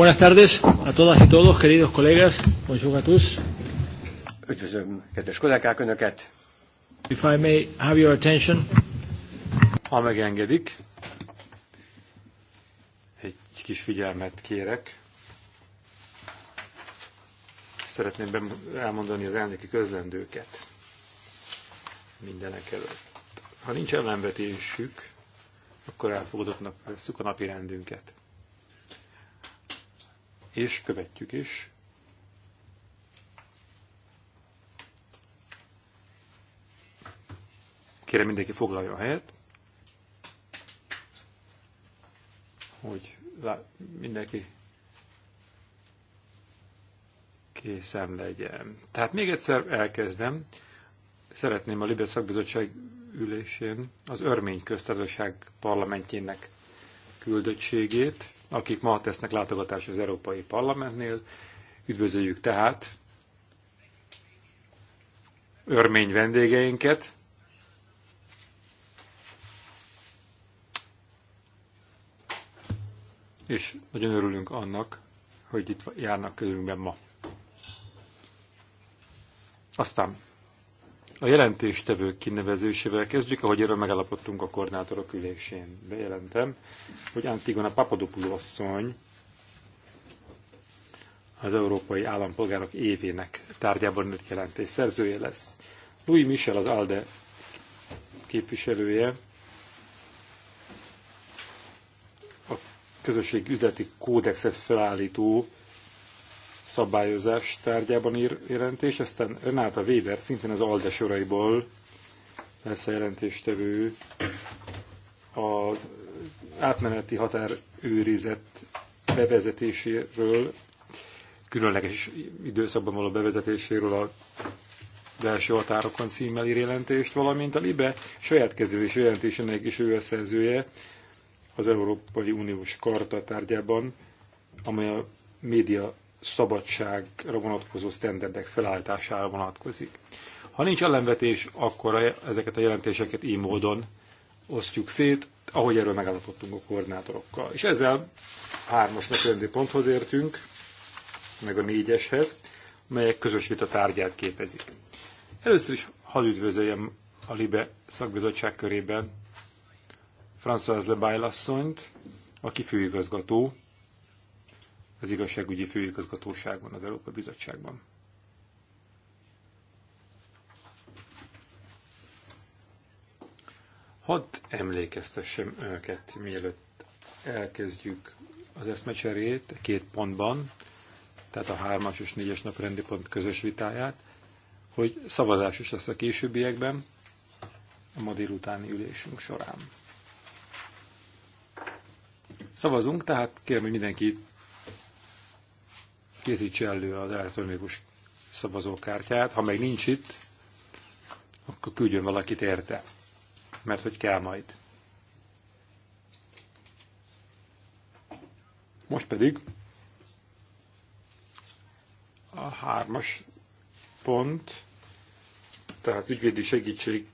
Buenas tardes a todas y todos, queridos colegas. Bonjour à tous. Üdvözlöm, kedves kollégák, Önöket! If I may have your attention. Ha megengedik, egy kis figyelmet kérek. Szeretném elmondani az elnöki közlendőket mindenek előtt. Ha nincs ellenvetésük, akkor elfogadottnak veszük a napi rendünket és követjük is. Kérem mindenki foglalja a helyet, hogy mindenki készen legyen. Tehát még egyszer elkezdem. Szeretném a Libe Szakbizottság ülésén az Örmény Köztársaság parlamentjének küldöttségét, akik ma tesznek látogatást az Európai Parlamentnél. Üdvözöljük tehát örmény vendégeinket. És nagyon örülünk annak, hogy itt járnak körünkben ma. Aztán a jelentéstevők kinevezésével kezdjük, ahogy erről megállapodtunk a koordinátorok ülésén. Bejelentem, hogy Antigona Papadopoulou asszony az Európai Állampolgárok évének tárgyában nőtt jelentés szerzője lesz. Louis Michel az ALDE képviselője, a közösség üzleti kódexet felállító szabályozás tárgyában ír jelentés, aztán Renáta Véder szintén az ALDE soraiból lesz a jelentéstevő a átmeneti határőrizet bevezetéséről, különleges időszakban való bevezetéséről a belső határokon címmel ír jelentést, valamint a LIBE saját kezdődés jelentésének is ő a szerzője az Európai Uniós Karta tárgyában, amely a média szabadságra vonatkozó sztenderdek felállítására vonatkozik. Ha nincs ellenvetés, akkor ezeket a jelentéseket így módon osztjuk szét, ahogy erről megállapodtunk a koordinátorokkal. És ezzel hármas megrendi ponthoz értünk, meg a négyeshez, melyek közös vita tárgyát képezik. Először is hadd üdvözöljem a LIBE szakbizottság körében François Lebail asszonyt, aki főigazgató az igazságügyi főigazgatóságban, az Európai Bizottságban. Hadd emlékeztessem önöket, mielőtt elkezdjük az eszmecserét két pontban, tehát a hármas és négyes nap rendi pont közös vitáját, hogy szavazás is lesz a későbbiekben, a ma délutáni ülésünk során. Szavazunk, tehát kérem, hogy mindenki készítse elő az elektronikus szavazókártyát, ha meg nincs itt, akkor küldjön valakit érte, mert hogy kell majd. Most pedig a hármas pont, tehát ügyvédi segítség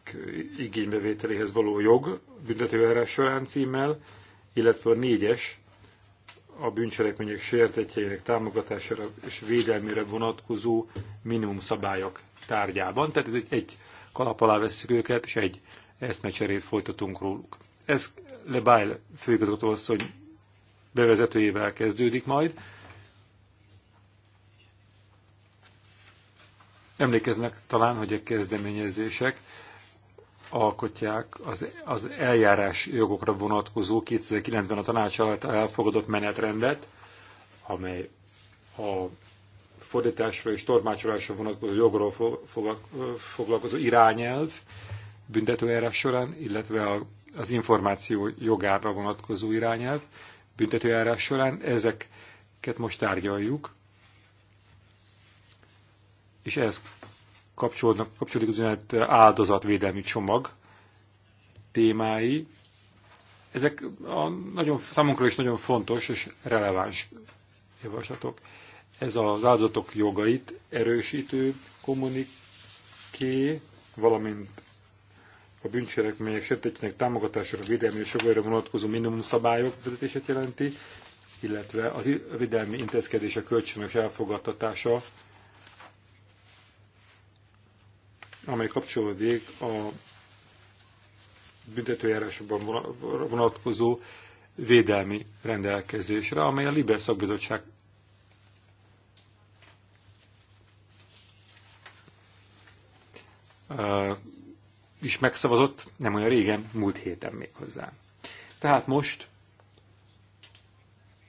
igénybevételéhez való jog büntetőjárás során címmel, illetve a négyes a bűncselekmények sértetjeinek támogatására és védelmére vonatkozó minimum szabályok tárgyában. Tehát ez egy kalap alá veszik őket, és egy eszmecserét folytatunk róluk. Ez Le Bail főigazgató asszony bevezetőjével kezdődik majd. Emlékeznek talán, hogy a kezdeményezések alkotják az, az eljárás jogokra vonatkozó 2009-ben a tanács által elfogadott menetrendet, amely a fordításra és tormácsolásra vonatkozó jogról foglalkozó irányelv büntetőjárás során, illetve a, az információ jogára vonatkozó irányelv büntetőjárás során. Ezeket most tárgyaljuk, és ehhez kapcsolódnak, kapcsolódik az ünnep áldozatvédelmi csomag témái. Ezek a nagyon, számunkra is nagyon fontos és releváns javaslatok. Ez az áldozatok jogait erősítő kommuniké, valamint a bűncselekmények sértetjének támogatására, védelmi és jogaira vonatkozó szabályok vezetését jelenti, illetve az védelmi a kölcsönös elfogadtatása amely kapcsolódik a büntetőjárásokban vonatkozó védelmi rendelkezésre, amely a Liber szakbizottság is megszavazott, nem olyan régen, múlt héten még hozzá. Tehát most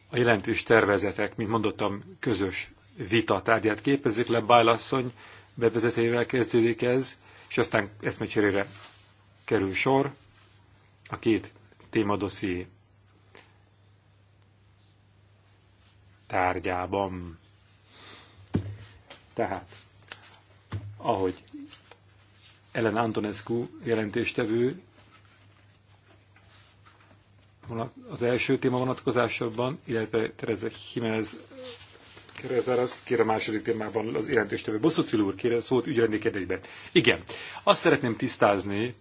a jelentős tervezetek, mint mondottam, közös vita tárgyát képezik le. Bájlasszony bevezetőjével kezdődik ez, és aztán eszmecserére kerül sor a két témadosszié tárgyában. Tehát, ahogy Ellen Antonescu jelentéstevő az első téma vonatkozásában, illetve Tereza Jiménez az kérem a második témában az jelentéstevő. Bosszutil úr, kérem szót ügyrendi kérdésben. Igen, azt szeretném tisztázni,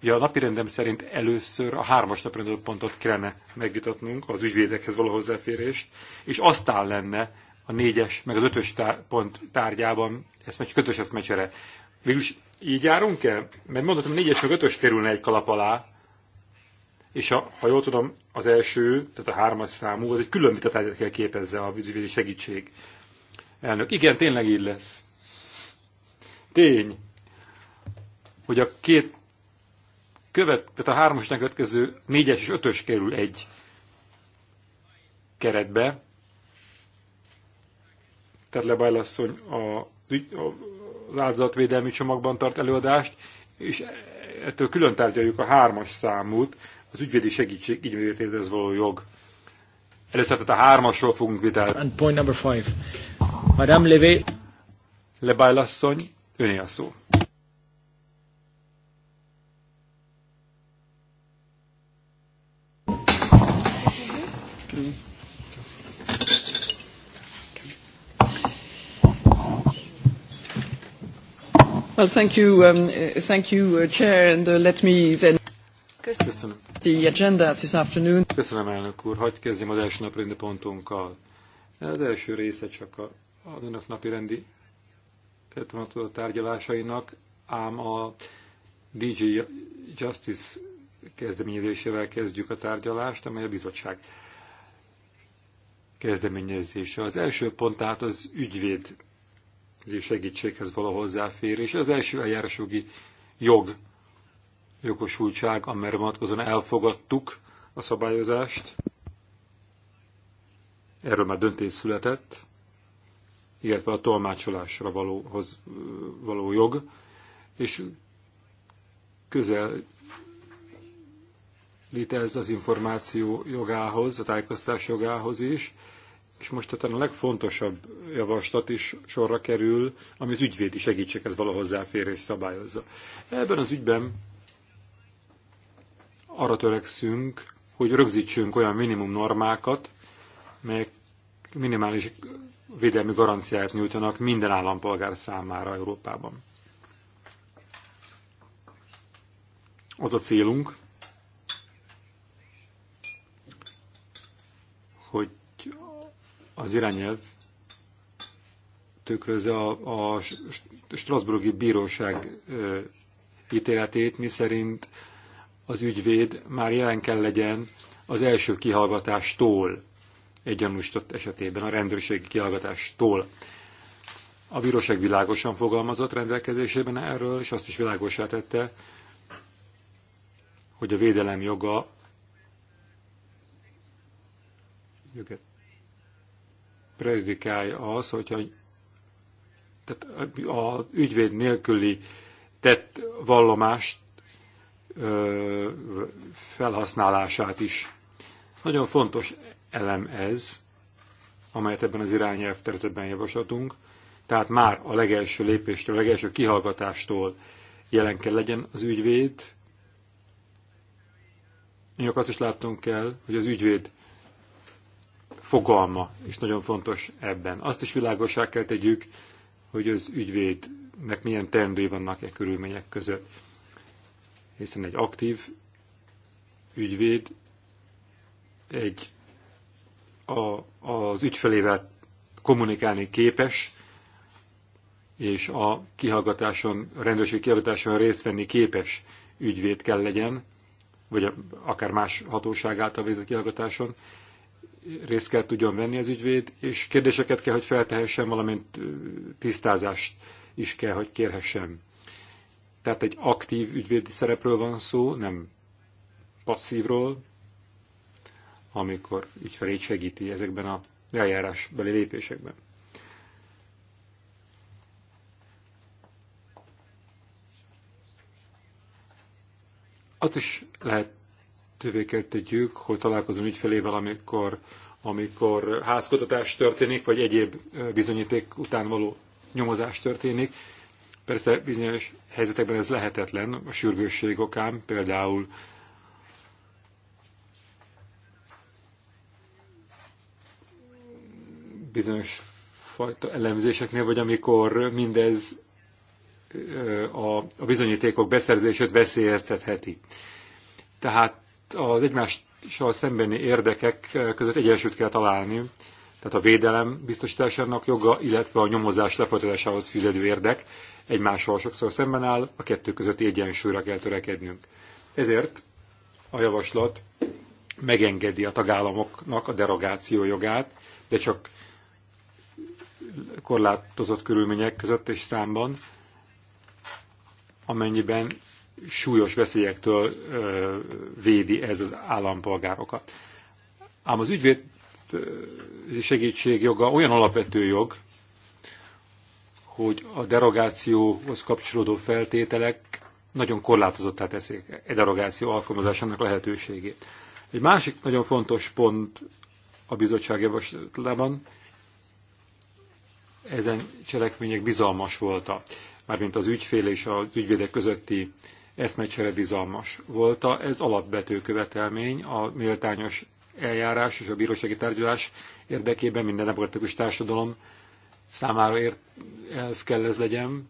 hogy a napirendem szerint először a hármas napirendő pontot kellene megvitatnunk, az ügyvédekhez való hozzáférést, és aztán lenne a négyes, meg az ötös tár- pont tárgyában meg kötös mecsere. Végülis így járunk-e? Mert mondhatom, négyes meg ötös kerülne egy kalap alá, és a, ha jól tudom, az első, tehát a hármas számú, az egy külön vitatárgyat kell képezze a vízügyi segítség. Elnök, igen, tényleg így lesz. Tény, hogy a két követ, tehát a hármasnak következő négyes és ötös kerül egy keretbe. Terle Bajlasszony a, a, az áldozatvédelmi csomagban tart előadást, és ettől külön tárgyaljuk a hármas számút, az ügyvédi segítség ez való jog. Először tehát a hármasról fogunk vitálni. And point number five. Madame Levé. Lebájlasszony, öné a szó. Well, thank you, um, thank you, uh, Chair, and uh, let me then. Köszönöm. Köszönöm. The agenda this afternoon. Köszönöm, elnök úr. Hagyj kezdjem az első naprendi pontunkkal. Az első része csak a, az önök napi rendi tárgyalásainak, ám a DG Justice kezdeményezésével kezdjük a tárgyalást, amely a bizottság kezdeményezése. Az első pont tehát az ügyvéd segítséghez való hozzáférés, az első eljárásjogi jog jogosultság, amelyre vonatkozóan elfogadtuk a szabályozást. Erről már döntés született, illetve a tolmácsolásra valóhoz, való jog, és közel ez az információ jogához, a tájékoztatás jogához is, és most a legfontosabb javaslat is sorra kerül, ami az ügyvédi segítséghez való hozzáférés szabályozza. Ebben az ügyben arra törekszünk, hogy rögzítsünk olyan minimum normákat, melyek minimális védelmi garanciát nyújtanak minden állampolgár számára Európában. Az a célunk, hogy az irányelv tükrözze a, a Strasburgi Bíróság ítéletét, mi szerint az ügyvéd már jelen kell legyen az első kihallgatástól, egy gyanúsított esetében, a rendőrségi kihallgatástól. A bíróság világosan fogalmazott rendelkezésében erről, és azt is világosá tette, hogy a védelem joga joget predikálja az, hogyha tehát az ügyvéd nélküli tett vallomást felhasználását is. Nagyon fontos elem ez, amelyet ebben az irányelv tervezetben javaslatunk, tehát már a legelső lépéstől, a legelső kihallgatástól jelen kell legyen az ügyvéd. Mondjuk azt is láttunk kell, hogy az ügyvéd fogalma is nagyon fontos ebben. Azt is világosá kell tegyük, hogy az ügyvédnek milyen teendői vannak e körülmények között hiszen egy aktív ügyvéd egy a, az ügyfelével kommunikálni képes, és a kihallgatáson, a rendőrség kihallgatáson részt venni képes ügyvéd kell legyen, vagy akár más hatóság által végzett kihallgatáson részt kell tudjon venni az ügyvéd, és kérdéseket kell, hogy feltehessen, valamint tisztázást is kell, hogy kérhessen. Tehát egy aktív ügyvédi szerepről van szó, nem passzívról, amikor ügyfelét segíti ezekben a eljárásbeli lépésekben. Azt is lehet kell tegyük, hogy találkozom ügyfelével, amikor, amikor házkutatás történik, vagy egyéb bizonyíték után való nyomozás történik, Persze bizonyos helyzetekben ez lehetetlen, a sürgősség okán, például bizonyos fajta elemzéseknél, vagy amikor mindez a, bizonyítékok beszerzését veszélyeztetheti. Tehát az egymással szembeni érdekek között egyensúlyt kell találni, tehát a védelem biztosításának joga, illetve a nyomozás lefolytatásához fizető érdek egymással sokszor szemben áll, a kettő közötti egyensúlyra kell törekednünk. Ezért a javaslat megengedi a tagállamoknak a derogáció jogát, de csak korlátozott körülmények között és számban, amennyiben súlyos veszélyektől ö, védi ez az állampolgárokat. Ám az ügyvéd segítség joga olyan alapvető jog, hogy a derogációhoz kapcsolódó feltételek nagyon korlátozottá teszik egy derogáció alkalmazásának lehetőségét. Egy másik nagyon fontos pont a bizottság javaslatában ezen cselekmények bizalmas volta. Mármint az ügyfél és az ügyvédek közötti eszmecsere bizalmas volta. Ez alapvető követelmény a méltányos eljárás és a bírósági tárgyalás érdekében minden demokratikus társadalom számára ért, elf kell ez legyen,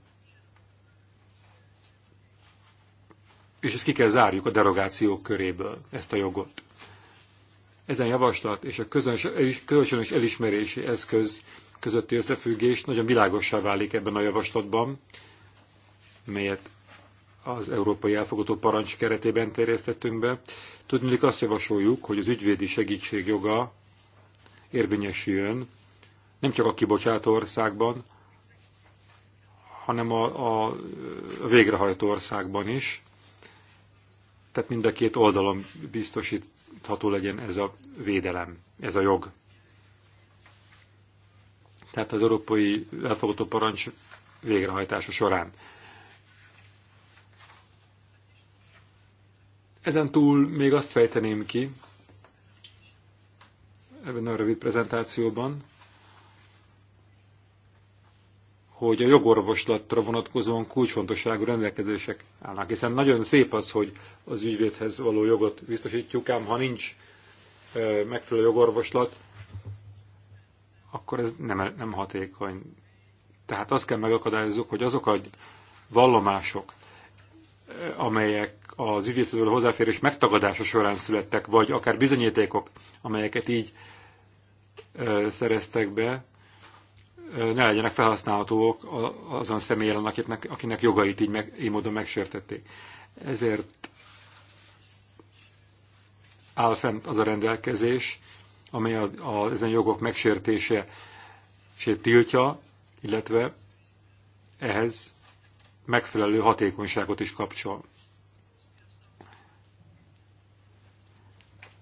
és ezt ki kell zárjuk a derogációk köréből, ezt a jogot. Ezen javaslat és a közönös elismerési eszköz közötti összefüggés nagyon világossá válik ebben a javaslatban, melyet az Európai Elfogadó Parancs keretében terjesztettünk be. Tudnilik azt javasoljuk, hogy az ügyvédi segítség joga érvényesüljön nem csak a kibocsátó országban, hanem a, a végrehajtó országban is. Tehát mind a két oldalon biztosítható legyen ez a védelem, ez a jog. Tehát az európai elfogadó parancs végrehajtása során. Ezen túl még azt fejteném ki, ebben a rövid prezentációban, hogy a jogorvoslatra vonatkozóan kulcsfontosságú rendelkezések állnak. Hiszen nagyon szép az, hogy az ügyvédhez való jogot biztosítjuk, ám ha nincs megfelelő jogorvoslat, akkor ez nem, nem hatékony. Tehát azt kell megakadályozzuk, hogy azok a vallomások, amelyek az ügyvédhez hozzáférés megtagadása során születtek, vagy akár bizonyítékok, amelyeket így szereztek be, ne legyenek felhasználhatóak azon személyen, akinek, akinek jogait így, meg, így módon megsértették. Ezért áll fent az a rendelkezés, amely a, a, ezen jogok megsértése tiltja, illetve ehhez megfelelő hatékonyságot is kapcsol.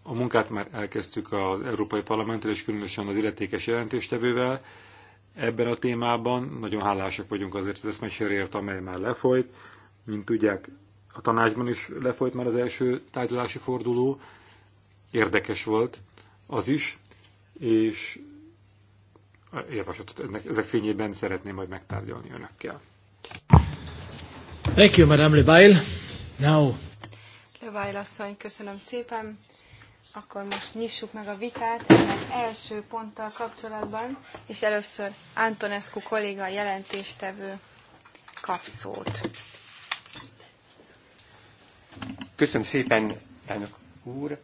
A munkát már elkezdtük az Európai Parlamenttel, és különösen az illetékes jelentéstevővel, ebben a témában. Nagyon hálásak vagyunk azért az eszmecserért, amely már lefolyt. Mint tudják, a tanácsban is lefolyt már az első tárgyalási forduló. Érdekes volt az is, és a javaslatot ezek fényében szeretném majd megtárgyalni önökkel. Thank you, Madame Lebail. Now. Lebail asszony, köszönöm szépen. Akkor most nyissuk meg a vitát ennek első ponttal kapcsolatban, és először Antonescu kolléga jelentéstevő kap szót. Köszönöm szépen, elnök úr.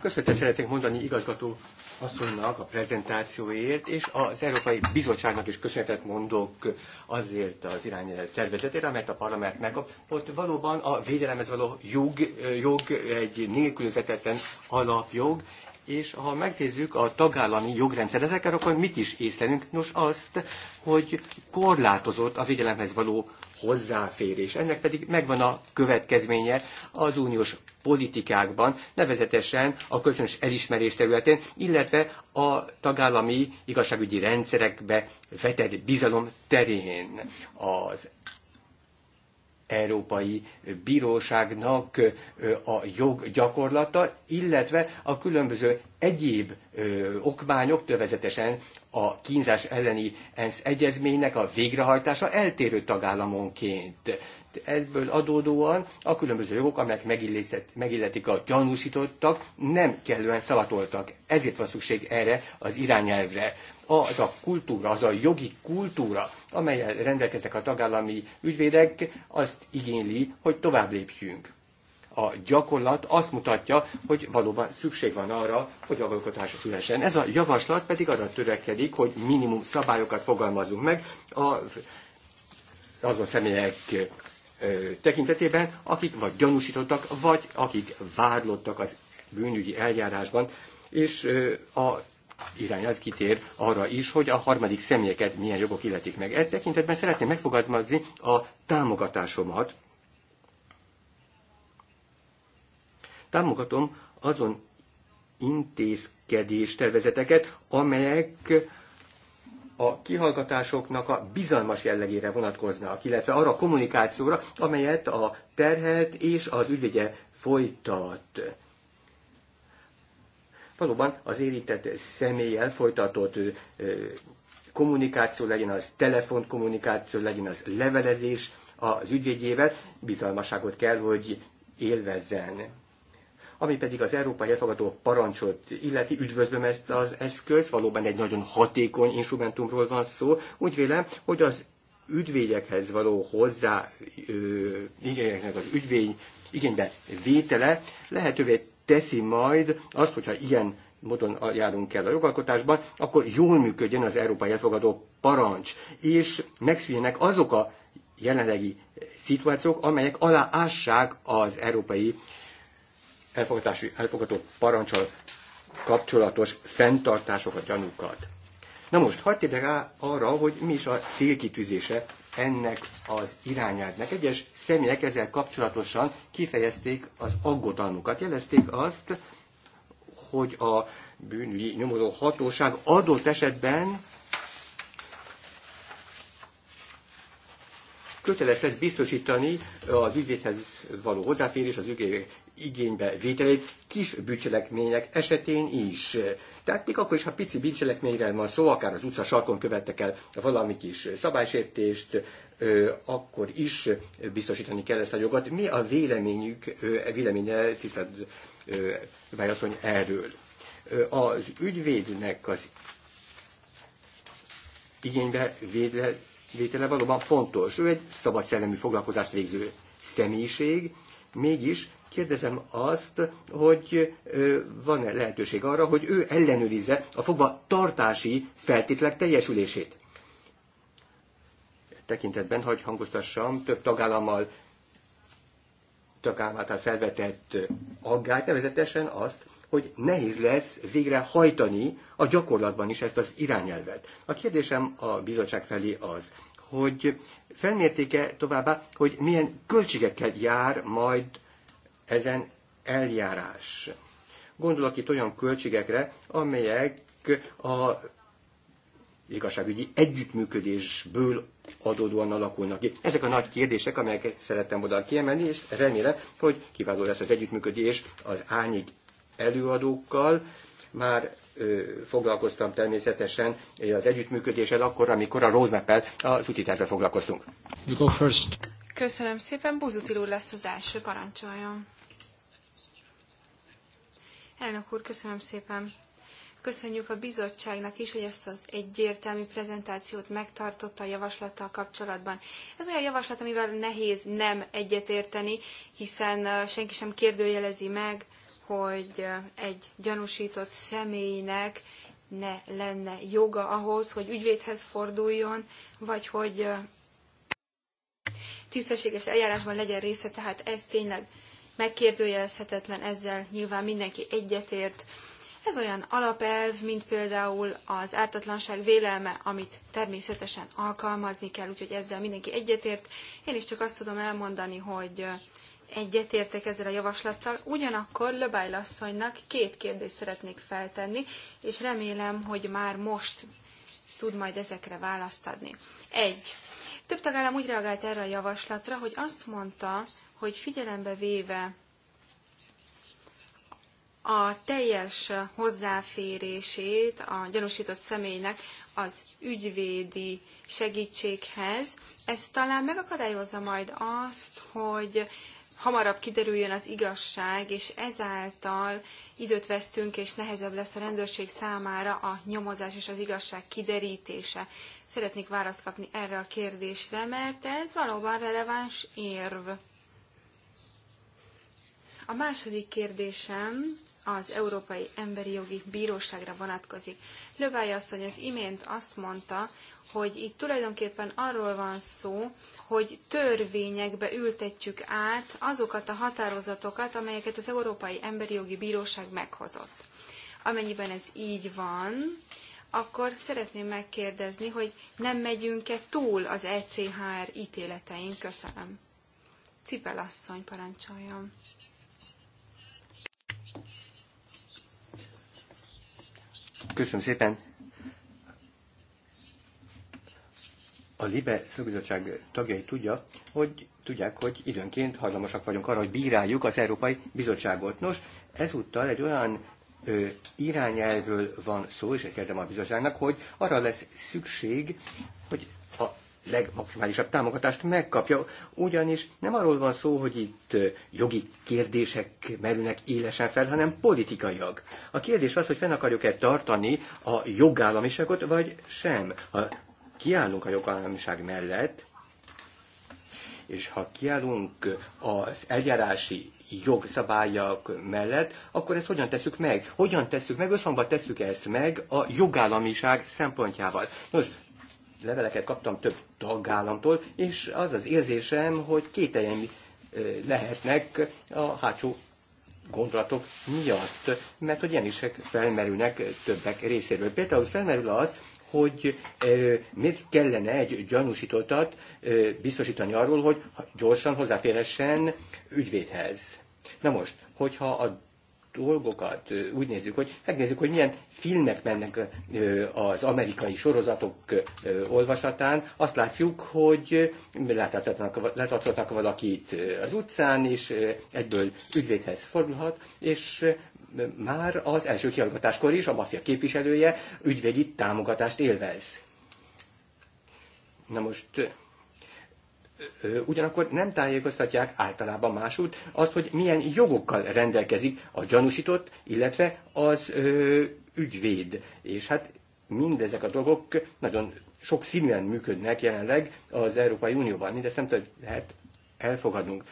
Köszönetet szeretnék mondani igazgató asszonynak a prezentációért, és az Európai Bizottságnak is köszönetet mondok azért az irányelv tervezetére, amelyet a parlament megkapott. Valóban a védelemhez való jog, jog egy nélkülözetetlen alapjog, és ha megnézzük a tagállami jogrendszereket, akkor mit is észlelünk? Nos azt, hogy korlátozott a védelemhez való hozzáférés. Ennek pedig megvan a következménye az uniós politikákban, nevezetesen a kölcsönös elismerés területén, illetve a tagállami igazságügyi rendszerekbe vetett bizalom terén. Az Európai Bíróságnak a joggyakorlata, illetve a különböző egyéb ö, okmányok, tövezetesen a kínzás elleni ENSZ egyezménynek a végrehajtása eltérő tagállamonként. Ebből adódóan a különböző jogok, amelyek megilletik a gyanúsítottak, nem kellően szavatoltak. Ezért van szükség erre az irányelvre az a kultúra, az a jogi kultúra, amelyel rendelkeznek a tagállami ügyvédek, azt igényli, hogy tovább lépjünk a gyakorlat azt mutatja, hogy valóban szükség van arra, hogy jogalkotás szülessen. Ez a javaslat pedig arra törekedik, hogy minimum szabályokat fogalmazunk meg az, azon személyek tekintetében, akik vagy gyanúsítottak, vagy akik vádlottak az bűnügyi eljárásban, és a irányelv kitér arra is, hogy a harmadik személyeket milyen jogok illetik meg. E tekintetben szeretném megfogalmazni a támogatásomat Támogatom azon intézkedés tervezeteket, amelyek a kihallgatásoknak a bizalmas jellegére vonatkoznak, illetve arra a kommunikációra, amelyet a terhelt és az ügyvédje folytat. Valóban az érintett személlyel folytatott kommunikáció legyen az telefonkommunikáció, legyen az levelezés az ügyvédjével, bizalmaságot kell, hogy élvezzen. Ami pedig az európai elfogadó parancsot illeti, üdvözlöm ezt az eszköz, valóban egy nagyon hatékony instrumentumról van szó. Úgy vélem, hogy az ügyvényekhez való hozzá, igényeknek az ügyvény igénybe vétele lehetővé teszi majd azt, hogyha ilyen módon járunk el a jogalkotásban, akkor jól működjön az európai elfogadó parancs, és megszűjjenek azok a jelenlegi szituációk, amelyek aláássák az európai elfogadási, elfogadó parancsal kapcsolatos fenntartásokat, gyanúkat. Na most, hagyd ide rá arra, hogy mi is a célkitűzése ennek az irányelvnek. Egyes személyek ezzel kapcsolatosan kifejezték az aggodalmukat, jelezték azt, hogy a bűnügyi nyomozó hatóság adott esetben köteles lesz biztosítani az ügyvédhez való hozzáférés, az ügyvéd igénybe vételét kis bűncselekmények esetén is. Tehát még akkor is, ha pici bűncselekményre van szó, akár az utca sarkon követtek el valami kis szabálysértést, akkor is biztosítani kell ezt a jogot. Mi a véleményük, véleménye, tisztelt válaszony erről? Az ügyvédnek az igénybe védel, vétele valóban fontos. Ő egy szabad szellemi foglalkozást végző személyiség, mégis kérdezem azt, hogy van-e lehetőség arra, hogy ő ellenőrizze a fogva tartási feltételek teljesülését. Tekintetben, hogy hangoztassam, több tagállammal tagállam által felvetett aggályt, nevezetesen azt, hogy nehéz lesz végre hajtani a gyakorlatban is ezt az irányelvet. A kérdésem a bizottság felé az, hogy felmértéke továbbá, hogy milyen költségekkel jár majd ezen eljárás. Gondolok itt olyan költségekre, amelyek a igazságügyi együttműködésből adódóan alakulnak ki. Ezek a nagy kérdések, amelyeket szerettem oda kiemelni, és remélem, hogy kiváló lesz az együttműködés az ányig előadókkal, már ö, foglalkoztam természetesen az együttműködéssel akkor, amikor a roadmap-el a tutitervvel foglalkoztunk. You go first. Köszönöm szépen, Buzutil úr lesz az első, parancsoljon. Elnök úr, köszönöm szépen. Köszönjük a bizottságnak is, hogy ezt az egyértelmű prezentációt megtartotta a javaslattal kapcsolatban. Ez olyan javaslat, amivel nehéz nem egyetérteni, hiszen senki sem kérdőjelezi meg, hogy egy gyanúsított személynek ne lenne joga ahhoz, hogy ügyvédhez forduljon, vagy hogy tisztességes eljárásban legyen része, tehát ez tényleg megkérdőjelezhetetlen, ezzel nyilván mindenki egyetért. Ez olyan alapelv, mint például az ártatlanság vélelme, amit természetesen alkalmazni kell, úgyhogy ezzel mindenki egyetért. Én is csak azt tudom elmondani, hogy egyetértek ezzel a javaslattal, ugyanakkor Löbájl asszonynak két kérdést szeretnék feltenni, és remélem, hogy már most tud majd ezekre választ adni. Egy. Több tagállam úgy reagált erre a javaslatra, hogy azt mondta, hogy figyelembe véve a teljes hozzáférését a gyanúsított személynek az ügyvédi segítséghez, ez talán megakadályozza majd azt, hogy hamarabb kiderüljön az igazság, és ezáltal időt vesztünk, és nehezebb lesz a rendőrség számára a nyomozás és az igazság kiderítése. Szeretnék választ kapni erre a kérdésre, mert ez valóban releváns érv. A második kérdésem az Európai Emberi Jogi Bíróságra vonatkozik. Löváj asszony az imént azt mondta, hogy itt tulajdonképpen arról van szó, hogy törvényekbe ültetjük át azokat a határozatokat, amelyeket az Európai Emberi Jogi Bíróság meghozott. Amennyiben ez így van, akkor szeretném megkérdezni, hogy nem megyünk-e túl az ECHR ítéletein? Köszönöm. Cipel asszony, parancsoljon. Köszönöm szépen, a LIBE szakbizottság tagjai tudja, hogy tudják, hogy időnként hajlamosak vagyunk arra, hogy bíráljuk az Európai Bizottságot. Nos, ezúttal egy olyan ö, irányelvről van szó, és egy kérdem a bizottságnak, hogy arra lesz szükség, hogy a legmaximálisabb támogatást megkapja. Ugyanis nem arról van szó, hogy itt jogi kérdések merülnek élesen fel, hanem politikaiak. A kérdés az, hogy fenn akarjuk-e tartani a jogállamiságot, vagy sem. Ha kiállunk a jogállamiság mellett, és ha kiállunk az eljárási jogszabályok mellett, akkor ezt hogyan tesszük meg? Hogyan tesszük meg? Összhangban tesszük ezt meg a jogállamiság szempontjával. Nos, leveleket kaptam több tagállamtól, és az az érzésem, hogy kételjeim lehetnek a hátsó gondolatok miatt, mert hogy ilyen is felmerülnek többek részéről. Például felmerül az, hogy miért kellene egy gyanúsítottat biztosítani arról, hogy gyorsan hozzáférhessen ügyvédhez. Na most, hogyha a dolgokat úgy nézzük, hogy megnézzük, hogy milyen filmek mennek az amerikai sorozatok olvasatán, azt látjuk, hogy letartottak valakit az utcán, és egyből ügyvédhez fordulhat, és már az első kiallgatáskor is a maffia képviselője ügyvédi támogatást élvez. Na most ugyanakkor nem tájékoztatják általában másút Az, hogy milyen jogokkal rendelkezik a gyanúsított, illetve az ö, ügyvéd. És hát mindezek a dolgok nagyon sok színűen működnek jelenleg az Európai Unióban, mindezt nem lehet elfogadnunk.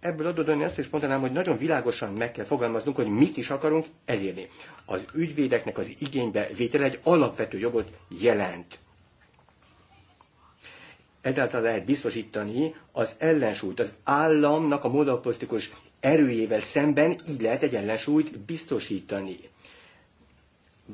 Ebből adódóan azt is mondanám, hogy nagyon világosan meg kell fogalmaznunk, hogy mit is akarunk elérni. Az ügyvédeknek az igénybe vétel egy alapvető jogot jelent ezáltal lehet biztosítani az ellensúlyt, az államnak a monopolisztikus erőjével szemben így lehet egy ellensúlyt biztosítani.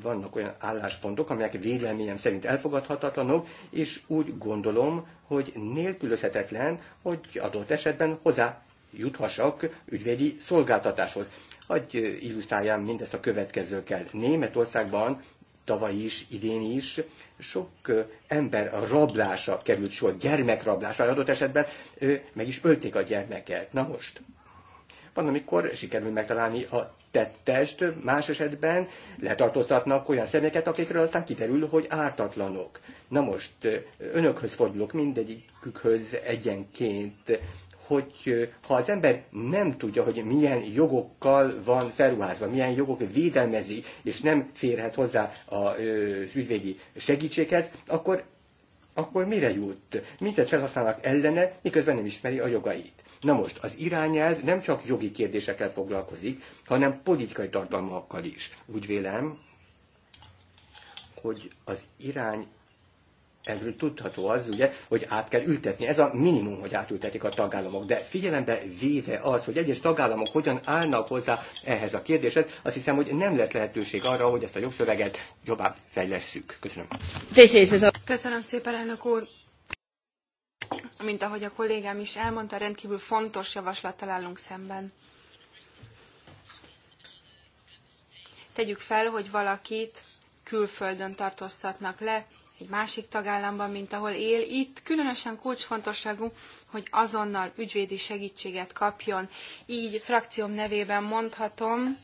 Vannak olyan álláspontok, amelyek véleményem szerint elfogadhatatlanok, és úgy gondolom, hogy nélkülözhetetlen, hogy adott esetben hozzá juthassak ügyvédi szolgáltatáshoz. Hogy illusztráljam mindezt a következőkkel. Németországban tavaly is, idén is, sok ember rablása került sor, gyermekrablása, adott esetben meg is ölték a gyermeket. Na most, van, amikor sikerül megtalálni a tettest, más esetben letartóztatnak olyan személyeket, akikről aztán kiderül, hogy ártatlanok. Na most önökhöz fordulok mindegyikükhöz egyenként hogy ha az ember nem tudja, hogy milyen jogokkal van felruházva, milyen jogok védelmezi, és nem férhet hozzá az ügyvédi segítséghez, akkor, akkor mire jut? Mintet felhasználnak ellene, miközben nem ismeri a jogait. Na most, az irányelv nem csak jogi kérdésekkel foglalkozik, hanem politikai tartalmakkal is. Úgy vélem, hogy az irány erről tudható az, ugye, hogy át kell ültetni. Ez a minimum, hogy átültetik a tagállamok. De figyelembe véve az, hogy egyes tagállamok hogyan állnak hozzá ehhez a kérdéshez, azt hiszem, hogy nem lesz lehetőség arra, hogy ezt a jogszöveget jobbá fejlesszük. Köszönöm. Köszönöm szépen, elnök úr. Mint ahogy a kollégám is elmondta, rendkívül fontos javaslattal állunk szemben. Tegyük fel, hogy valakit külföldön tartóztatnak le, egy másik tagállamban, mint ahol él. Itt különösen kulcsfontosságú, hogy azonnal ügyvédi segítséget kapjon. Így frakcióm nevében mondhatom,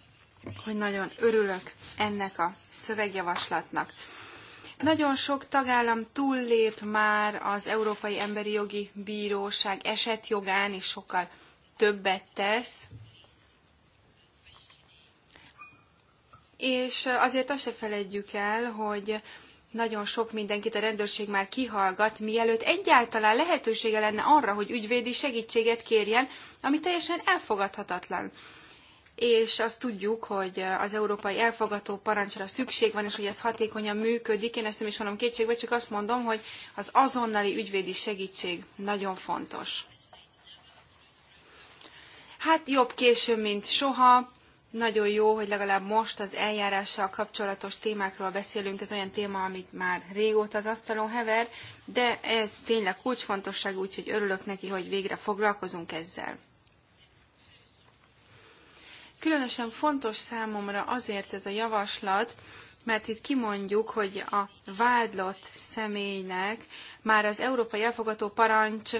hogy nagyon örülök ennek a szövegjavaslatnak. Nagyon sok tagállam túllép már az Európai Emberi Jogi Bíróság esetjogán, és sokkal többet tesz. És azért azt se felejtjük el, hogy nagyon sok mindenkit a rendőrség már kihallgat, mielőtt egyáltalán lehetősége lenne arra, hogy ügyvédi segítséget kérjen, ami teljesen elfogadhatatlan. És azt tudjuk, hogy az európai elfogató parancsra szükség van, és hogy ez hatékonyan működik. Én ezt nem is mondom kétségbe, csak azt mondom, hogy az azonnali ügyvédi segítség nagyon fontos. Hát jobb később, mint soha nagyon jó, hogy legalább most az eljárással kapcsolatos témákról beszélünk, ez olyan téma, amit már régóta az asztalon hever, de ez tényleg kulcsfontosságú, úgyhogy örülök neki, hogy végre foglalkozunk ezzel. Különösen fontos számomra azért ez a javaslat, mert itt kimondjuk, hogy a vádlott személynek már az európai elfogató parancs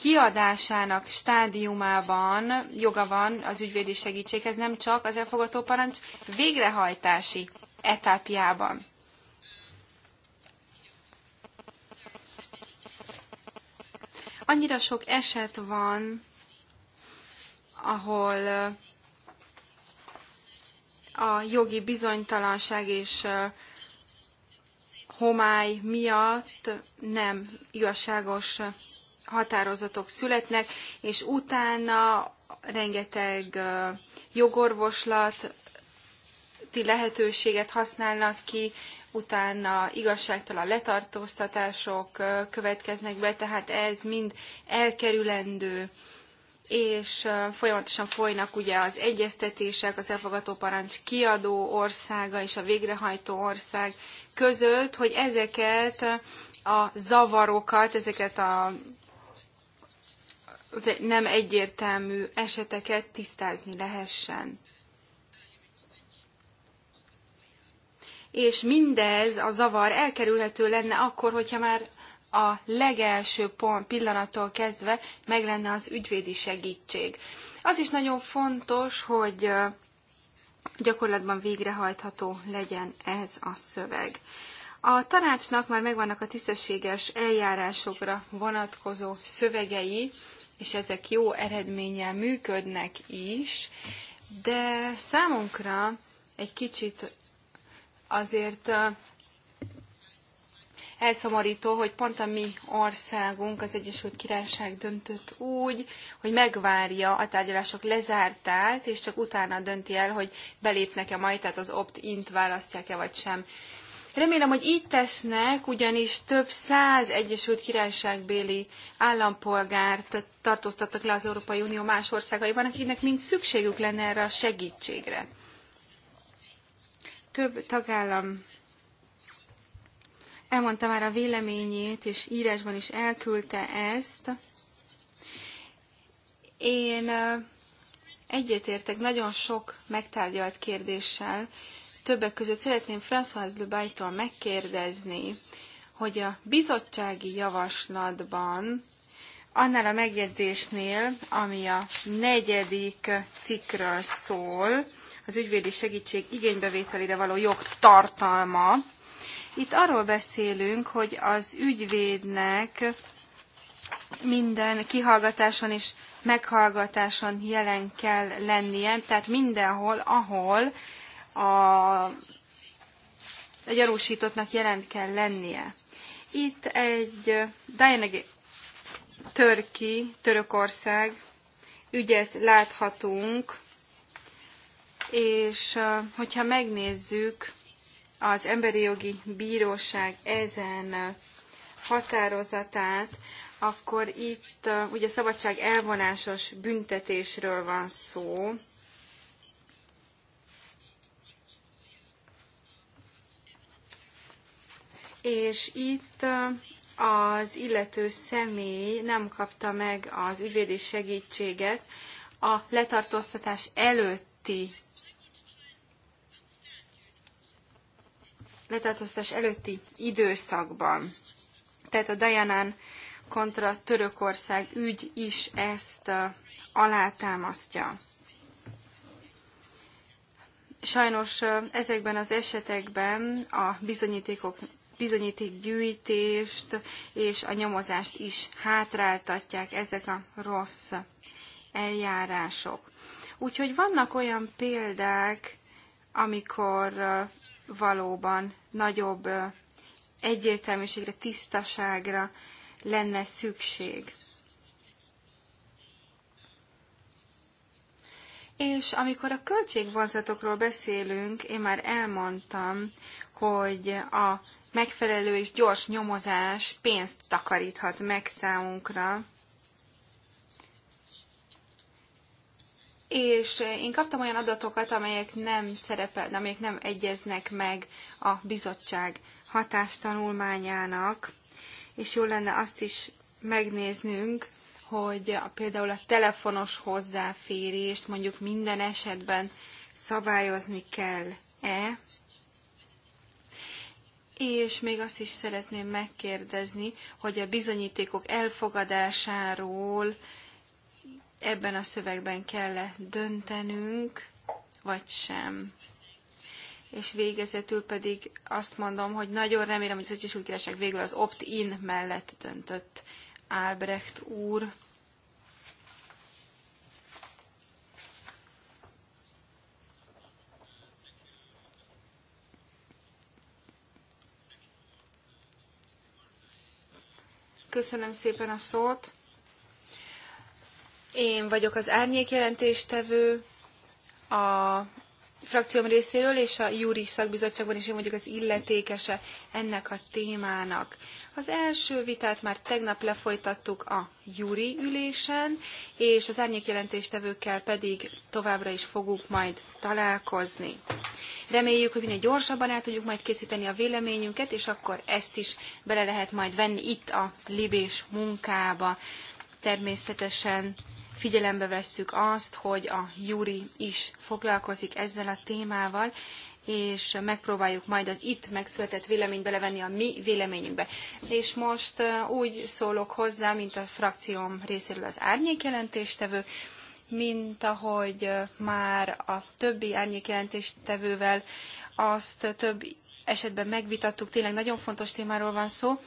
kiadásának stádiumában joga van az ügyvédi segítséghez, nem csak az elfogató parancs végrehajtási etapjában. Annyira sok eset van, ahol eh, a jogi bizonytalanság és eh, homály miatt nem igazságos eh, határozatok születnek, és utána rengeteg jogorvoslat, lehetőséget használnak ki, utána igazságtalan letartóztatások következnek be, tehát ez mind elkerülendő, és folyamatosan folynak ugye az egyeztetések, az elfogadó parancs kiadó országa és a végrehajtó ország között, hogy ezeket a zavarokat, ezeket a az nem egyértelmű eseteket tisztázni lehessen. És mindez a zavar elkerülhető lenne akkor, hogyha már a legelső pont pillanattól kezdve meg lenne az ügyvédi segítség. Az is nagyon fontos, hogy gyakorlatban végrehajtható legyen ez a szöveg. A tanácsnak már megvannak a tisztességes eljárásokra vonatkozó szövegei, és ezek jó eredménnyel működnek is, de számunkra egy kicsit azért elszomorító, hogy pont a mi országunk, az Egyesült Királyság döntött úgy, hogy megvárja a tárgyalások lezártát, és csak utána dönti el, hogy belépnek-e majd, tehát az opt-int választják-e vagy sem. Remélem, hogy így tesznek, ugyanis több száz Egyesült Királyságbéli állampolgárt tartóztattak le az Európai Unió más országaiban, akiknek mind szükségük lenne erre a segítségre. Több tagállam elmondta már a véleményét, és írásban is elküldte ezt. Én egyetértek nagyon sok megtárgyalt kérdéssel, Többek között szeretném François de Bajtól megkérdezni, hogy a bizottsági javaslatban annál a megjegyzésnél, ami a negyedik cikkről szól, az ügyvédi segítség igénybevételére való jog tartalma. Itt arról beszélünk, hogy az ügyvédnek minden kihallgatáson és meghallgatáson jelen kell lennie, tehát mindenhol, ahol a a gyanúsítottnak jelent kell lennie. Itt egy Diana Törki, Törökország ügyet láthatunk, és hogyha megnézzük az Emberi Jogi Bíróság ezen határozatát, akkor itt ugye szabadság elvonásos büntetésről van szó, és itt az illető személy nem kapta meg az ügyvédi segítséget a letartóztatás előtti letartóztatás előtti időszakban. Tehát a Dajanán kontra Törökország ügy is ezt alátámasztja. Sajnos ezekben az esetekben a bizonyítékok bizonyítékgyűjtést és a nyomozást is hátráltatják ezek a rossz eljárások. Úgyhogy vannak olyan példák, amikor valóban nagyobb egyértelműségre, tisztaságra lenne szükség. És amikor a költségvonzatokról beszélünk, én már elmondtam, hogy a megfelelő és gyors nyomozás pénzt takaríthat meg számunkra. És én kaptam olyan adatokat, amelyek nem szerepel, amelyek nem egyeznek meg a bizottság hatástanulmányának, és jó lenne azt is megnéznünk, hogy a, például a telefonos hozzáférést mondjuk minden esetben szabályozni kell-e, és még azt is szeretném megkérdezni, hogy a bizonyítékok elfogadásáról ebben a szövegben kell -e döntenünk, vagy sem. És végezetül pedig azt mondom, hogy nagyon remélem, hogy az Egyesült Királyság végül az opt-in mellett döntött Albrecht úr. Köszönöm szépen a szót. Én vagyok az árnyék jelentéstevő a frakcióm részéről, és a Júri Szakbizottságban is én vagyok az illetékese ennek a témának. Az első vitát már tegnap lefolytattuk a Júri ülésen, és az árnyék jelentéstevőkkel pedig továbbra is fogunk majd találkozni. Reméljük, hogy minél gyorsabban el tudjuk majd készíteni a véleményünket, és akkor ezt is bele lehet majd venni itt a libés munkába. Természetesen figyelembe vesszük azt, hogy a Júri is foglalkozik ezzel a témával, és megpróbáljuk majd az itt megszületett véleményt belevenni a mi véleményünkbe. És most úgy szólok hozzá, mint a frakcióm részéről az árnyék jelentéstevő, mint ahogy már a többi jelentéstevővel azt több esetben megvitattuk, tényleg nagyon fontos témáról van szó,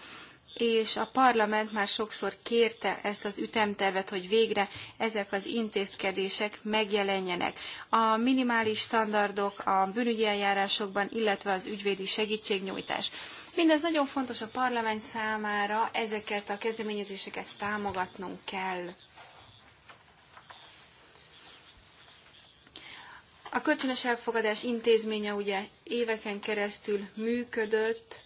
és a parlament már sokszor kérte ezt az ütemtervet, hogy végre ezek az intézkedések megjelenjenek. A minimális standardok a bűnügyi eljárásokban, illetve az ügyvédi segítségnyújtás. Mindez nagyon fontos a parlament számára, ezeket a kezdeményezéseket támogatnunk kell. A kölcsönös elfogadás intézménye ugye éveken keresztül működött,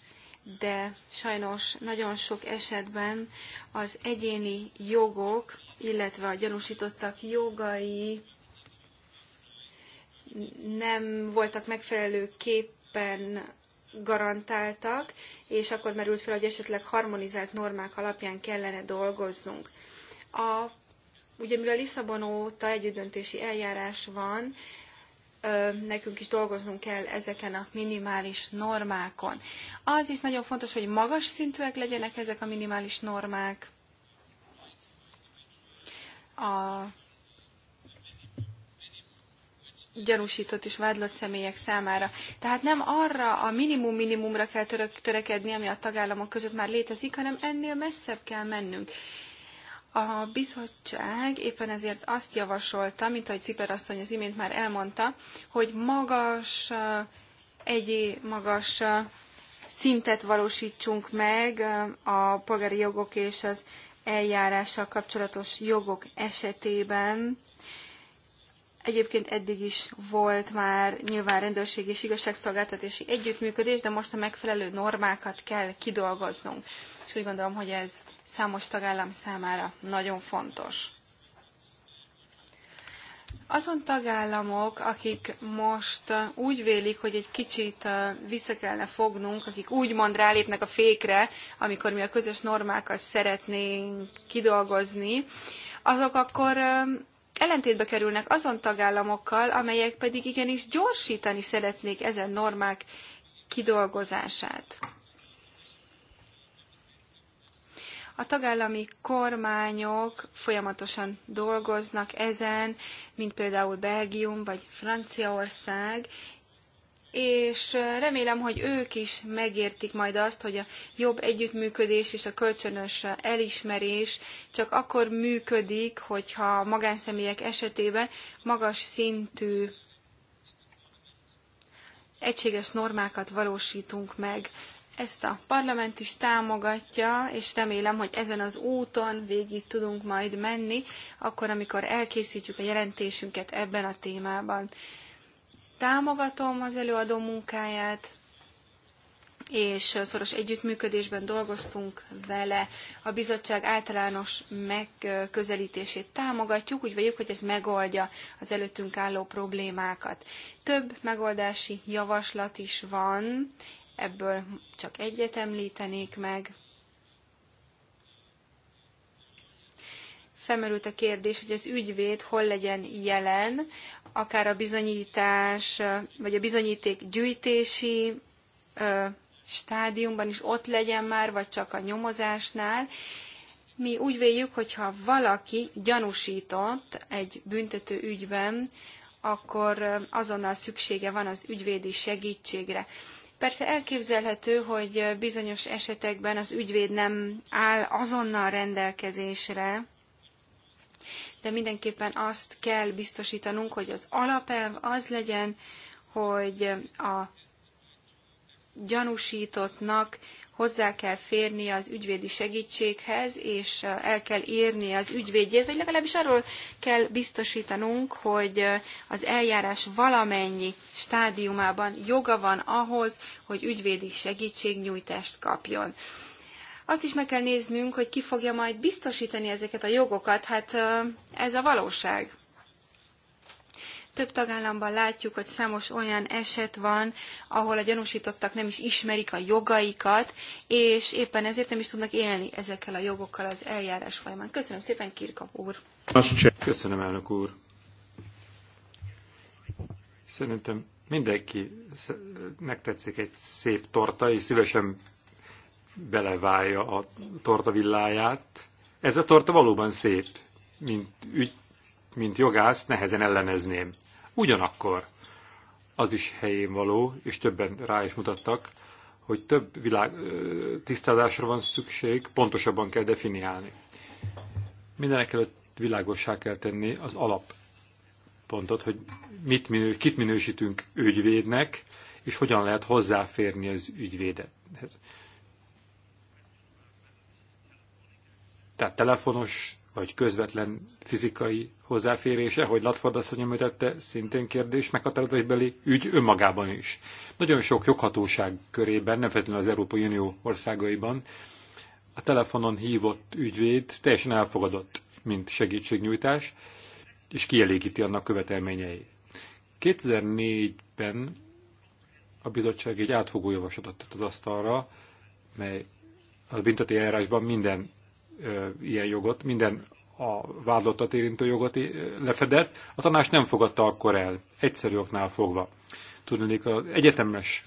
de sajnos nagyon sok esetben az egyéni jogok, illetve a gyanúsítottak jogai nem voltak megfelelőképpen garantáltak, és akkor merült fel, hogy esetleg harmonizált normák alapján kellene dolgoznunk. A, ugye mivel Lisszabon óta együttdöntési eljárás van, nekünk is dolgoznunk kell ezeken a minimális normákon. Az is nagyon fontos, hogy magas szintűek legyenek ezek a minimális normák. A gyanúsított és vádlott személyek számára. Tehát nem arra a minimum-minimumra kell törekedni, ami a tagállamok között már létezik, hanem ennél messzebb kell mennünk. A bizottság éppen ezért azt javasolta, mint ahogy Ziper asszony az imént már elmondta, hogy magas, eh, egy magas eh, szintet valósítsunk meg eh, a polgári jogok és az eljárással kapcsolatos jogok esetében. Egyébként eddig is volt már nyilván rendőrség és igazságszolgáltatási együttműködés, de most a megfelelő normákat kell kidolgoznunk úgy gondolom, hogy ez számos tagállam számára nagyon fontos. Azon tagállamok, akik most uh, úgy vélik, hogy egy kicsit uh, vissza kellene fognunk, akik úgymond rálépnek a fékre, amikor mi a közös normákat szeretnénk kidolgozni, azok akkor um, ellentétbe kerülnek azon tagállamokkal, amelyek pedig igenis gyorsítani szeretnék ezen normák kidolgozását. A tagállami kormányok folyamatosan dolgoznak ezen, mint például Belgium vagy Franciaország, és remélem, hogy ők is megértik majd azt, hogy a jobb együttműködés és a kölcsönös elismerés csak akkor működik, hogyha a magánszemélyek esetében magas szintű egységes normákat valósítunk meg. Ezt a parlament is támogatja, és remélem, hogy ezen az úton végig tudunk majd menni, akkor, amikor elkészítjük a jelentésünket ebben a témában. Támogatom az előadó munkáját, és szoros együttműködésben dolgoztunk vele. A bizottság általános megközelítését támogatjuk, úgy vagyok, hogy ez megoldja az előttünk álló problémákat. Több megoldási javaslat is van, ebből csak egyet említenék meg. Felmerült a kérdés, hogy az ügyvéd hol legyen jelen, akár a bizonyítás, vagy a bizonyíték gyűjtési stádiumban is ott legyen már, vagy csak a nyomozásnál. Mi úgy véljük, hogyha valaki gyanúsított egy büntető ügyben, akkor azonnal szüksége van az ügyvédi segítségre. Persze elképzelhető, hogy bizonyos esetekben az ügyvéd nem áll azonnal rendelkezésre, de mindenképpen azt kell biztosítanunk, hogy az alapelv az legyen, hogy a gyanúsítottnak hozzá kell férni az ügyvédi segítséghez, és el kell írni az ügyvédjét, vagy legalábbis arról kell biztosítanunk, hogy az eljárás valamennyi stádiumában joga van ahhoz, hogy ügyvédi segítségnyújtást kapjon. Azt is meg kell néznünk, hogy ki fogja majd biztosítani ezeket a jogokat, hát ez a valóság. Több tagállamban látjuk, hogy számos olyan eset van, ahol a gyanúsítottak nem is ismerik a jogaikat, és éppen ezért nem is tudnak élni ezekkel a jogokkal az eljárás folyamán. Köszönöm szépen, Kirka úr! Köszönöm, elnök úr! Szerintem mindenki megtetszik egy szép torta, és szívesen beleválja a torta villáját. Ez a torta valóban szép, mint ügy, mint jogász nehezen ellenezném. Ugyanakkor az is helyén való, és többen rá is mutattak, hogy több világ tisztázásra van szükség, pontosabban kell definiálni. Mindenek előtt világossá kell tenni az alappontot, hogy mit, minő, kit minősítünk ügyvédnek, és hogyan lehet hozzáférni az ügyvédethez. Tehát telefonos vagy közvetlen fizikai hozzáférése, hogy Latford asszony említette, szintén kérdés, meghatározásbeli ügy önmagában is. Nagyon sok joghatóság körében, nem feltétlenül az Európai Unió országaiban, a telefonon hívott ügyvéd teljesen elfogadott, mint segítségnyújtás, és kielégíti annak követelményei. 2004-ben a bizottság egy átfogó javaslatot tett az asztalra, mely a binteti eljárásban minden ilyen jogot, minden a vádlottat érintő jogot lefedett, a tanács nem fogadta akkor el, egyszerű oknál fogva. Tudnék, az egyetemes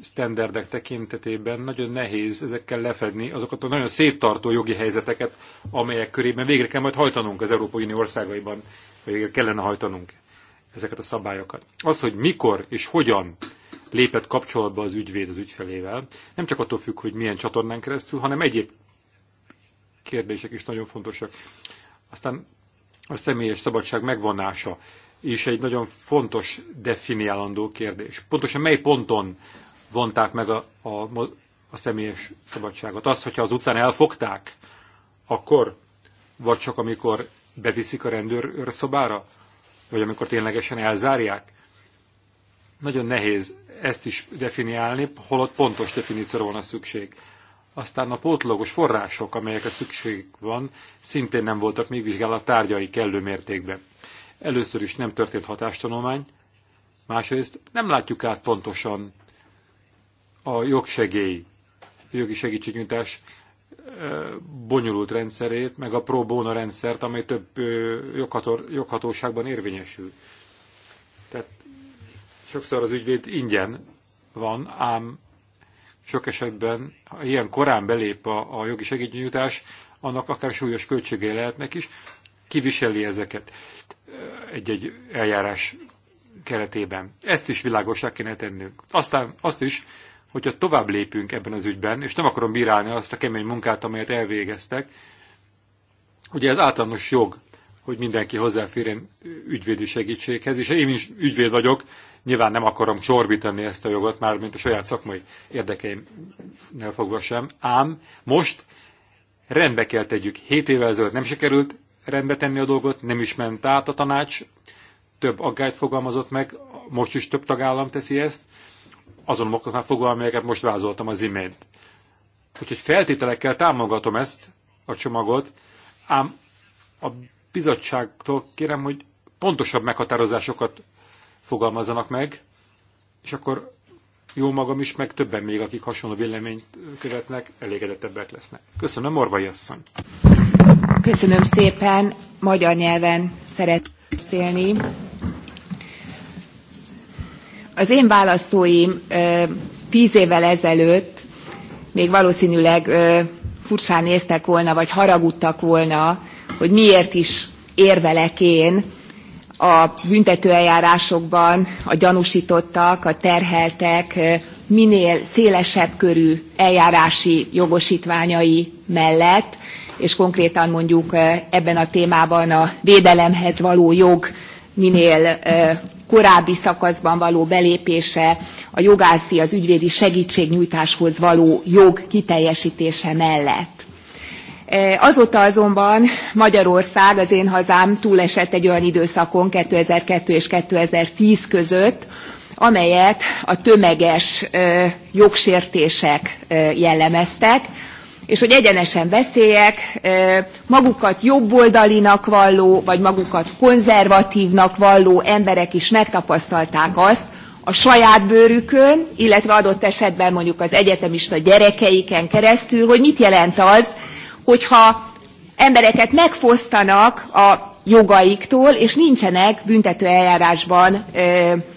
sztenderdek tekintetében nagyon nehéz ezekkel lefedni azokat a nagyon széttartó jogi helyzeteket, amelyek körében végre kell majd hajtanunk az Európai Unió országaiban, vagy végre kellene hajtanunk ezeket a szabályokat. Az, hogy mikor és hogyan lépett kapcsolatba az ügyvéd az ügyfelével. Nem csak attól függ, hogy milyen csatornán keresztül, hanem egyéb kérdések is nagyon fontosak. Aztán a személyes szabadság megvonása is egy nagyon fontos definiálandó kérdés. Pontosan mely ponton vonták meg a, a, a személyes szabadságot? Az, hogyha az utcán elfogták, akkor, vagy csak amikor beviszik a rendőr szobára, vagy amikor ténylegesen elzárják? Nagyon nehéz ezt is definiálni, holott pontos definícióra van a szükség. Aztán a pótlagos források, amelyekre szükség van, szintén nem voltak még vizsgálat tárgyai kellő mértékben. Először is nem történt hatástanulmány, másrészt nem látjuk át pontosan a jogsegély, a jogi segítségnyújtás bonyolult rendszerét, meg a pro bono rendszert, amely több jogható, joghatóságban érvényesül sokszor az ügyvéd ingyen van, ám sok esetben, ha ilyen korán belép a, a jogi segítségnyújtás, annak akár súlyos költségei lehetnek is, kiviseli ezeket eh, egy-egy eljárás keretében. Ezt is világosá kéne tennünk. Aztán azt is, hogyha tovább lépünk ebben az ügyben, és nem akarom bírálni azt a kemény munkát, amelyet elvégeztek, ugye ez általános jog, hogy mindenki hozzáférjen ügyvédi segítséghez, és én is ügyvéd vagyok, Nyilván nem akarom csorbítani ezt a jogot, már mint a saját szakmai érdekeimnél fogva sem, ám most rendbe kell tegyük. Hét évvel ezelőtt nem sikerült rendbe tenni a dolgot, nem is ment át a tanács, több aggályt fogalmazott meg, most is több tagállam teszi ezt, azon okoknál fogva, amelyeket most vázoltam az imént. Úgyhogy feltételekkel támogatom ezt a csomagot, ám a bizottságtól kérem, hogy pontosabb meghatározásokat fogalmazzanak meg, és akkor jó magam is, meg többen még, akik hasonló véleményt követnek, elégedettebbek lesznek. Köszönöm, Orvai asszony! Köszönöm szépen, magyar nyelven szeret beszélni. Az én választóim tíz évvel ezelőtt még valószínűleg furcsán néztek volna, vagy haragudtak volna, hogy miért is érvelek én a büntetőeljárásokban a gyanúsítottak, a terheltek minél szélesebb körű eljárási jogosítványai mellett, és konkrétan mondjuk ebben a témában a védelemhez való jog minél korábbi szakaszban való belépése, a jogászi, az ügyvédi segítségnyújtáshoz való jog kiteljesítése mellett. E, azóta azonban Magyarország, az én hazám túlesett egy olyan időszakon 2002 és 2010 között, amelyet a tömeges e, jogsértések e, jellemeztek, és hogy egyenesen beszéljek, magukat jobboldalinak valló, vagy magukat konzervatívnak valló emberek is megtapasztalták azt, a saját bőrükön, illetve adott esetben mondjuk az egyetemista gyerekeiken keresztül, hogy mit jelent az, hogyha embereket megfosztanak a jogaiktól, és nincsenek büntetőeljárásban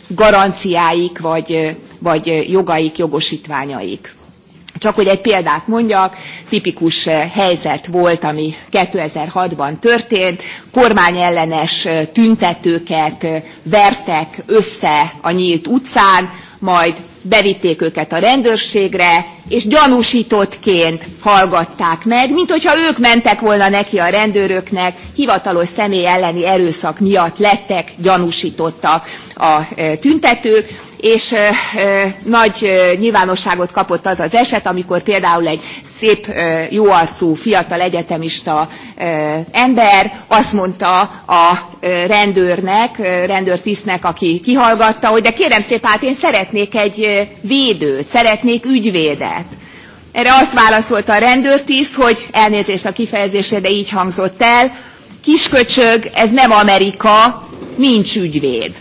garanciáik, vagy, vagy jogaik, jogosítványaik. Csak hogy egy példát mondjak, tipikus helyzet volt, ami 2006-ban történt, kormányellenes tüntetőket vertek össze a nyílt utcán, majd bevitték őket a rendőrségre, és gyanúsítottként hallgatták meg, mint hogyha ők mentek volna neki a rendőröknek, hivatalos személy elleni erőszak miatt lettek gyanúsítottak a e, tüntetők és nagy nyilvánosságot kapott az az eset, amikor például egy szép, jóarcú, fiatal egyetemista ember azt mondta a rendőrnek, rendőrtisztnek, aki kihallgatta, hogy de kérem szépen, hát én szeretnék egy védőt, szeretnék ügyvédet. Erre azt válaszolta a rendőrtiszt, hogy elnézést a kifejezésre, de így hangzott el, kisköcsög, ez nem Amerika, nincs ügyvéd.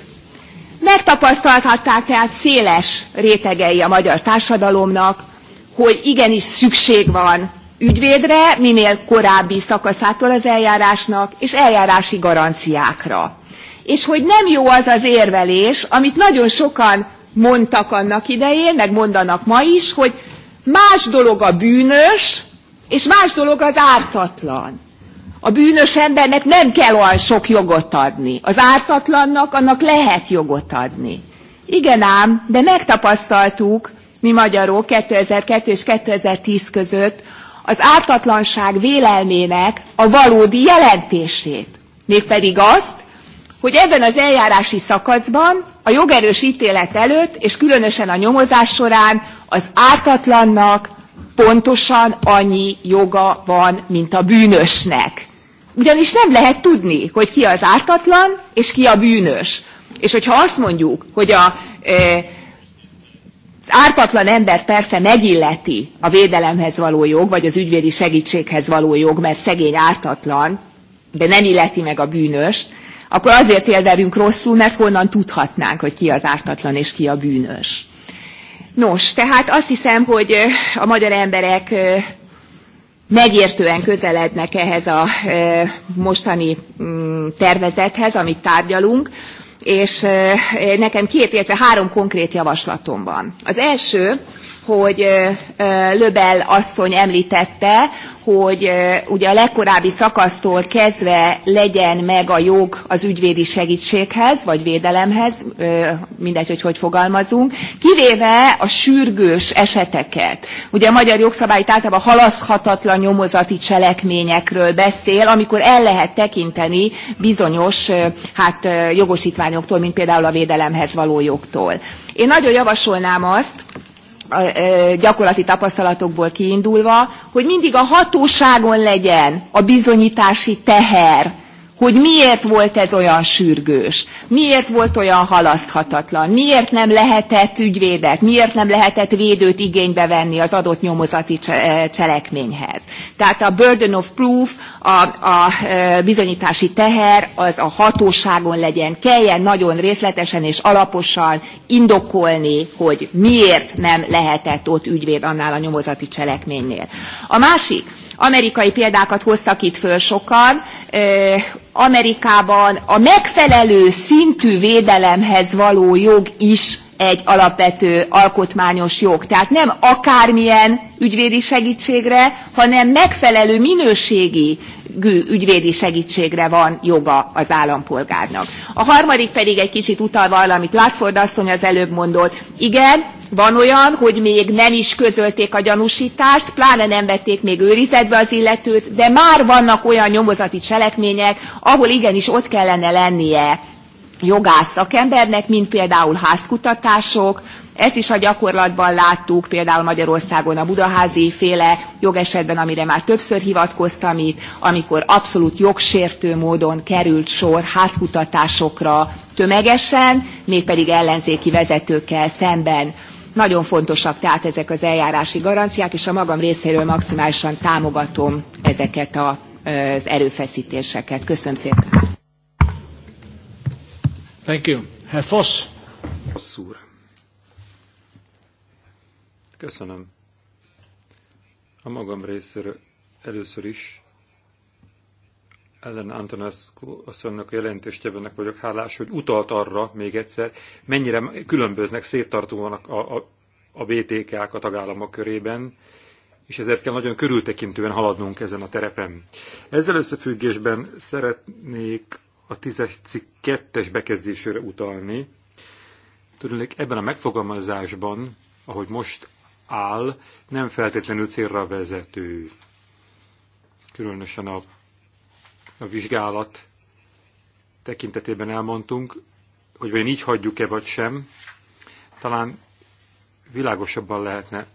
Megtapasztalhatták tehát széles rétegei a magyar társadalomnak, hogy igenis szükség van ügyvédre, minél korábbi szakaszától az eljárásnak, és eljárási garanciákra. És hogy nem jó az az érvelés, amit nagyon sokan mondtak annak idején, meg mondanak ma is, hogy más dolog a bűnös, és más dolog az ártatlan. A bűnös embernek nem kell olyan sok jogot adni. Az ártatlannak annak lehet jogot adni. Igen ám, de megtapasztaltuk mi magyarok 2002 és 2010 között az ártatlanság vélelmének a valódi jelentését. Mégpedig azt, hogy ebben az eljárási szakaszban a jogerős ítélet előtt, és különösen a nyomozás során az ártatlannak pontosan annyi joga van, mint a bűnösnek. Ugyanis nem lehet tudni, hogy ki az ártatlan, és ki a bűnös. És hogyha azt mondjuk, hogy a, az ártatlan ember persze megilleti a védelemhez való jog, vagy az ügyvédi segítséghez való jog, mert szegény ártatlan, de nem illeti meg a bűnöst, akkor azért élverünk rosszul, mert honnan tudhatnánk, hogy ki az ártatlan és ki a bűnös. Nos, tehát azt hiszem, hogy a magyar emberek megértően közelednek ehhez a mostani mm, tervezethez, amit tárgyalunk, és nekem két, illetve három konkrét javaslatom van. Az első, hogy Löbel asszony említette, hogy ugye a legkorábbi szakasztól kezdve legyen meg a jog az ügyvédi segítséghez, vagy védelemhez, mindegy, hogy hogy fogalmazunk, kivéve a sürgős eseteket. Ugye a magyar jogszabály általában halaszhatatlan nyomozati cselekményekről beszél, amikor el lehet tekinteni bizonyos hát, jogosítványoktól, mint például a védelemhez való jogtól. Én nagyon javasolnám azt, E, gyakorlati tapasztalatokból kiindulva, hogy mindig a hatóságon legyen a bizonyítási teher hogy miért volt ez olyan sürgős, miért volt olyan halaszthatatlan, miért nem lehetett ügyvédet, miért nem lehetett védőt igénybe venni az adott nyomozati cselekményhez. Tehát a burden of proof, a, a bizonyítási teher az a hatóságon legyen, kelljen nagyon részletesen és alaposan indokolni, hogy miért nem lehetett ott ügyvéd annál a nyomozati cselekménynél. A másik, Amerikai példákat hoztak itt föl sokan. Amerikában a megfelelő szintű védelemhez való jog is egy alapvető alkotmányos jog. Tehát nem akármilyen ügyvédi segítségre, hanem megfelelő minőségi ügyvédi segítségre van joga az állampolgárnak. A harmadik pedig egy kicsit utalva arra, amit Látford asszony az előbb mondott. Igen, van olyan, hogy még nem is közölték a gyanúsítást, pláne nem vették még őrizetbe az illetőt, de már vannak olyan nyomozati cselekmények, ahol igenis ott kellene lennie jogász szakembernek, mint például házkutatások, ezt is a gyakorlatban láttuk például Magyarországon a budaházi féle jogesetben, amire már többször hivatkoztam itt, amikor abszolút jogsértő módon került sor házkutatásokra tömegesen, mégpedig ellenzéki vezetőkkel szemben nagyon fontosak tehát ezek az eljárási garanciák, és a magam részéről maximálisan támogatom ezeket a, az erőfeszítéseket. Köszönöm szépen. Thank you. Herr Voss. Voss úr. Köszönöm. A magam részéről először is Ellen Antonescu asszonynak jelentéstevőnek vagyok hálás, hogy utalt arra még egyszer, mennyire különböznek, széttartóanak a, a, a BTK-k a tagállamok körében, és ezért kell nagyon körültekintően haladnunk ezen a terepen. Ezzel összefüggésben szeretnék a 10 cikk kettes bekezdésére utalni. Tudnék ebben a megfogalmazásban, ahogy most áll, nem feltétlenül célra vezető. Különösen a, a vizsgálat tekintetében elmondtunk, hogy vajon így hagyjuk-e vagy sem, talán világosabban lehetne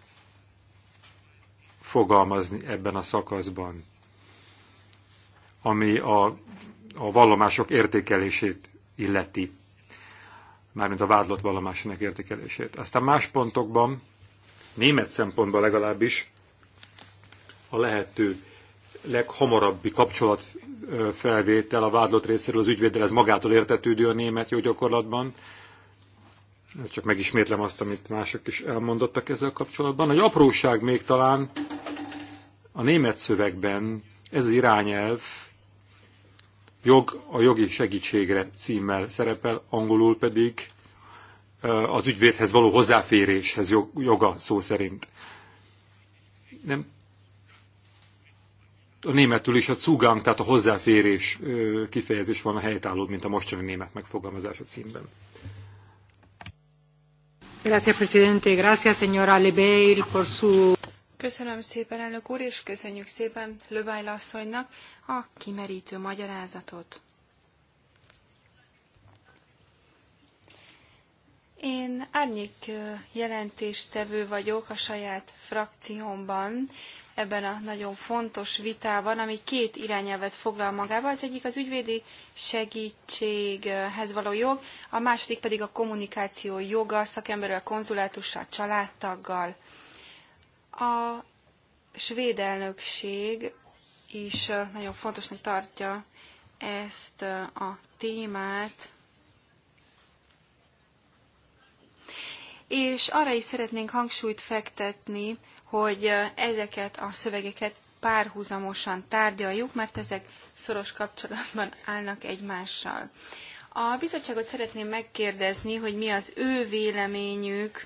fogalmazni ebben a szakaszban, ami a, a vallomások értékelését illeti, mármint a vádlott vallomásának értékelését. Aztán más pontokban német szempontból legalábbis a lehető leghamarabbi kapcsolat felvétel a vádlott részéről az ügyvéddel, ez magától értetődő a német gyakorlatban. Ez csak megismétlem azt, amit mások is elmondottak ezzel kapcsolatban. Nagy apróság még talán a német szövegben ez az irányelv jog a jogi segítségre címmel szerepel, angolul pedig az ügyvédhez való hozzáféréshez joga szó szerint. Nem a németül is a zugang, tehát a hozzáférés kifejezés van a helytálló, mint a mostani német megfogalmazás a címben. Gracias, presidente. Gracias, señora Lebeil, por su... Köszönöm szépen, elnök úr, és köszönjük szépen Löbájl asszonynak a kimerítő magyarázatot. Én árnyék jelentéstevő vagyok a saját frakciómban ebben a nagyon fontos vitában, ami két irányelvet foglal magába. Az egyik az ügyvédi segítséghez való jog, a második pedig a kommunikáció joga szakemberrel, konzulátussal, családtaggal. A svéd elnökség is nagyon fontosnak tartja ezt a témát, és arra is szeretnénk hangsúlyt fektetni, hogy ezeket a szövegeket párhuzamosan tárgyaljuk, mert ezek szoros kapcsolatban állnak egymással. A bizottságot szeretném megkérdezni, hogy mi az ő véleményük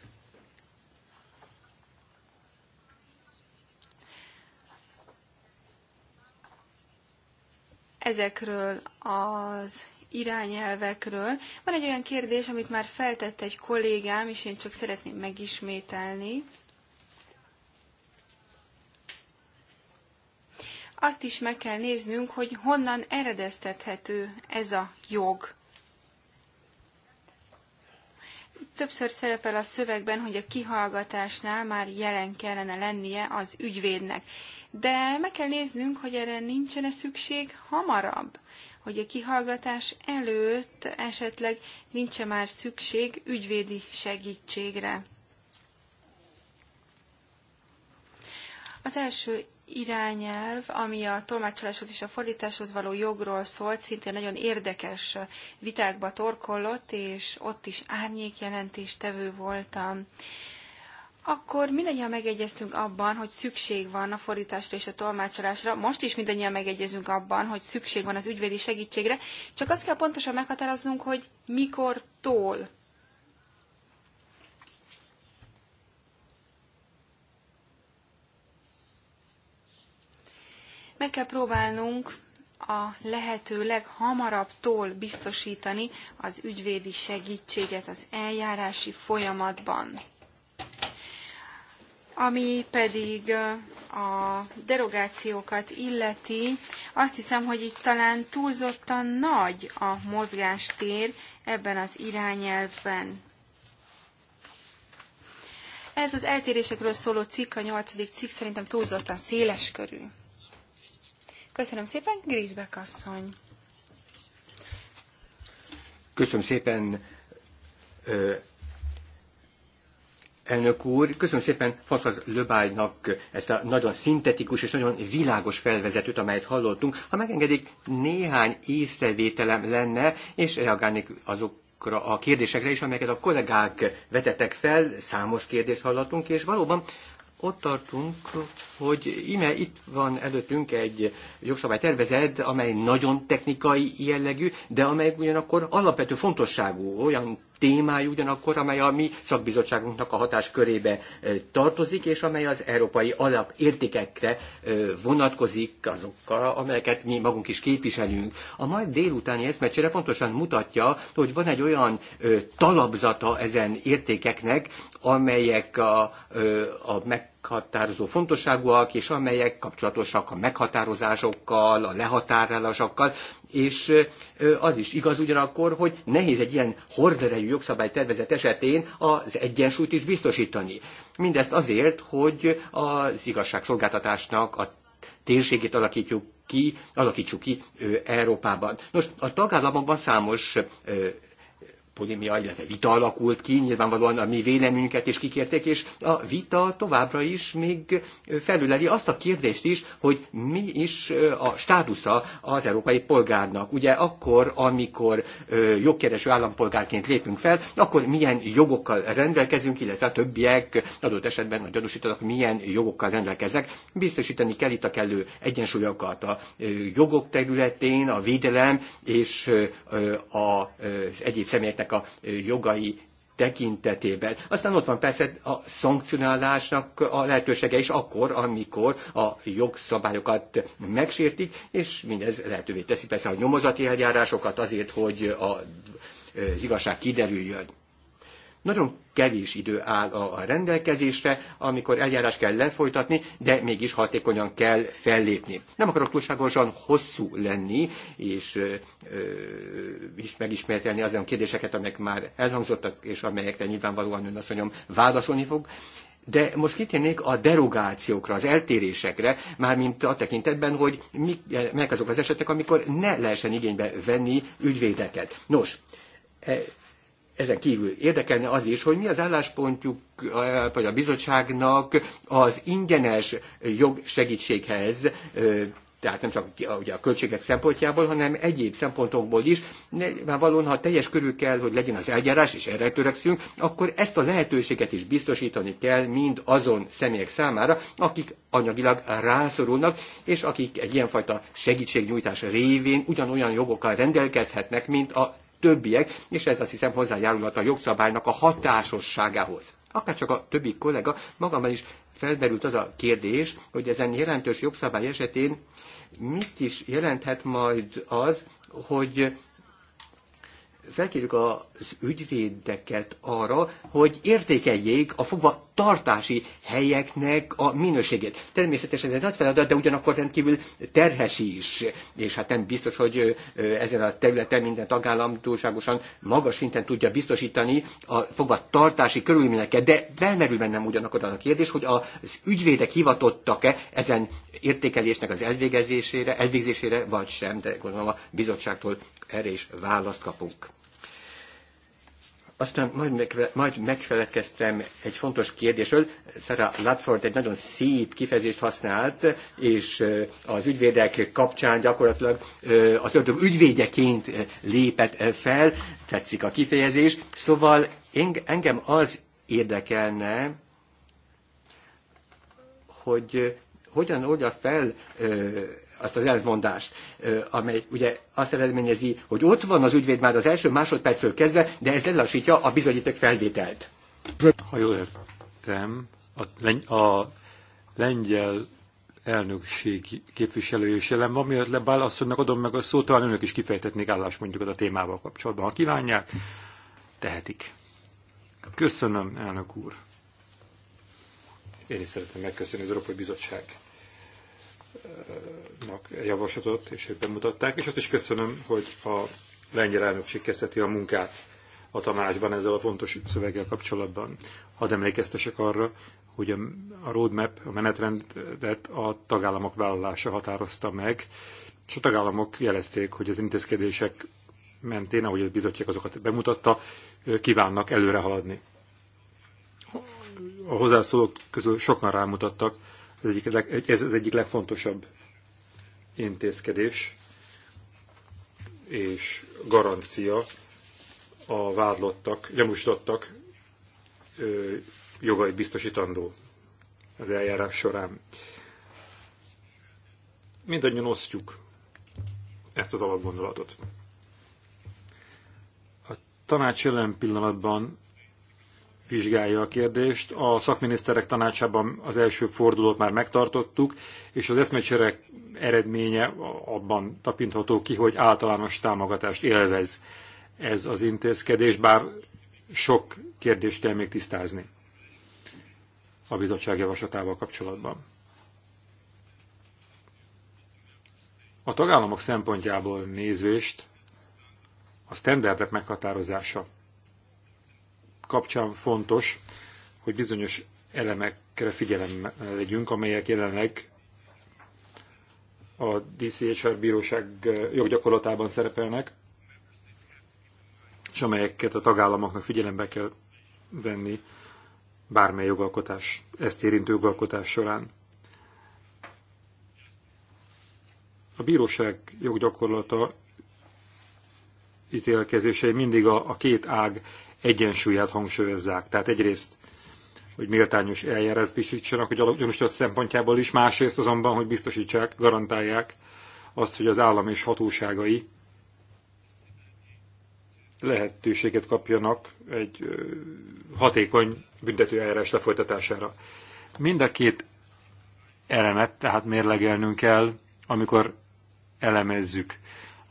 ezekről az irányelvekről. Van egy olyan kérdés, amit már feltett egy kollégám, és én csak szeretném megismételni. Azt is meg kell néznünk, hogy honnan eredeztethető ez a jog. Többször szerepel a szövegben, hogy a kihallgatásnál már jelen kellene lennie az ügyvédnek. De meg kell néznünk, hogy erre nincsen-e szükség hamarabb hogy a kihallgatás előtt esetleg nincs -e már szükség ügyvédi segítségre. Az első irányelv, ami a tolmácsoláshoz és a fordításhoz való jogról szólt, szintén nagyon érdekes vitákba torkollott, és ott is árnyék jelentéstevő voltam akkor mindannyian megegyeztünk abban, hogy szükség van a fordításra és a tolmácsolásra. Most is mindannyian megegyezünk abban, hogy szükség van az ügyvédi segítségre, csak azt kell pontosan meghatároznunk, hogy mikor tól. Meg kell próbálnunk a lehető leghamarabbtól biztosítani az ügyvédi segítséget az eljárási folyamatban. Ami pedig a derogációkat illeti, azt hiszem, hogy itt talán túlzottan nagy a mozgástér ebben az irányelvben. Ez az eltérésekről szóló cikk, a nyolcadik cikk szerintem túlzottan széles körű. Köszönöm szépen, Grisbek asszony! Köszönöm szépen, Elnök úr, köszönöm szépen Faszaz Löbájnak ezt a nagyon szintetikus és nagyon világos felvezetőt, amelyet hallottunk. Ha megengedik, néhány észrevételem lenne, és reagálnék azok a kérdésekre is, amelyeket a kollégák vetettek fel, számos kérdést hallottunk, és valóban ott tartunk, hogy ime itt van előttünk egy jogszabálytervezet, amely nagyon technikai jellegű, de amely ugyanakkor alapvető fontosságú, olyan témája ugyanakkor, amely a mi szakbizottságunknak a hatáskörébe tartozik, és amely az európai alapértékekre vonatkozik azokkal, amelyeket mi magunk is képviselünk. A mai délutáni eszmecsere pontosan mutatja, hogy van egy olyan talapzata ezen értékeknek, amelyek a, a meg meghatározó fontosságúak, és amelyek kapcsolatosak a meghatározásokkal, a lehatárolásokkal, és az is igaz ugyanakkor, hogy nehéz egy ilyen horderejű jogszabálytervezet esetén az egyensúlyt is biztosítani. Mindezt azért, hogy az igazságszolgáltatásnak a térségét alakítjuk ki, alakítsuk ki Európában. Nos, a tagállamokban számos polémia, illetve vita alakult ki, nyilvánvalóan a mi véleményünket is kikértek, és a vita továbbra is még felüleli azt a kérdést is, hogy mi is a státusza az európai polgárnak. Ugye akkor, amikor jogkereső állampolgárként lépünk fel, akkor milyen jogokkal rendelkezünk, illetve a többiek adott esetben a gyanúsítanak, milyen jogokkal rendelkeznek. Biztosítani kell itt a kellő egyensúlyokat a jogok területén, a védelem és az egyéb személyeknek embernek a jogai tekintetében. Aztán ott van persze a szankcionálásnak a lehetősége is akkor, amikor a jogszabályokat megsértik, és mindez lehetővé teszi persze a nyomozati eljárásokat azért, hogy a, az igazság kiderüljön. Nagyon kevés idő áll a rendelkezésre, amikor eljárás kell lefolytatni, de mégis hatékonyan kell fellépni. Nem akarok túlságosan hosszú lenni, és ö, is megismételni azon kérdéseket, amelyek már elhangzottak, és amelyekre nyilvánvalóan ön mondjam, válaszolni fog. De most kitérnék a derogációkra, az eltérésekre, mármint a tekintetben, hogy mi melyek azok az esetek, amikor ne lehessen igénybe venni ügyvédeket. Nos, e, ezen kívül érdekelne az is, hogy mi az álláspontjuk eh, vagy a bizottságnak az ingyenes jogsegítséghez eh, tehát nem csak ugye, a költségek szempontjából, hanem egyéb szempontokból is. Nyilvánvalóan, ha teljes körül kell, hogy legyen az eljárás, és erre törekszünk, akkor ezt a lehetőséget is biztosítani kell mind azon személyek számára, akik anyagilag rászorulnak, és akik egy ilyenfajta segítségnyújtás révén ugyanolyan jogokkal rendelkezhetnek, mint a többiek, és ez azt hiszem hozzájárulhat a jogszabálynak a hatásosságához. Akár csak a többi kollega magamban is felmerült az a kérdés, hogy ezen jelentős jogszabály esetén mit is jelenthet majd az, hogy felkérjük az ügyvédeket arra, hogy értékeljék a fogva tartási helyeknek a minőségét. Természetesen ez egy nagy feladat, de ugyanakkor rendkívül terhes is, és hát nem biztos, hogy ezen a területen minden tagállam túlságosan magas szinten tudja biztosítani a fogva tartási körülményeket, de felmerül bennem ugyanakkor a kérdés, hogy az ügyvédek hivatottak-e ezen értékelésnek az elvégezésére, elvégzésére, vagy sem, de gondolom a bizottságtól erre is választ kapunk. Aztán majd, megfe- majd megfeledkeztem egy fontos kérdésről. Sarah Latford egy nagyon szép kifejezést használt, és az ügyvédek kapcsán gyakorlatilag az ördög ügyvédjeként lépett fel, tetszik a kifejezés. Szóval engem az érdekelne, hogy hogyan oldja fel azt az elmondást, amely ugye azt eredményezi, hogy ott van az ügyvéd már az első másodpercről kezdve, de ez lelassítja a bizonyíték felvételt. Ha jól értem, a, lengy a lengyel elnökség képviselője is jelen van, miért Lebál asszonynak adom meg a szót, talán önök is kifejtetnék mondjuk a témával kapcsolatban. Ha kívánják, tehetik. Köszönöm, elnök úr. Én is szeretném megköszönni az Európai Bizottság javaslatot, és ők bemutatták, és azt is köszönöm, hogy a lengyel elnökség kezdheti a munkát a tanácsban ezzel a fontos szöveggel kapcsolatban. Hadd emlékeztesek arra, hogy a roadmap, a menetrendet a tagállamok vállalása határozta meg, és a tagállamok jelezték, hogy az intézkedések mentén, ahogy a bizottság azokat bemutatta, kívánnak előre haladni. A hozzászólók közül sokan rámutattak ez, egyik, ez az egyik legfontosabb intézkedés és garancia a vádlottak, gyanúsítottak jogait biztosítandó az eljárás során. Mindannyian osztjuk ezt az alapgondolatot. A tanács jelen pillanatban vizsgálja a kérdést. A szakminiszterek tanácsában az első fordulót már megtartottuk, és az eszmecserek eredménye abban tapintható ki, hogy általános támogatást élvez ez az intézkedés, bár sok kérdést kell még tisztázni a bizottság javaslatával kapcsolatban. A tagállamok szempontjából nézvést a standardek meghatározása kapcsán fontos, hogy bizonyos elemekre figyelemmel legyünk, amelyek jelenleg a DCHR bíróság joggyakorlatában szerepelnek, és amelyeket a tagállamoknak figyelembe kell venni bármely jogalkotás, ezt érintő jogalkotás során. A bíróság joggyakorlata ítélkezései mindig a, a két ág egyensúlyát hangsúlyozzák. Tehát egyrészt, hogy méltányos eljárást biztosítsanak, hogy a gyanúsított szempontjából is, másrészt azonban, hogy biztosítsák, garantálják azt, hogy az állam és hatóságai lehetőséget kapjanak egy hatékony büntetőeljárás lefolytatására. Mind a két elemet tehát mérlegelnünk kell, amikor elemezzük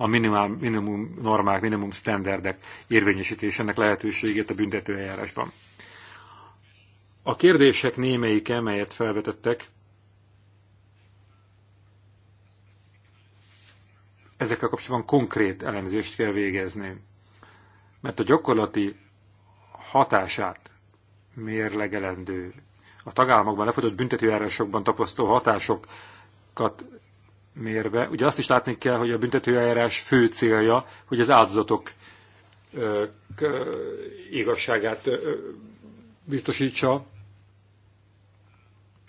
a minimál, minimum normák, minimum standardek érvényesítésének lehetőségét a büntetőeljárásban. A kérdések némelyike, melyet felvetettek, ezekkel kapcsolatban konkrét elemzést kell végezni. Mert a gyakorlati hatását mérlegelendő, a tagállamokban lefolytott büntetőjárásokban tapasztó hatásokat mérve. Ugye azt is látni kell, hogy a büntetőeljárás fő célja, hogy az áldozatok ö, k, igazságát ö, biztosítsa,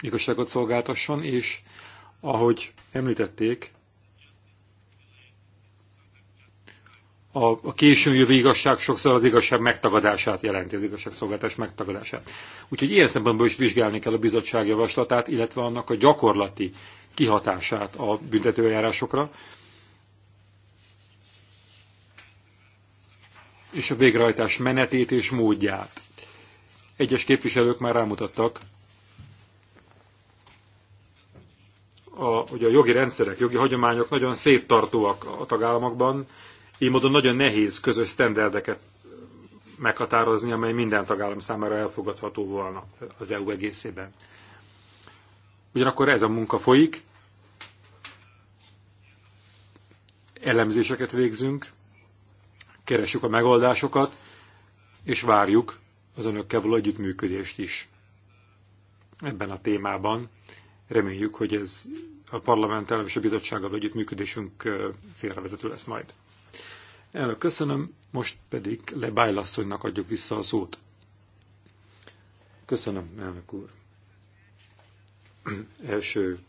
igazságot szolgáltasson, és ahogy említették, a, a későn jövő igazság sokszor az igazság megtagadását jelenti, az igazságszolgáltás megtagadását. Úgyhogy ilyen szempontból is vizsgálni kell a bizottság javaslatát, illetve annak a gyakorlati kihatását a büntetőeljárásokra, és a végrehajtás menetét és módját. Egyes képviselők már rámutattak, a, hogy a jogi rendszerek, jogi hagyományok nagyon széttartóak a tagállamokban, így módon nagyon nehéz közös sztenderdeket meghatározni, amely minden tagállam számára elfogadható volna az EU egészében. Ugyanakkor ez a munka folyik, elemzéseket végzünk, keresjük a megoldásokat, és várjuk az önökkel való együttműködést is ebben a témában. Reméljük, hogy ez a parlamenttel és a bizottsággal együttműködésünk célra vezető lesz majd. Elnök, köszönöm, most pedig Lebájlasszonynak adjuk vissza a szót. Köszönöm, elnök úr. Első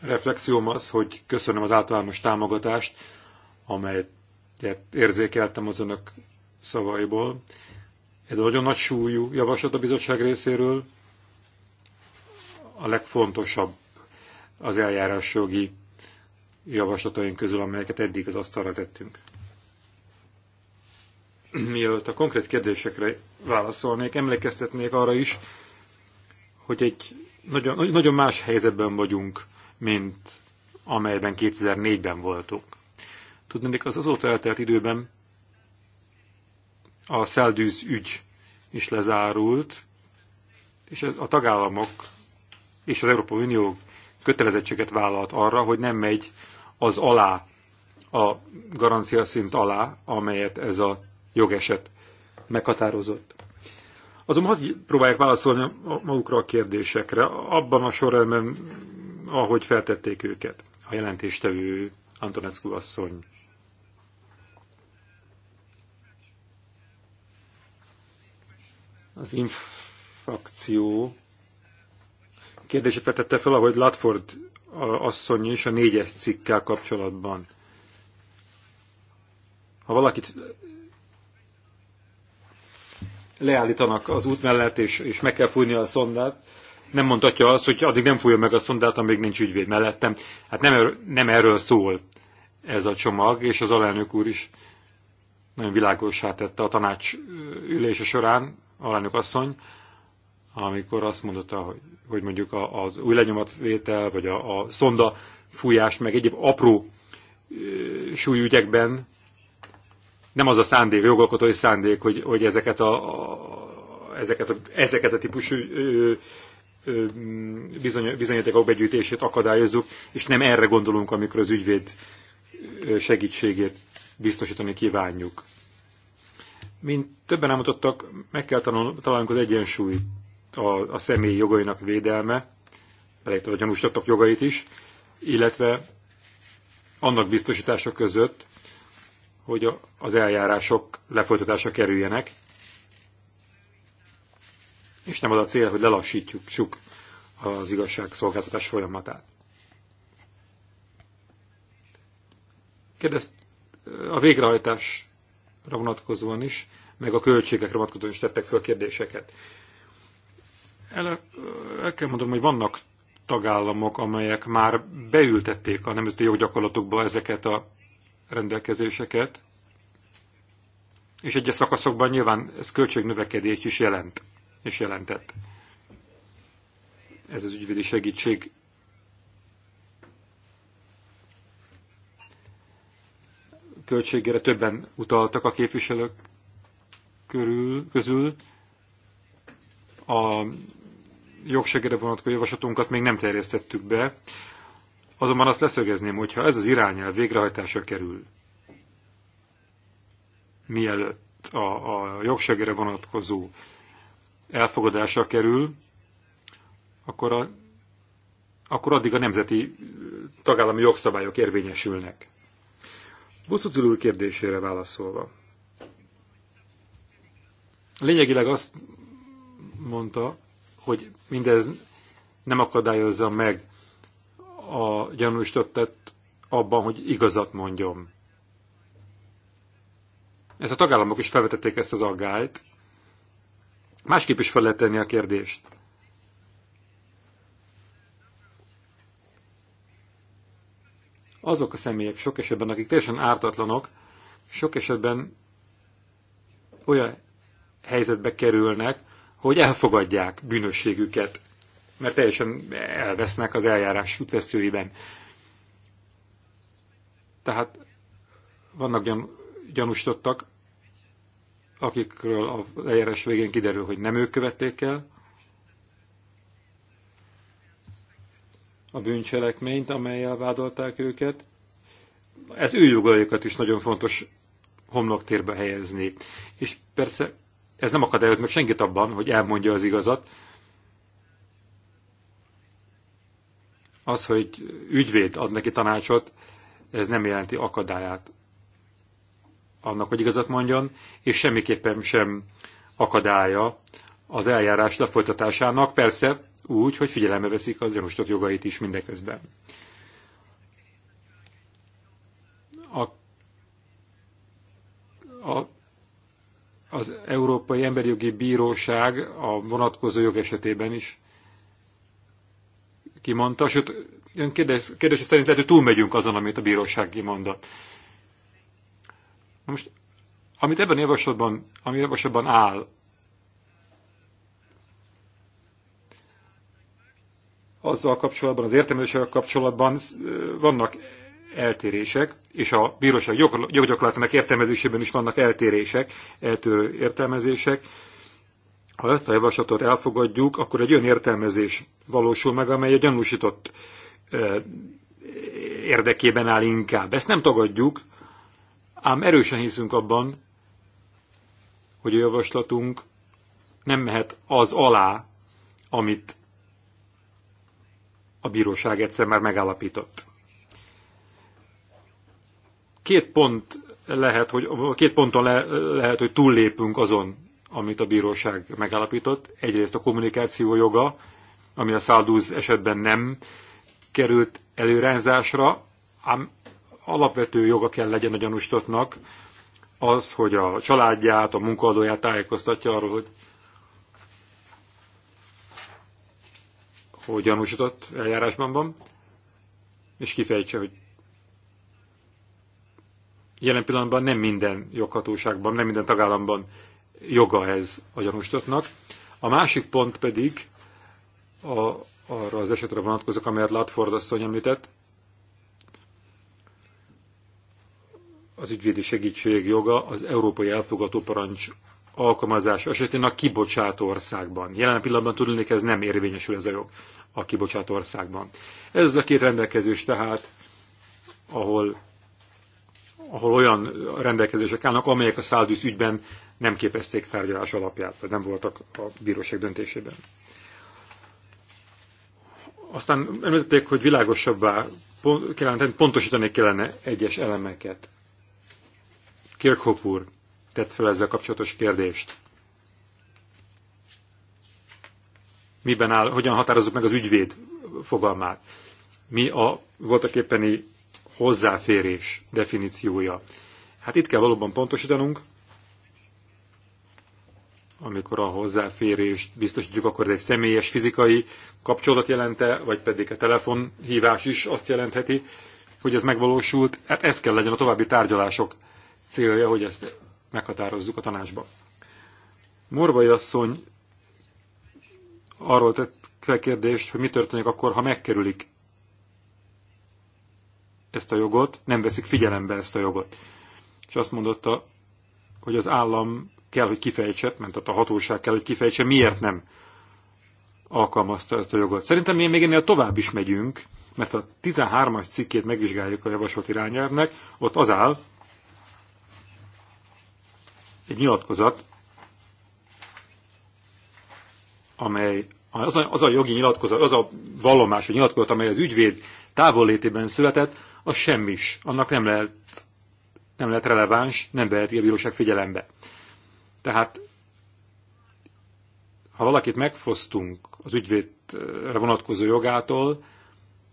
reflexióm az, hogy köszönöm az általános támogatást, amelyet érzékeltem az önök szavaiból. Ez nagyon nagy súlyú javaslat a bizottság részéről. A legfontosabb az eljárásjogi javaslataink közül, amelyeket eddig az asztalra tettünk. Mielőtt a konkrét kérdésekre válaszolnék, emlékeztetnék arra is, hogy egy nagyon, nagyon más helyzetben vagyunk, mint amelyben 2004-ben voltunk. Tudnék, az azóta eltelt időben a szeldűz ügy is lezárult, és a tagállamok és az Európai Unió kötelezettséget vállalt arra, hogy nem megy az alá, a garancia szint alá, amelyet ez a jogeset meghatározott. Azon hadd próbálják válaszolni magukra a kérdésekre, abban a sorrendben, ahogy feltették őket. A jelentéstevő Antonescu asszony. Az infrakció kérdését vetette fel, ahogy Latford asszony is a négyes cikkkel kapcsolatban. Ha valakit leállítanak az út mellett, és, és meg kell fújni a szondát, nem mondhatja azt, hogy addig nem fújja meg a szondát, amíg nincs ügyvéd mellettem. Hát nem, er-, nem erről szól ez a csomag, és az alelnök úr is nagyon világosá tette a tanács ülése során, alelnök asszony, amikor azt mondotta, hogy, hogy mondjuk az új lenyomatvétel, vagy a, a szonda fújás, meg egyéb apró súlyügyekben nem az a szándék, a jogalkotói szándék, hogy, hogy ezeket, a, a, ezeket, a, ezeket a típusú bizony, bizonyítékok begyűjtését akadályozzuk, és nem erre gondolunk, amikor az ügyvéd segítségét biztosítani kívánjuk. Mint többen elmutattak, meg kell találnunk az egyensúly a, a személy jogainak védelme, beleértve a gyanúsítottak jogait is, illetve annak biztosítása között, hogy az eljárások lefolytatása kerüljenek, és nem az a cél, hogy lelassítjuk suk az igazságszolgáltatás folyamatát. Kérdezt a végrehajtásra vonatkozóan is, meg a költségekre vonatkozóan is tettek föl kérdéseket. El, el kell mondom, hogy vannak tagállamok, amelyek már beültették a nemzeti joggyakorlatukba ezeket a rendelkezéseket, és egyes szakaszokban nyilván ez költségnövekedés is jelent, és jelentett. Ez az ügyvédi segítség költségére többen utaltak a képviselők körül, közül. A jogsegére vonatkozó javaslatunkat még nem terjesztettük be. Azonban azt leszögezném, hogyha ez az irányelv végrehajtásra kerül, mielőtt a, a jogsegére vonatkozó elfogadásra kerül, akkor, a, akkor addig a nemzeti tagállami jogszabályok érvényesülnek. Buszucul úr kérdésére válaszolva. Lényegileg azt mondta, hogy mindez nem akadályozza meg a gyanúsított tett abban, hogy igazat mondjon. Ezt a tagállamok is felvetették ezt az aggályt. Másképp is fel lehet tenni a kérdést. Azok a személyek sok esetben, akik teljesen ártatlanok, sok esetben olyan helyzetbe kerülnek, hogy elfogadják bűnösségüket mert teljesen elvesznek az eljárás útvesztőiben. Tehát vannak gyan, gyanúsítottak, akikről az eljárás végén kiderül, hogy nem ők követték el a bűncselekményt, amelyel vádolták őket. Ez ő jogaikat is nagyon fontos homloktérbe helyezni. És persze ez nem akadályoz meg senkit abban, hogy elmondja az igazat, Az, hogy ügyvéd ad neki tanácsot, ez nem jelenti akadályát annak, hogy igazat mondjon, és semmiképpen sem akadálya az eljárás lefolytatásának, persze úgy, hogy figyelembe veszik az gyanúsított jogait is mindeközben. A, a, az Európai Emberi Jogi Bíróság a vonatkozó jog esetében is kimondta, sőt, ön kérdés, kérdés szerint lehet, hogy túlmegyünk azon, amit a bíróság kimondott. Na most, amit ebben javaslatban, ami javaslatban áll, azzal kapcsolatban, az értelmezéssel kapcsolatban vannak eltérések, és a bíróság joggyakorlatának értelmezésében is vannak eltérések, eltérő értelmezések. Ha ezt a javaslatot elfogadjuk, akkor egy olyan értelmezés valósul meg, amely a gyanúsított érdekében áll inkább. Ezt nem tagadjuk, ám erősen hiszünk abban, hogy a javaslatunk nem mehet az alá, amit a bíróság egyszer már megállapított. Két pont lehet, hogy, két ponton le, lehet, hogy túllépünk azon, amit a bíróság megállapított. Egyrészt a kommunikáció joga, ami a Száldúz esetben nem került előrányzásra, ám alapvető joga kell legyen a gyanúsítottnak az, hogy a családját, a munkaadóját tájékoztatja arról, hogy hogy gyanúsított eljárásban van, és kifejtse, hogy jelen pillanatban nem minden joghatóságban, nem minden tagállamban joga ez a gyanúsítottnak. A másik pont pedig a, arra az esetre vonatkozok, amelyet Latford asszony említett, az ügyvédi segítség joga az európai elfogató parancs alkalmazás esetén a kibocsátó országban. Jelen pillanatban tudni, ez nem érvényesül ez a jog a kibocsátó országban. Ez a két rendelkezés tehát, ahol ahol olyan rendelkezések állnak, amelyek a száldűz ügyben nem képezték tárgyalás alapját, vagy nem voltak a bíróság döntésében. Aztán említették, hogy világosabbá pont, kellene pontosítani kellene egyes elemeket. Kirkhope úr tett fel ezzel kapcsolatos kérdést. Miben áll, hogyan határozzuk meg az ügyvéd fogalmát? Mi a voltak éppeni hozzáférés definíciója. Hát itt kell valóban pontosítanunk, amikor a hozzáférést biztosítjuk, akkor ez egy személyes fizikai kapcsolat jelente, vagy pedig a telefonhívás is azt jelentheti, hogy ez megvalósult. Hát ez kell legyen a további tárgyalások célja, hogy ezt meghatározzuk a tanácsba. Morvai asszony arról tett fel kérdést, hogy mi történik akkor, ha megkerülik ezt a jogot, nem veszik figyelembe ezt a jogot. És azt mondotta, hogy az állam kell, hogy kifejtse, mert a hatóság kell, hogy kifejtse, miért nem alkalmazta ezt a jogot. Szerintem mi még ennél tovább is megyünk, mert a 13-as cikkét megvizsgáljuk a javasolt irányelvnek, ott az áll egy nyilatkozat, amely az a, az a jogi nyilatkozat, az a vallomás, a nyilatkozat, amely az ügyvéd távollétében született, az semmis, annak nem lehet, nem lehet releváns, nem veheti a bíróság figyelembe. Tehát, ha valakit megfosztunk az ügyvédre vonatkozó jogától,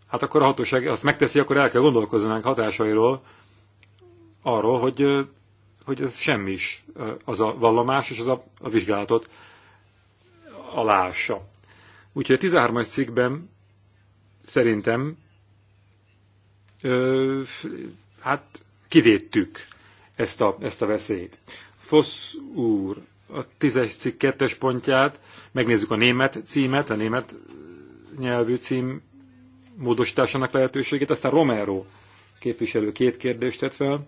hát akkor a hatóság azt megteszi, akkor el kell gondolkoznánk hatásairól, arról, hogy, hogy ez semmis az a vallomás, és az a, a vizsgálatot alása. Úgyhogy a 13. cikkben szerintem ö, hát kivédtük ezt a, ezt a veszélyt. Fosz úr a 10 cikk 2 pontját, megnézzük a német címet, a német nyelvű cím módosításának lehetőségét, aztán Romero képviselő két kérdést tett fel.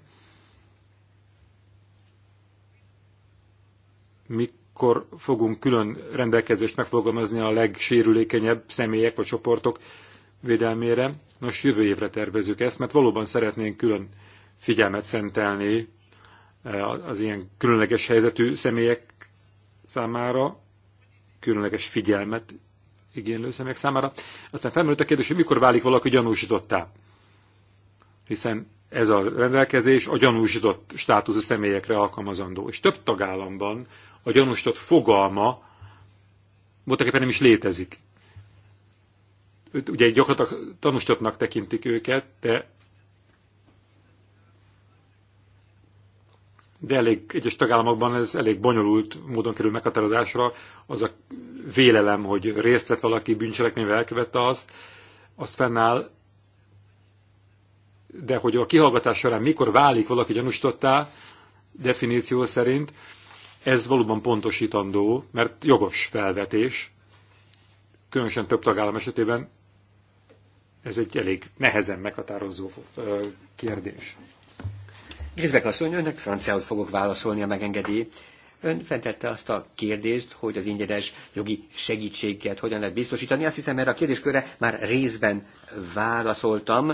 Mikor fogunk külön rendelkezést megfogalmazni a legsérülékenyebb személyek vagy csoportok védelmére. Nos, jövő évre tervezük ezt, mert valóban szeretnénk külön figyelmet szentelni e, az ilyen különleges helyzetű személyek számára, különleges figyelmet igénylő személyek számára. Aztán felmerült a kérdés, hogy mikor válik valaki gyanúsítottá. Hiszen ez a rendelkezés a gyanúsított státuszú személyekre alkalmazandó. És több tagállamban a gyanúsított fogalma voltak éppen nem is létezik ugye gyakorlatilag tanústatnak tekintik őket, de de elég, egyes tagállamokban ez elég bonyolult módon kerül meghatározásra, az a vélelem, hogy részt vett valaki bűncselekményvel elkövette azt, az fennáll, de hogy a kihallgatás során mikor válik valaki gyanústottá, definíció szerint, ez valóban pontosítandó, mert jogos felvetés, különösen több tagállam esetében ez egy elég nehezen meghatározó kérdés. azt mondja, önnek franciául fogok válaszolni, a megengedi. Ön fentette azt a kérdést, hogy az ingyenes jogi segítséget hogyan lehet biztosítani. Azt hiszem, mert a kérdéskörre már részben válaszoltam,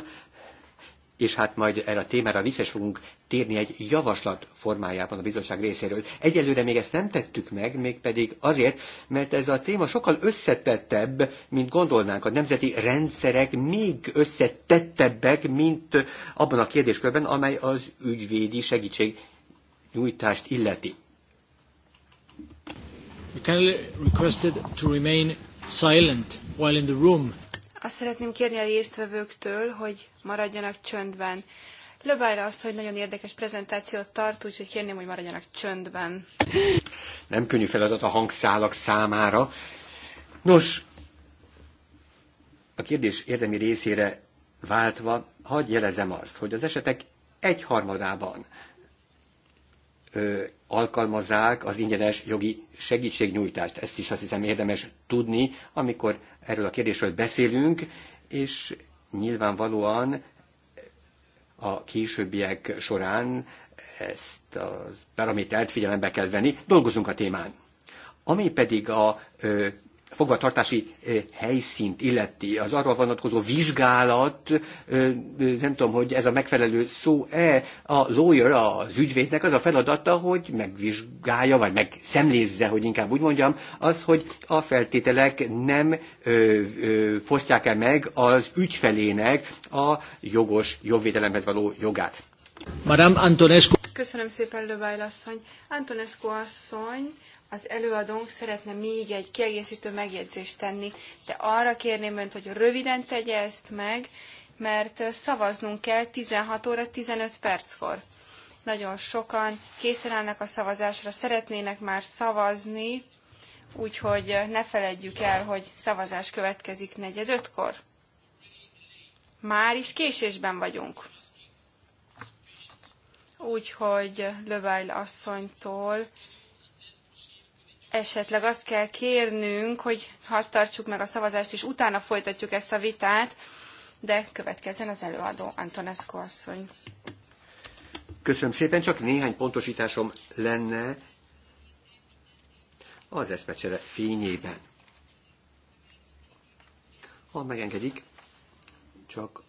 és hát majd erre a témára vissza is fogunk térni egy javaslat formájában a bizottság részéről. Egyelőre még ezt nem tettük meg, mégpedig azért, mert ez a téma sokkal összetettebb, mint gondolnánk. A nemzeti rendszerek még összetettebbek, mint abban a kérdéskörben, amely az ügyvédi segítség nyújtást illeti. You kindly requested to remain silent while in the room. Azt szeretném kérni a résztvevőktől, hogy maradjanak csöndben. Löbájra azt, hogy nagyon érdekes prezentációt tart, úgyhogy kérném, hogy maradjanak csöndben. Nem könnyű feladat a hangszálak számára. Nos, a kérdés érdemi részére váltva, hagyj jelezem azt, hogy az esetek egyharmadában ö, alkalmazzák az ingyenes jogi segítségnyújtást. Ezt is azt hiszem érdemes tudni, amikor erről a kérdésről beszélünk, és nyilvánvalóan a későbbiek során ezt a paramétert figyelembe kell venni, dolgozunk a témán. Ami pedig a fogvatartási helyszínt illeti, az arra vonatkozó vizsgálat, nem tudom, hogy ez a megfelelő szó-e, a lawyer, az ügyvédnek az a feladata, hogy megvizsgálja, vagy megszemlézze, hogy inkább úgy mondjam, az, hogy a feltételek nem fosztják-e meg az ügyfelének a jogos jogvédelemhez való jogát. Madame Antonescu. Köszönöm szépen, Lövájl asszony. Antonescu asszony, az előadónk szeretne még egy kiegészítő megjegyzést tenni, de arra kérném önt, hogy röviden tegye ezt meg, mert szavaznunk kell 16 óra 15 perckor. Nagyon sokan készen állnak a szavazásra, szeretnének már szavazni, úgyhogy ne feledjük el, hogy szavazás következik negyed ötkor. Már is késésben vagyunk. Úgyhogy Lövájl asszonytól esetleg azt kell kérnünk, hogy hadd tartsuk meg a szavazást, és utána folytatjuk ezt a vitát, de következzen az előadó Antonescu asszony. Köszönöm szépen, csak néhány pontosításom lenne az eszmecsere fényében. Ha megengedik, csak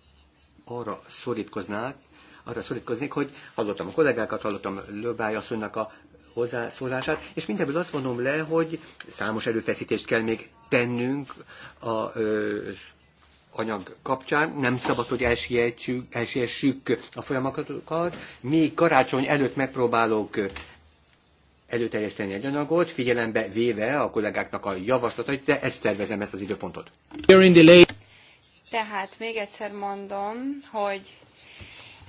arra szorítkoznák, arra szorítkoznék, hogy hallottam a kollégákat, hallottam Löbály asszonynak a hozzászólását, és mindebből azt vonom le, hogy számos előfeszítést kell még tennünk a ö, anyag kapcsán, nem szabad, hogy elsiessük a folyamatokat. Még karácsony előtt megpróbálok előterjeszteni egy anyagot, figyelembe véve a kollégáknak a javaslatait, de ezt tervezem, ezt az időpontot. Tehát még egyszer mondom, hogy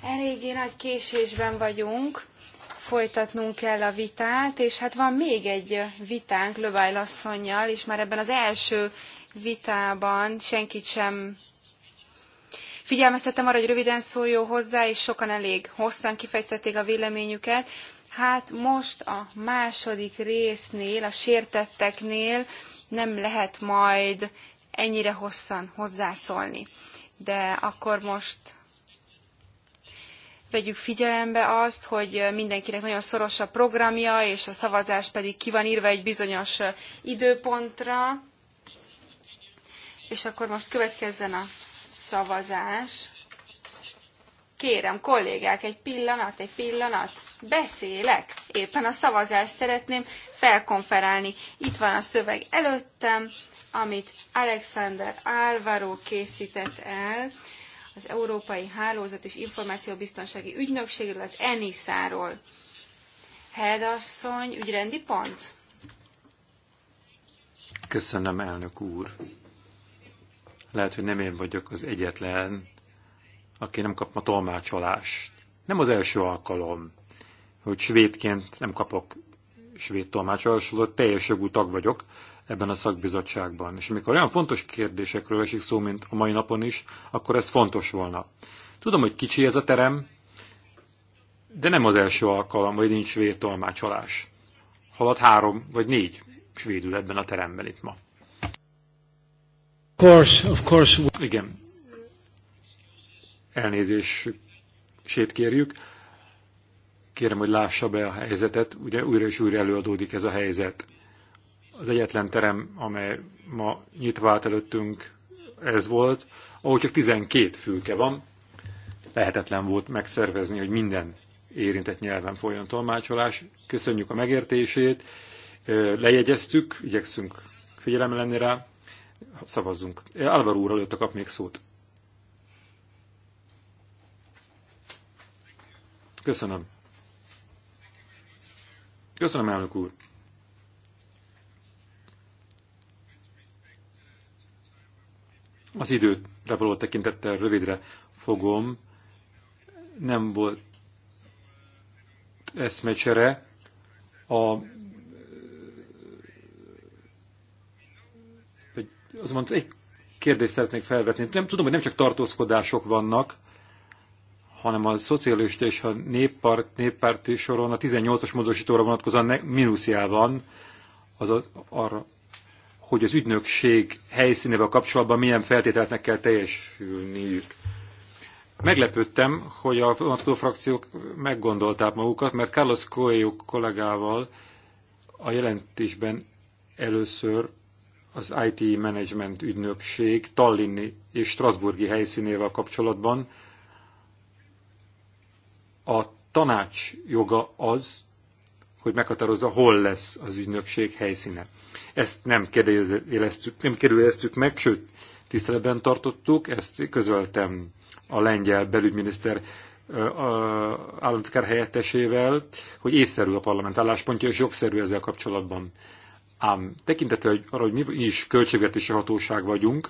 eléggé nagy késésben vagyunk, folytatnunk kell a vitát, és hát van még egy vitánk Löbáj asszonynal, és már ebben az első vitában senkit sem figyelmeztettem arra, hogy röviden szóljon hozzá, és sokan elég hosszan kifejtették a véleményüket. Hát most a második résznél, a sértetteknél nem lehet majd ennyire hosszan hozzászólni. De akkor most vegyük figyelembe azt, hogy mindenkinek nagyon szoros a programja, és a szavazás pedig ki van írva egy bizonyos időpontra. És akkor most következzen a szavazás. Kérem, kollégák, egy pillanat, egy pillanat. Beszélek. Éppen a szavazást szeretném felkonferálni. Itt van a szöveg előttem, amit Alexander Álvaró készített el az Európai Hálózat és Információbiztonsági Ügynökségről, az ENISA-ról. Hedasszony, ügyrendi pont? Köszönöm, elnök úr. Lehet, hogy nem én vagyok az egyetlen, aki nem kap ma tolmácsolást. Nem az első alkalom, hogy svédként nem kapok svéd tolmácsolást, teljes jogú tag vagyok ebben a szakbizottságban. És amikor olyan fontos kérdésekről esik szó, mint a mai napon is, akkor ez fontos volna. Tudom, hogy kicsi ez a terem, de nem az első alkalom, hogy nincs svéd tolmácsolás. Halad három vagy négy svédül ebben a teremben itt ma. Of course, of course. Igen. Elnézését kérjük. Kérem, hogy lássa be a helyzetet. Ugye újra és újra előadódik ez a helyzet az egyetlen terem, amely ma nyitva állt előttünk, ez volt, ahol csak 12 fülke van. Lehetetlen volt megszervezni, hogy minden érintett nyelven folyjon tolmácsolás. Köszönjük a megértését, lejegyeztük, igyekszünk figyelem lenni rá, szavazzunk. Álvaro úr előtt kap még szót. Köszönöm. Köszönöm, elnök úr. Az időre való tekintettel rövidre fogom. Nem volt eszmecsere. A, mondta, egy kérdést szeretnék felvetni. Nem tudom, hogy nem csak tartózkodások vannak, hanem a szocialista és a néppárt, néppárti soron a 18-as módosítóra vonatkozóan mínuszjában, az arra hogy az ügynökség helyszínevel kapcsolatban milyen feltételeknek kell teljesülniük. Meglepődtem, hogy a vonatkozó frakciók meggondolták magukat, mert Carlos Coelho kollégával a jelentésben először az IT Management ügynökség Tallinni és Strasburgi helyszínével kapcsolatban a tanács joga az, hogy meghatározza, hol lesz az ügynökség helyszíne. Ezt nem kérdőjeleztük, nem kérdőjeleztük meg, sőt, tiszteletben tartottuk, ezt közöltem a lengyel belügyminiszter államtitkár helyettesével, hogy észszerű a parlament álláspontja, és jogszerű ezzel kapcsolatban. Ám tekintettel arra, hogy mi is költségvetési hatóság vagyunk,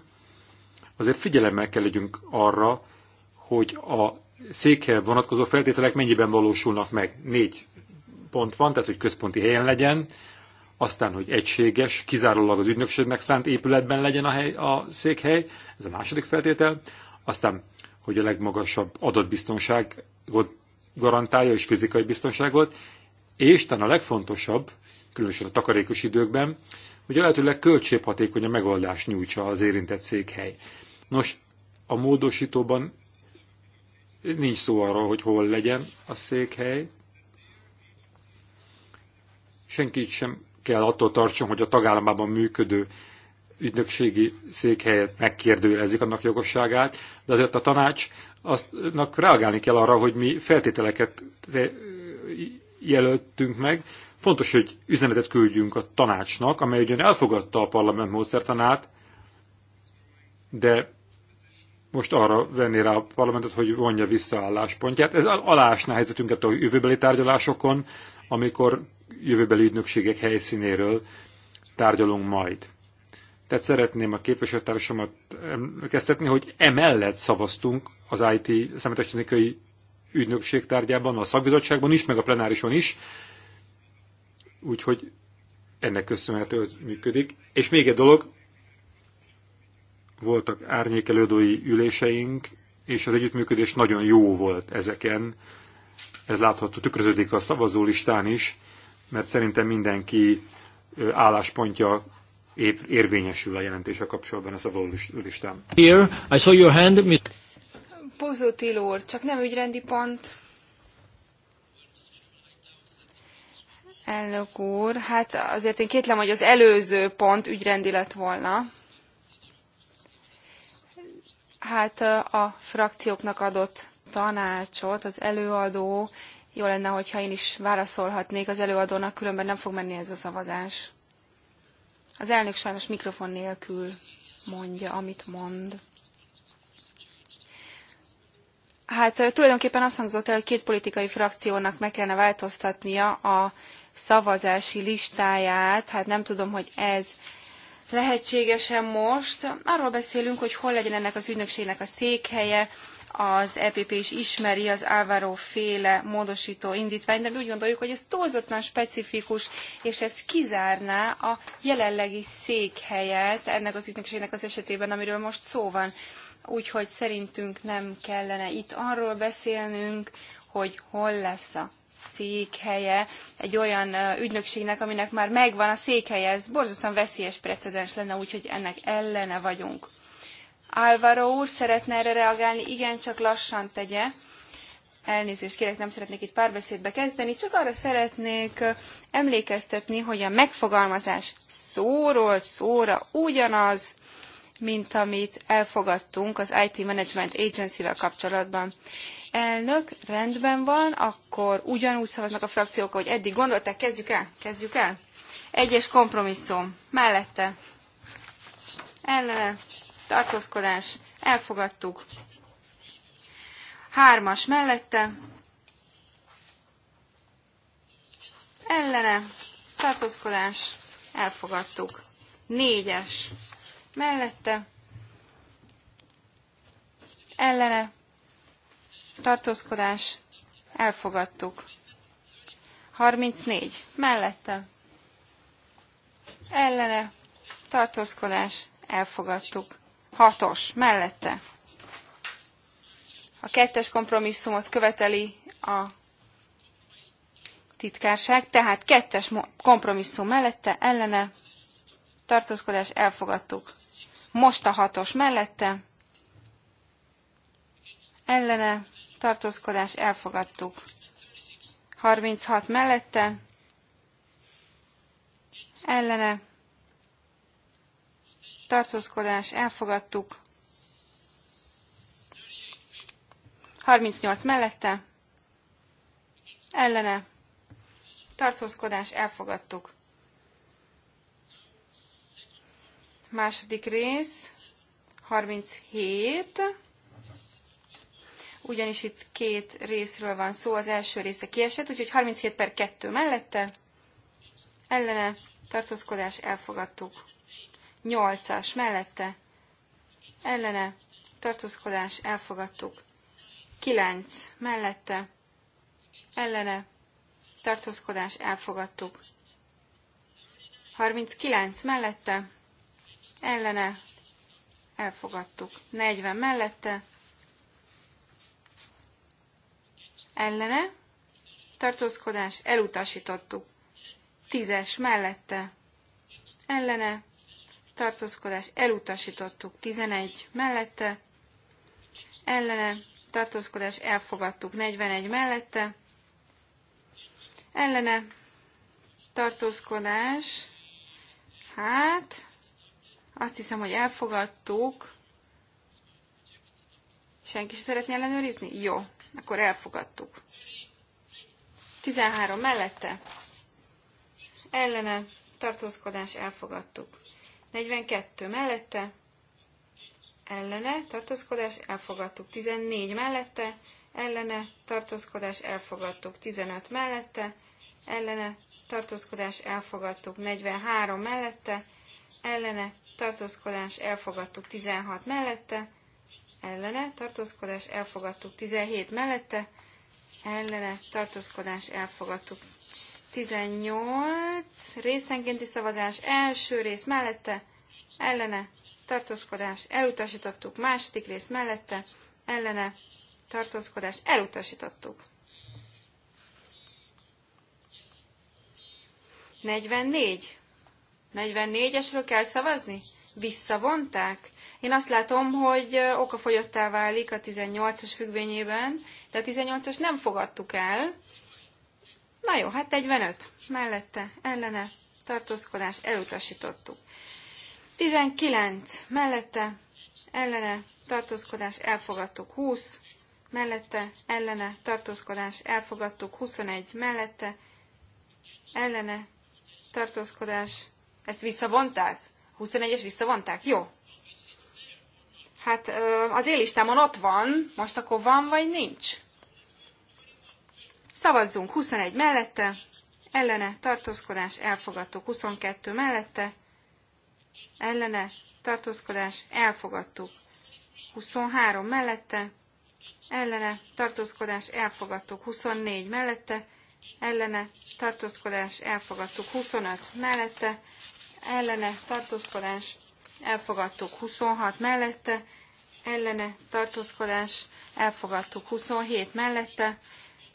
azért figyelemmel kell legyünk arra, hogy a székhely vonatkozó feltételek mennyiben valósulnak meg. Négy központ van, tehát hogy központi helyen legyen, aztán, hogy egységes, kizárólag az ügynökségnek szánt épületben legyen a, hely, a székhely, ez a második feltétel, aztán, hogy a legmagasabb adatbiztonságot garantálja, és fizikai biztonságot, és talán a legfontosabb, különösen a takarékos időkben, hogy a lehetőleg költséghatékony a megoldást nyújtsa az érintett székhely. Nos, a módosítóban nincs szó arról, hogy hol legyen a székhely, senkit sem kell attól tartson, hogy a tagállamában működő ügynökségi székhelyet megkérdőjelezik annak jogosságát, de azért a tanács aztnak reagálni kell arra, hogy mi feltételeket jelöltünk meg. Fontos, hogy üzenetet küldjünk a tanácsnak, amely ugyan elfogadta a parlament módszertanát, de most arra venné rá a parlamentet, hogy vonja vissza álláspontját. Ez alásná helyzetünket a jövőbeli tárgyalásokon, amikor jövőbeli ügynökségek helyszínéről tárgyalunk majd. Tehát szeretném a képviselőtársamat emlékeztetni, hogy emellett szavaztunk az IT számítástechnikai ügynökség tárgyában, a szakbizottságban is, meg a plenárison is, úgyhogy ennek köszönhető, ez működik. És még egy dolog, voltak árnyékelődői üléseink, és az együttműködés nagyon jó volt ezeken. Ez látható, tükröződik a szavazólistán is, mert szerintem mindenki álláspontja épp érvényesül a jelentése kapcsolatban a szavazólistán. Here, I saw your hand, Mr. úr, csak nem ügyrendi pont. Elnök úr, hát azért én kétlem, hogy az előző pont ügyrendi lett volna. Hát a frakcióknak adott tanácsot, az előadó, jó lenne, hogyha én is válaszolhatnék az előadónak, különben nem fog menni ez a szavazás. Az elnök sajnos mikrofon nélkül mondja, amit mond. Hát tulajdonképpen azt hangzott el, hogy két politikai frakciónak meg kellene változtatnia a szavazási listáját. Hát nem tudom, hogy ez lehetségesen most. Arról beszélünk, hogy hol legyen ennek az ügynökségnek a székhelye, az EPP is ismeri az Álvaro féle módosító indítványt, de mi úgy gondoljuk, hogy ez túlzottan specifikus, és ez kizárná a jelenlegi székhelyet ennek az ügynökségnek az esetében, amiről most szó van. Úgyhogy szerintünk nem kellene itt arról beszélnünk, hogy hol lesz a székhelye egy olyan ügynökségnek, aminek már megvan a székhelye. Ez borzasztóan veszélyes precedens lenne, úgyhogy ennek ellene vagyunk. Álvaro úr szeretne erre reagálni, igen, csak lassan tegye. Elnézést kérek, nem szeretnék itt párbeszédbe kezdeni, csak arra szeretnék emlékeztetni, hogy a megfogalmazás szóról szóra ugyanaz, mint amit elfogadtunk az IT Management Agency-vel kapcsolatban. Elnök, rendben van, akkor ugyanúgy szavaznak a frakciók, ahogy eddig gondolták. Kezdjük el? Kezdjük el? Egyes kompromisszum. Mellette. Ellene tartózkodás, elfogadtuk. Hármas mellette, ellene, tartózkodás, elfogadtuk. Négyes mellette, ellene, tartózkodás, elfogadtuk. 34. Mellette. Ellene. Tartózkodás. Elfogadtuk. Hatos. Mellette. A kettes kompromisszumot követeli a titkárság, tehát kettes kompromisszum mellette, ellene, tartózkodás elfogadtuk. Most a hatos mellette, ellene, tartózkodás elfogadtuk. 36 mellette, ellene, tartózkodás, elfogadtuk. 38 mellette, ellene, tartózkodás, elfogadtuk. Második rész, 37, ugyanis itt két részről van szó, az első része kiesett, úgyhogy 37 per 2 mellette, ellene, tartózkodás, elfogadtuk nyolcas mellette ellene tartózkodás elfogadtuk. Kilenc mellette ellene tartózkodás elfogadtuk. 39 mellette ellene elfogadtuk. 40 mellette ellene tartózkodás elutasítottuk. 10-es mellette ellene tartózkodás elutasítottuk 11 mellette, ellene tartózkodás elfogadtuk 41 mellette, ellene tartózkodás, hát azt hiszem, hogy elfogadtuk, senki sem szeretné ellenőrizni? Jó, akkor elfogadtuk. 13 mellette, ellene tartózkodás elfogadtuk. 42 mellette, ellene, tartózkodás, elfogadtuk. 14 mellette, ellene, tartózkodás, elfogadtuk. 15 mellette, ellene, tartózkodás, elfogadtuk. 43 mellette, ellene, tartózkodás, elfogadtuk. 16 mellette, ellene, tartózkodás, elfogadtuk. 17 mellette, ellene, tartózkodás, elfogadtuk. 18 részenkénti szavazás, első rész mellette, ellene, tartózkodás, elutasítottuk, második rész mellette, ellene, tartózkodás, elutasítottuk. 44. 44-esről kell szavazni? Visszavonták? Én azt látom, hogy okafogyottá válik a 18-as függvényében, de a 18-as nem fogadtuk el, Na jó, hát 45 mellette, ellene, tartózkodás, elutasítottuk. 19 mellette, ellene, tartózkodás, elfogadtuk. 20 mellette, ellene, tartózkodás, elfogadtuk. 21 mellette, ellene, tartózkodás, ezt visszavonták? 21-es visszavonták? Jó. Hát az élistámon ott van, most akkor van vagy nincs? Szavazzunk 21 mellette, ellene tartózkodás elfogadtuk 22 mellette, ellene tartózkodás elfogadtuk 23 mellette, ellene tartózkodás elfogadtuk 24 mellette, ellene tartózkodás elfogadtuk 25 mellette, ellene tartózkodás elfogadtuk 26 mellette, ellene tartózkodás elfogadtuk 27 mellette,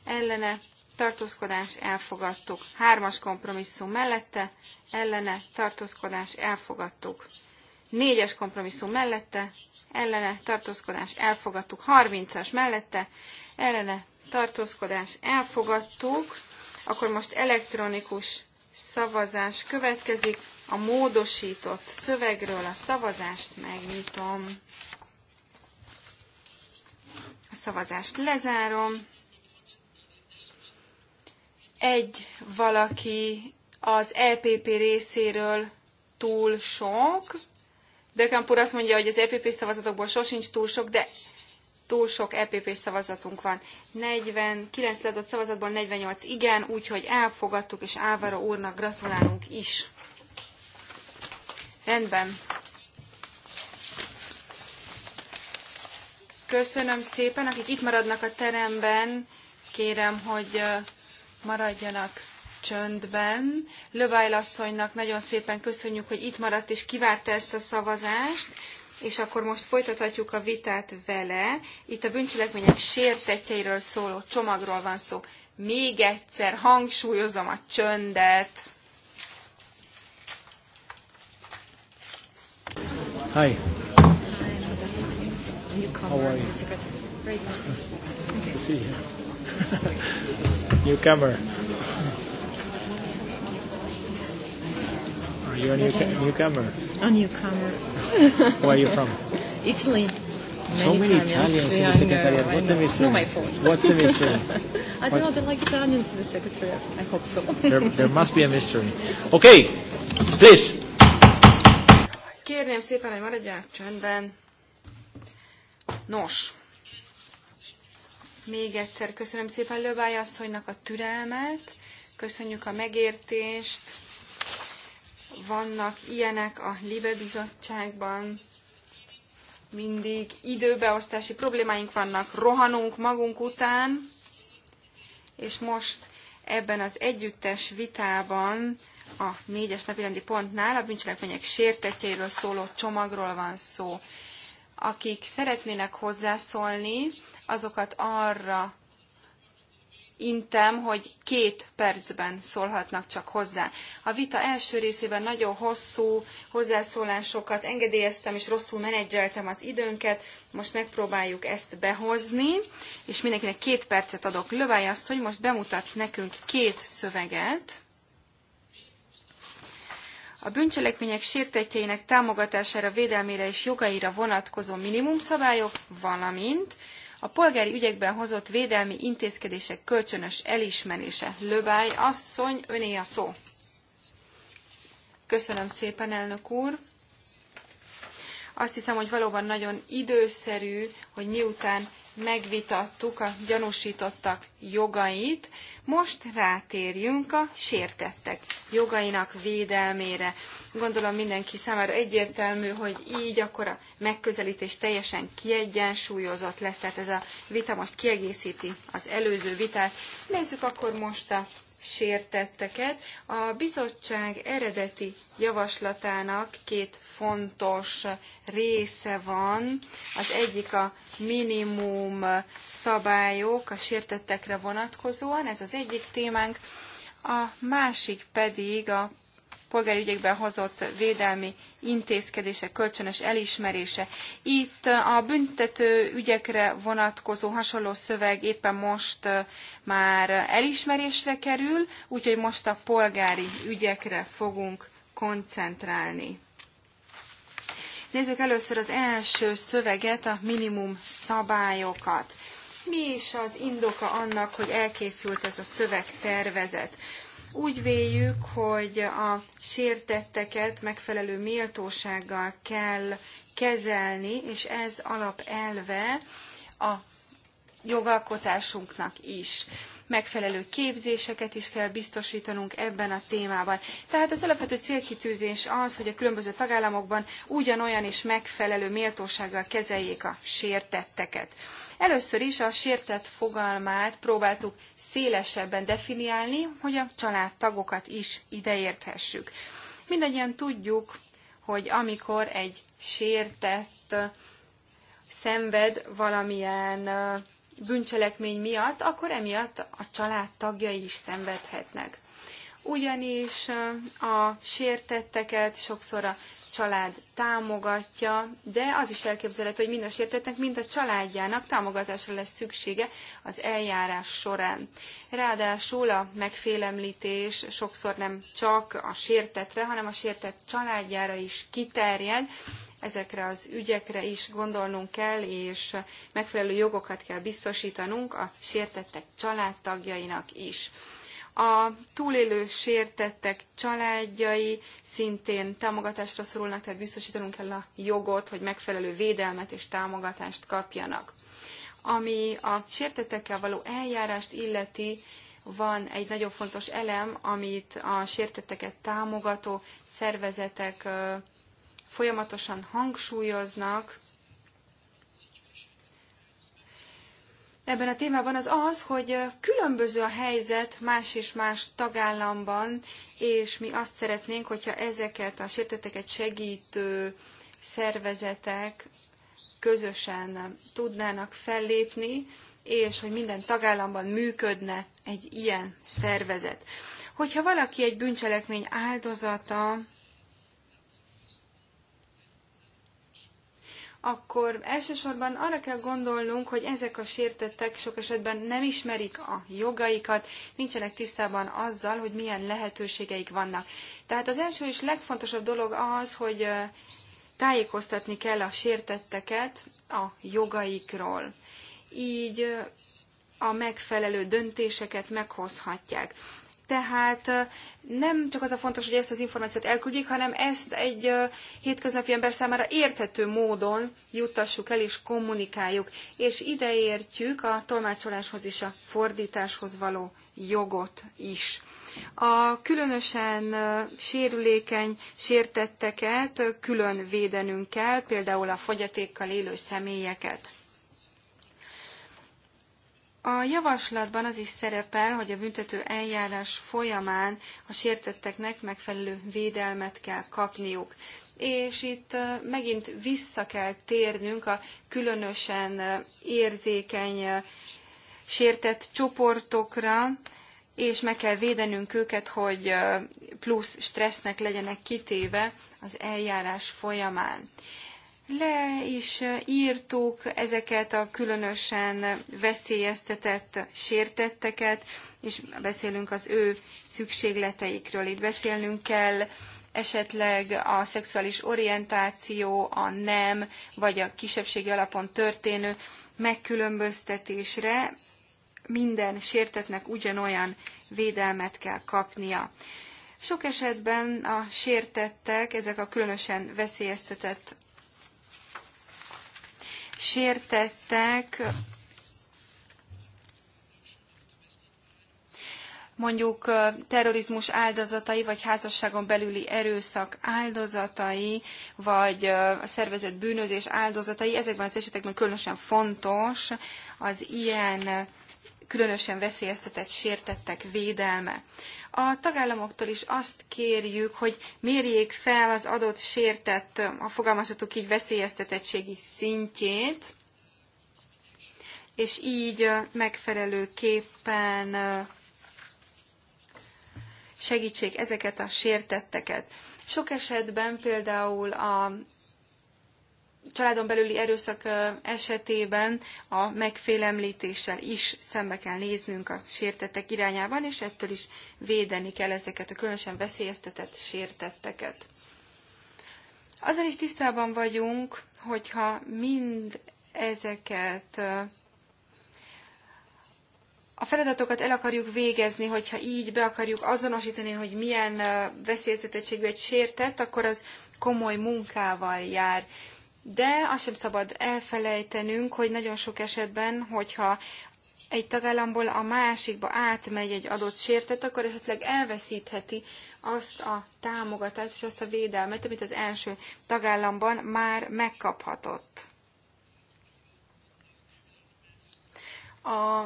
ellene, tartózkodás elfogadtuk. Hármas kompromisszum mellette, ellene, tartózkodás elfogadtuk. Négyes kompromisszum mellette, ellene, tartózkodás elfogadtuk. Harmincas mellette, ellene, tartózkodás elfogadtuk. Akkor most elektronikus szavazás következik. A módosított szövegről a szavazást megnyitom. A szavazást lezárom egy valaki az EPP részéről túl sok, de Kampur azt mondja, hogy az EPP szavazatokból sosincs túl sok, de túl sok EPP szavazatunk van. 49 leadott szavazatból 48 igen, úgyhogy elfogadtuk, és Álvaro úrnak gratulálunk is. Rendben. Köszönöm szépen, akik itt maradnak a teremben, kérem, hogy maradjanak csöndben. Löbájl asszonynak nagyon szépen köszönjük, hogy itt maradt és kivárta ezt a szavazást, és akkor most folytathatjuk a vitát vele. Itt a bűncselekmények sértetjeiről szóló csomagról van szó. Még egyszer hangsúlyozom a csöndet. Hi. How are you? Great. Good to see you. newcomer. Are you a new, newcomer? A newcomer. Where are you from? Italy. so many Italians, Italians in the secretariat. What's the mystery? No, my fault. What's the mystery? I don't what? know. They like Italians in the secretariat. I hope so. there, there must be a mystery. Okay, please. Kérném szépen, hogy maradják csendben. Nos, még egyszer köszönöm szépen Lövály asszonynak a türelmet, köszönjük a megértést, vannak ilyenek a Libe Bizottságban, mindig időbeosztási problémáink vannak, rohanunk magunk után, és most ebben az együttes vitában a négyes napirendi pontnál a bűncselekmények sértetjeiről szóló csomagról van szó. Akik szeretnének hozzászólni, azokat arra intem, hogy két percben szólhatnak csak hozzá. A vita első részében nagyon hosszú hozzászólásokat engedélyeztem, és rosszul menedzseltem az időnket. Most megpróbáljuk ezt behozni, és mindenkinek két percet adok. Lövály azt, hogy most bemutat nekünk két szöveget. A bűncselekmények sértetjeinek támogatására, védelmére és jogaira vonatkozó minimumszabályok, valamint a polgári ügyekben hozott védelmi intézkedések kölcsönös elismerése. Löbály asszony, öné a szó. Köszönöm szépen, elnök úr! Azt hiszem, hogy valóban nagyon időszerű, hogy miután megvitattuk a gyanúsítottak jogait, most rátérjünk a sértettek jogainak védelmére. Gondolom mindenki számára egyértelmű, hogy így akkor a megközelítés teljesen kiegyensúlyozott lesz, tehát ez a vita most kiegészíti az előző vitát. Nézzük akkor most a sértetteket. A bizottság eredeti javaslatának két fontos része van. Az egyik a minimum szabályok a sértettekre vonatkozóan, ez az egyik témánk, a másik pedig a polgári ügyekben hozott védelmi intézkedések kölcsönös elismerése. Itt uh, a büntető ügyekre vonatkozó hasonló szöveg éppen most uh, már elismerésre kerül, úgyhogy most a polgári ügyekre fogunk koncentrálni. Nézzük először az első szöveget, a minimum szabályokat. Mi is az indoka annak, hogy elkészült ez a szövegtervezet? Úgy véljük, hogy a sértetteket megfelelő méltósággal kell kezelni, és ez alapelve a jogalkotásunknak is. Megfelelő képzéseket is kell biztosítanunk ebben a témában. Tehát az alapvető célkitűzés az, hogy a különböző tagállamokban ugyanolyan és megfelelő méltósággal kezeljék a sértetteket. Először is a sértett fogalmát próbáltuk szélesebben definiálni, hogy a családtagokat is ideérthessük. Mindannyian tudjuk, hogy amikor egy sértett szenved valamilyen bűncselekmény miatt, akkor emiatt a család is szenvedhetnek ugyanis a sértetteket sokszor a család támogatja, de az is elképzelhető, hogy mind a sértetnek, mind a családjának támogatásra lesz szüksége az eljárás során. Ráadásul a megfélemlítés sokszor nem csak a sértetre, hanem a sértett családjára is kiterjed, ezekre az ügyekre is gondolnunk kell, és megfelelő jogokat kell biztosítanunk a sértettek családtagjainak is. A túlélő sértettek családjai szintén támogatásra szorulnak, tehát biztosítanunk kell a jogot, hogy megfelelő védelmet és támogatást kapjanak. Ami a sértettekkel való eljárást illeti, van egy nagyon fontos elem, amit a sértetteket támogató szervezetek folyamatosan hangsúlyoznak, ebben a témában az az, hogy különböző a helyzet más és más tagállamban, és mi azt szeretnénk, hogyha ezeket a sérteteket segítő szervezetek közösen tudnának fellépni, és hogy minden tagállamban működne egy ilyen szervezet. Hogyha valaki egy bűncselekmény áldozata, akkor elsősorban arra kell gondolnunk, hogy ezek a sértettek sok esetben nem ismerik a jogaikat, nincsenek tisztában azzal, hogy milyen lehetőségeik vannak. Tehát az első és legfontosabb dolog az, hogy tájékoztatni kell a sértetteket a jogaikról. Így a megfelelő döntéseket meghozhatják. Tehát nem csak az a fontos, hogy ezt az információt elküldjék, hanem ezt egy hétköznapi ember számára érthető módon juttassuk el és kommunikáljuk. És ide értjük a tolmácsoláshoz és a fordításhoz való jogot is. A különösen sérülékeny sértetteket külön védenünk kell, például a fogyatékkal élő személyeket. A javaslatban az is szerepel, hogy a büntető eljárás folyamán a sértetteknek megfelelő védelmet kell kapniuk. És itt megint vissza kell térnünk a különösen érzékeny sértett csoportokra, és meg kell védenünk őket, hogy plusz stressznek legyenek kitéve az eljárás folyamán le is írtuk ezeket a különösen veszélyeztetett sértetteket, és beszélünk az ő szükségleteikről. Itt beszélnünk kell esetleg a szexuális orientáció, a nem, vagy a kisebbségi alapon történő megkülönböztetésre minden sértetnek ugyanolyan védelmet kell kapnia. Sok esetben a sértettek, ezek a különösen veszélyeztetett sértettek, mondjuk terrorizmus áldozatai, vagy házasságon belüli erőszak áldozatai, vagy a szervezett bűnözés áldozatai, ezekben az esetekben különösen fontos az ilyen különösen veszélyeztetett sértettek védelme. A tagállamoktól is azt kérjük, hogy mérjék fel az adott sértett, a fogalmazhatók így veszélyeztetettségi szintjét, és így megfelelőképpen segítsék ezeket a sértetteket. Sok esetben például a családon belüli erőszak esetében a megfélemlítéssel is szembe kell néznünk a sértettek irányában, és ettől is védeni kell ezeket a különösen veszélyeztetett sértetteket. Azzal is tisztában vagyunk, hogyha mind ezeket a feladatokat el akarjuk végezni, hogyha így be akarjuk azonosítani, hogy milyen veszélyeztetettségű egy sértett, akkor az komoly munkával jár de azt sem szabad elfelejtenünk, hogy nagyon sok esetben, hogyha egy tagállamból a másikba átmegy egy adott sértet, akkor esetleg elveszítheti azt a támogatást és azt a védelmet, amit az első tagállamban már megkaphatott. A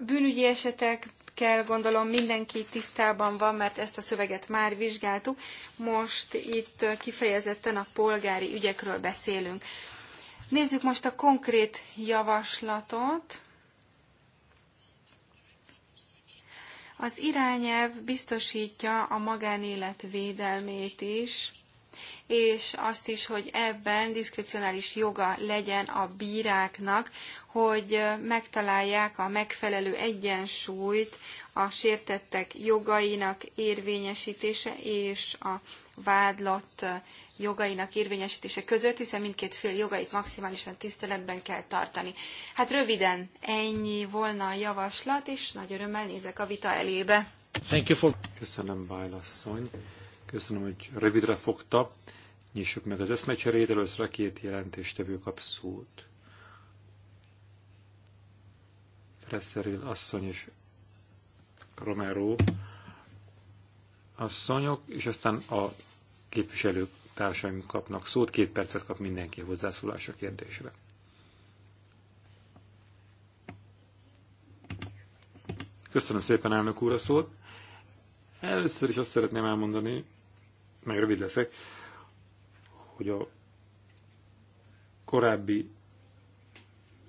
bűnügyi esetek kell, gondolom mindenki tisztában van, mert ezt a szöveget már vizsgáltuk. Most itt kifejezetten a polgári ügyekről beszélünk. Nézzük most a konkrét javaslatot. Az irányelv biztosítja a magánélet védelmét is és azt is, hogy ebben diszkrecionális joga legyen a bíráknak, hogy megtalálják a megfelelő egyensúlyt a sértettek jogainak érvényesítése és a vádlott jogainak érvényesítése között, hiszen mindkét fél jogait maximálisan tiszteletben kell tartani. Hát röviden ennyi volna a javaslat, és nagy örömmel nézek a vita elébe. Thank you for... Köszönöm, Bájlasszony. Köszönöm, hogy rövidre fogta. Nyissuk meg az eszmecserét. Először a két jelentéstevő kap szót. Fresszeril asszony és Romero asszonyok, és aztán a képviselők társaim kapnak szót, két percet kap mindenki hozzászólásra kérdésre. Köszönöm szépen, elnök úr, a szót. Először is azt szeretném elmondani, meg rövid leszek, hogy a korábbi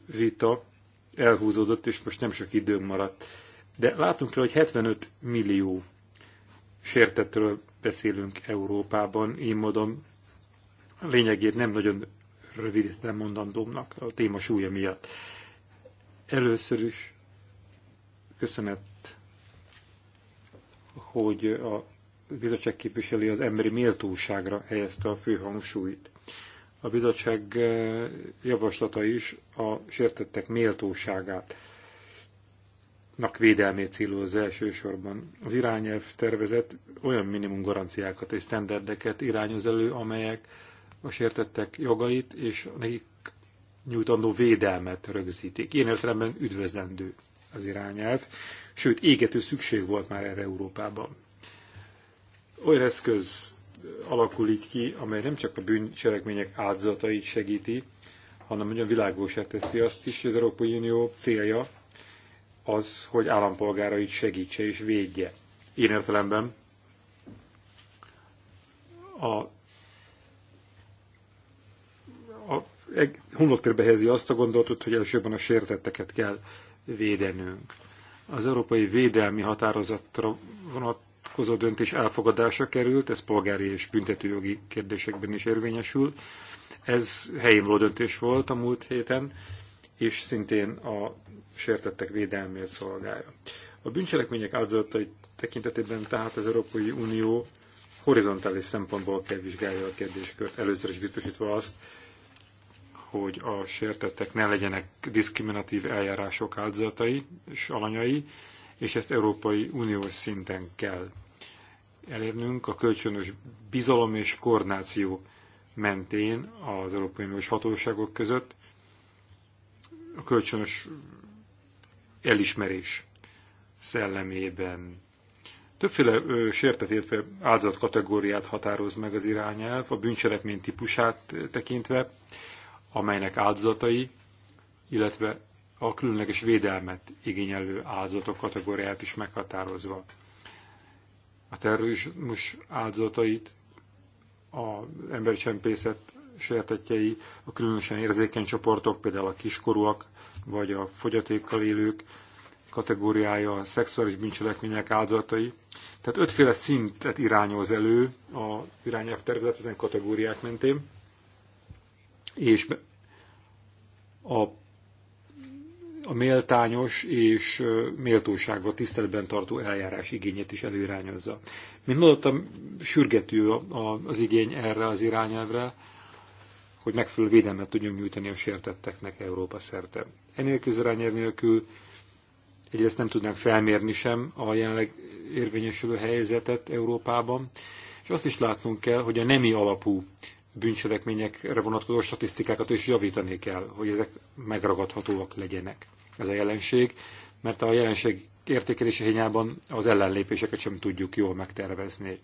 vita elhúzódott, és most nem sok időm maradt. De látunk rá, hogy 75 millió sértettről beszélünk Európában, így módon lényegét nem nagyon rövidítem mondandómnak a téma súlya miatt. Először is köszönet, hogy a bizottság képviseli az emberi méltóságra helyezte a fő hangsúlyt. A bizottság eh, javaslata is a sértettek méltóságát védelmét célul az elsősorban. Az irányelv tervezet olyan minimum garanciákat és sztenderdeket irányoz elő, amelyek a sértettek jogait és nekik nyújtandó védelmet rögzítik. Ilyen értelemben üdvözlendő az irányelv, sőt égető szükség volt már erre Európában olyan eszköz alakul így ki, amely nem csak a bűncselekmények áldozatait segíti, hanem nagyon világosá teszi azt is, hogy az Európai Unió célja az, hogy állampolgárait segítse és védje. Én értelemben a, a homloktérbe helyezi azt a gondolatot, hogy elsőben a sértetteket kell védenünk. Az európai védelmi határozatra vonat vonatkozó döntés elfogadása került, ez polgári és büntetőjogi kérdésekben is érvényesül. Ez helyén való döntés volt a múlt héten, és szintén a sértettek védelmét szolgálja. A bűncselekmények áldozatai tekintetében tehát az Európai Unió horizontális szempontból kell vizsgálja a kérdéskört, először is biztosítva azt, hogy a sértettek ne legyenek diszkriminatív eljárások áldozatai és alanyai, és ezt Európai Uniós szinten kell elérnünk a kölcsönös bizalom és koordináció mentén az Európai Uniós hatóságok között a kölcsönös elismerés szellemében. Többféle ö, sértet értve áldozat kategóriát határoz meg az irányelv, a bűncselekmény típusát tekintve, amelynek áldozatai, illetve a különleges védelmet igényelő áldozatok kategóriát is meghatározva a terrorizmus áldozatait, az embercsempészet sértetjei, a különösen érzékeny csoportok, például a kiskorúak, vagy a fogyatékkal élők kategóriája, a szexuális bűncselekmények áldozatai. Tehát ötféle szintet irányoz elő a irányelv tervezet ezen kategóriák mentén, és a a méltányos és méltóságra tiszteletben tartó eljárás igényét is előirányozza. Mint mondottam, sürgető az igény erre az irányelvre, hogy megfelelő védelmet tudjunk nyújtani a sértetteknek Európa szerte. Enélkül az irányelv nélkül egyrészt nem tudnánk felmérni sem a jelenleg érvényesülő helyzetet Európában, és azt is látnunk kell, hogy a nemi alapú bűncselekményekre vonatkozó statisztikákat is javítani kell, hogy ezek megragadhatóak legyenek. Ez a jelenség, mert a jelenség értékelése hiányában az ellenlépéseket sem tudjuk jól megtervezni.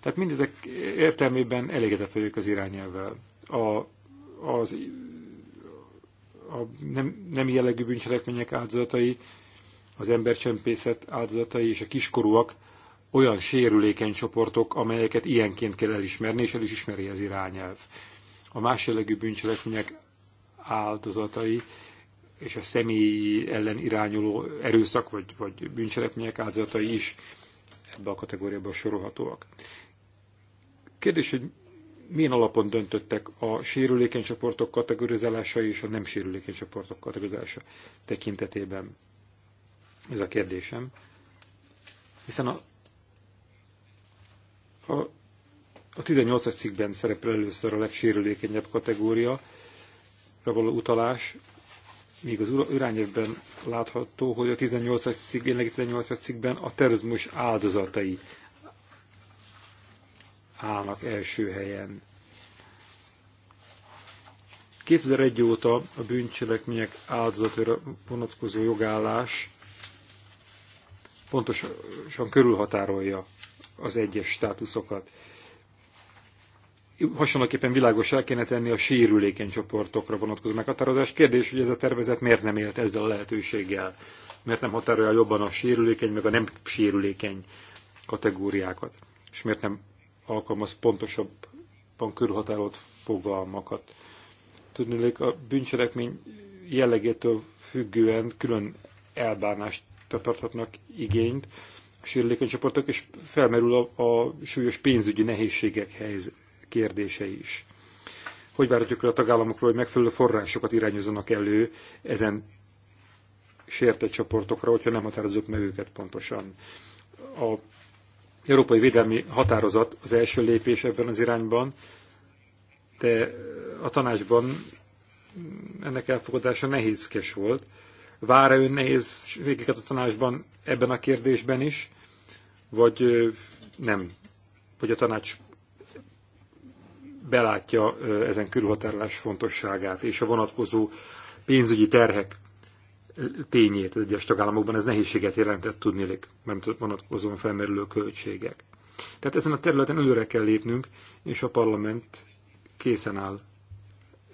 Tehát mindezek értelmében elégedett vagyok az irányelvvel. A, az, a nem, nem jellegű bűncselekmények áldozatai, az embercsempészet áldozatai és a kiskorúak olyan sérülékeny csoportok, amelyeket ilyenként kell elismerni, és el is ismeri az irányelv. A más jellegű bűncselekmények áldozatai és a személy ellen irányuló erőszak vagy, vagy bűncselekmények áldozatai is ebbe a kategóriába sorolhatóak. Kérdés, hogy milyen alapon döntöttek a sérülékeny csoportok kategorizálása és a nem sérülékeny csoportok kategorizálása tekintetében? Ez a kérdésem. Hiszen a a, a 18-as cikkben szerepel először a legsérülékenyebb kategória, való utalás, míg az irányelvben látható, hogy a 18-as cikk, jelenlegi 18-as cikkben a terrorizmus áldozatai állnak első helyen. 2001 óta a bűncselekmények áldozatára vonatkozó jogállás pontosan körülhatárolja az egyes státuszokat. Hasonlóképpen el kéne tenni a sérülékeny csoportokra vonatkozó meghatározás. Kérdés, hogy ez a tervezet miért nem élt ezzel a lehetőséggel? Miért nem határolja jobban a sérülékeny, meg a nem sérülékeny kategóriákat? És miért nem alkalmaz pontosabban körülhatárolt fogalmakat? Tudnék, a bűncselekmény jellegétől függően külön elbánást tartatnak igényt, sérülékeny csoportok, és felmerül a, a súlyos pénzügyi nehézségek helyz kérdése is. Hogy várhatjuk el a tagállamokról, hogy megfelelő forrásokat irányozzanak elő ezen sértett csoportokra, hogyha nem határozzuk meg őket pontosan. A Európai Védelmi Határozat az első lépés ebben az irányban, de a tanácsban ennek elfogadása nehézkes volt, vár -e ön nehézségeket a tanácsban ebben a kérdésben is, vagy nem? Vagy a tanács belátja ezen körülhatárolás fontosságát és a vonatkozó pénzügyi terhek tényét az egyes tagállamokban, ez nehézséget jelentett tudnilik, mert vonatkozóan felmerülő költségek. Tehát ezen a területen előre kell lépnünk, és a parlament készen áll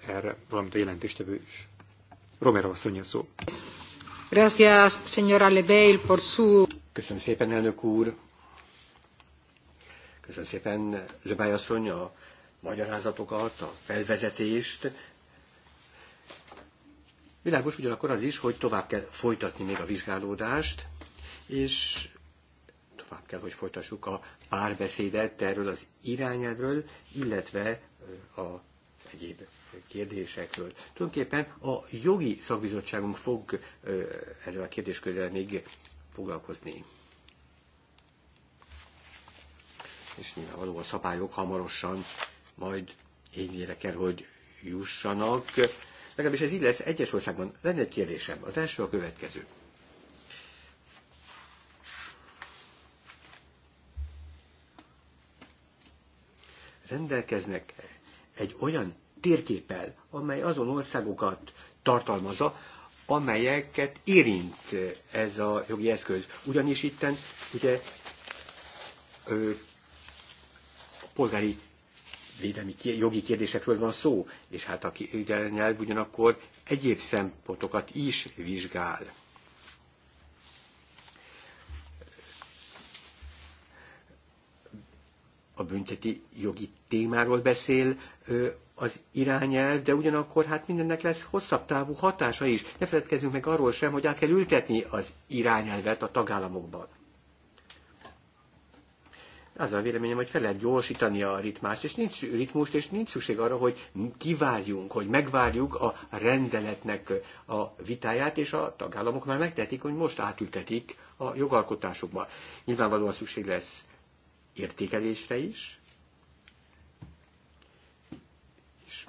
erre, valamint a jelentéstevő is. Romero asszony szó. Gracias, señora Lebeil, por su... Köszönöm szépen, elnök úr. Köszönöm szépen, Lebály asszony, a magyarázatokat, a felvezetést. Világos ugyanakkor az is, hogy tovább kell folytatni még a vizsgálódást, és tovább kell, hogy folytassuk a párbeszédet erről az irányelvről, illetve a egyéb kérdésekről. Tulajdonképpen a jogi szakbizottságunk fog ezzel a kérdéskörrel még foglalkozni. És nyilvánvaló a szabályok hamarosan majd évére kell, hogy jussanak. Legalábbis ez így lesz egyes országban. Lenne egy kérdésem. Az első a következő. rendelkeznek egy olyan térképpel, amely azon országokat tartalmazza, amelyeket érint ez a jogi eszköz. Ugyanis itten ugye ö, a polgári védelmi jogi kérdésekről van szó, és hát a nyelv ugyanakkor egyéb szempontokat is vizsgál. A bünteti jogi témáról beszél az irányelv, de ugyanakkor hát mindennek lesz hosszabb távú hatása is. Ne feledkezzünk meg arról sem, hogy át kell ültetni az irányelvet a tagállamokban. Az a véleményem, hogy fel lehet gyorsítani a ritmást, és nincs ritmust, és nincs szükség arra, hogy kivárjunk, hogy megvárjuk a rendeletnek a vitáját, és a tagállamok már megtehetik, hogy most átültetik a jogalkotásokba. Nyilvánvalóan szükség lesz értékelésre is,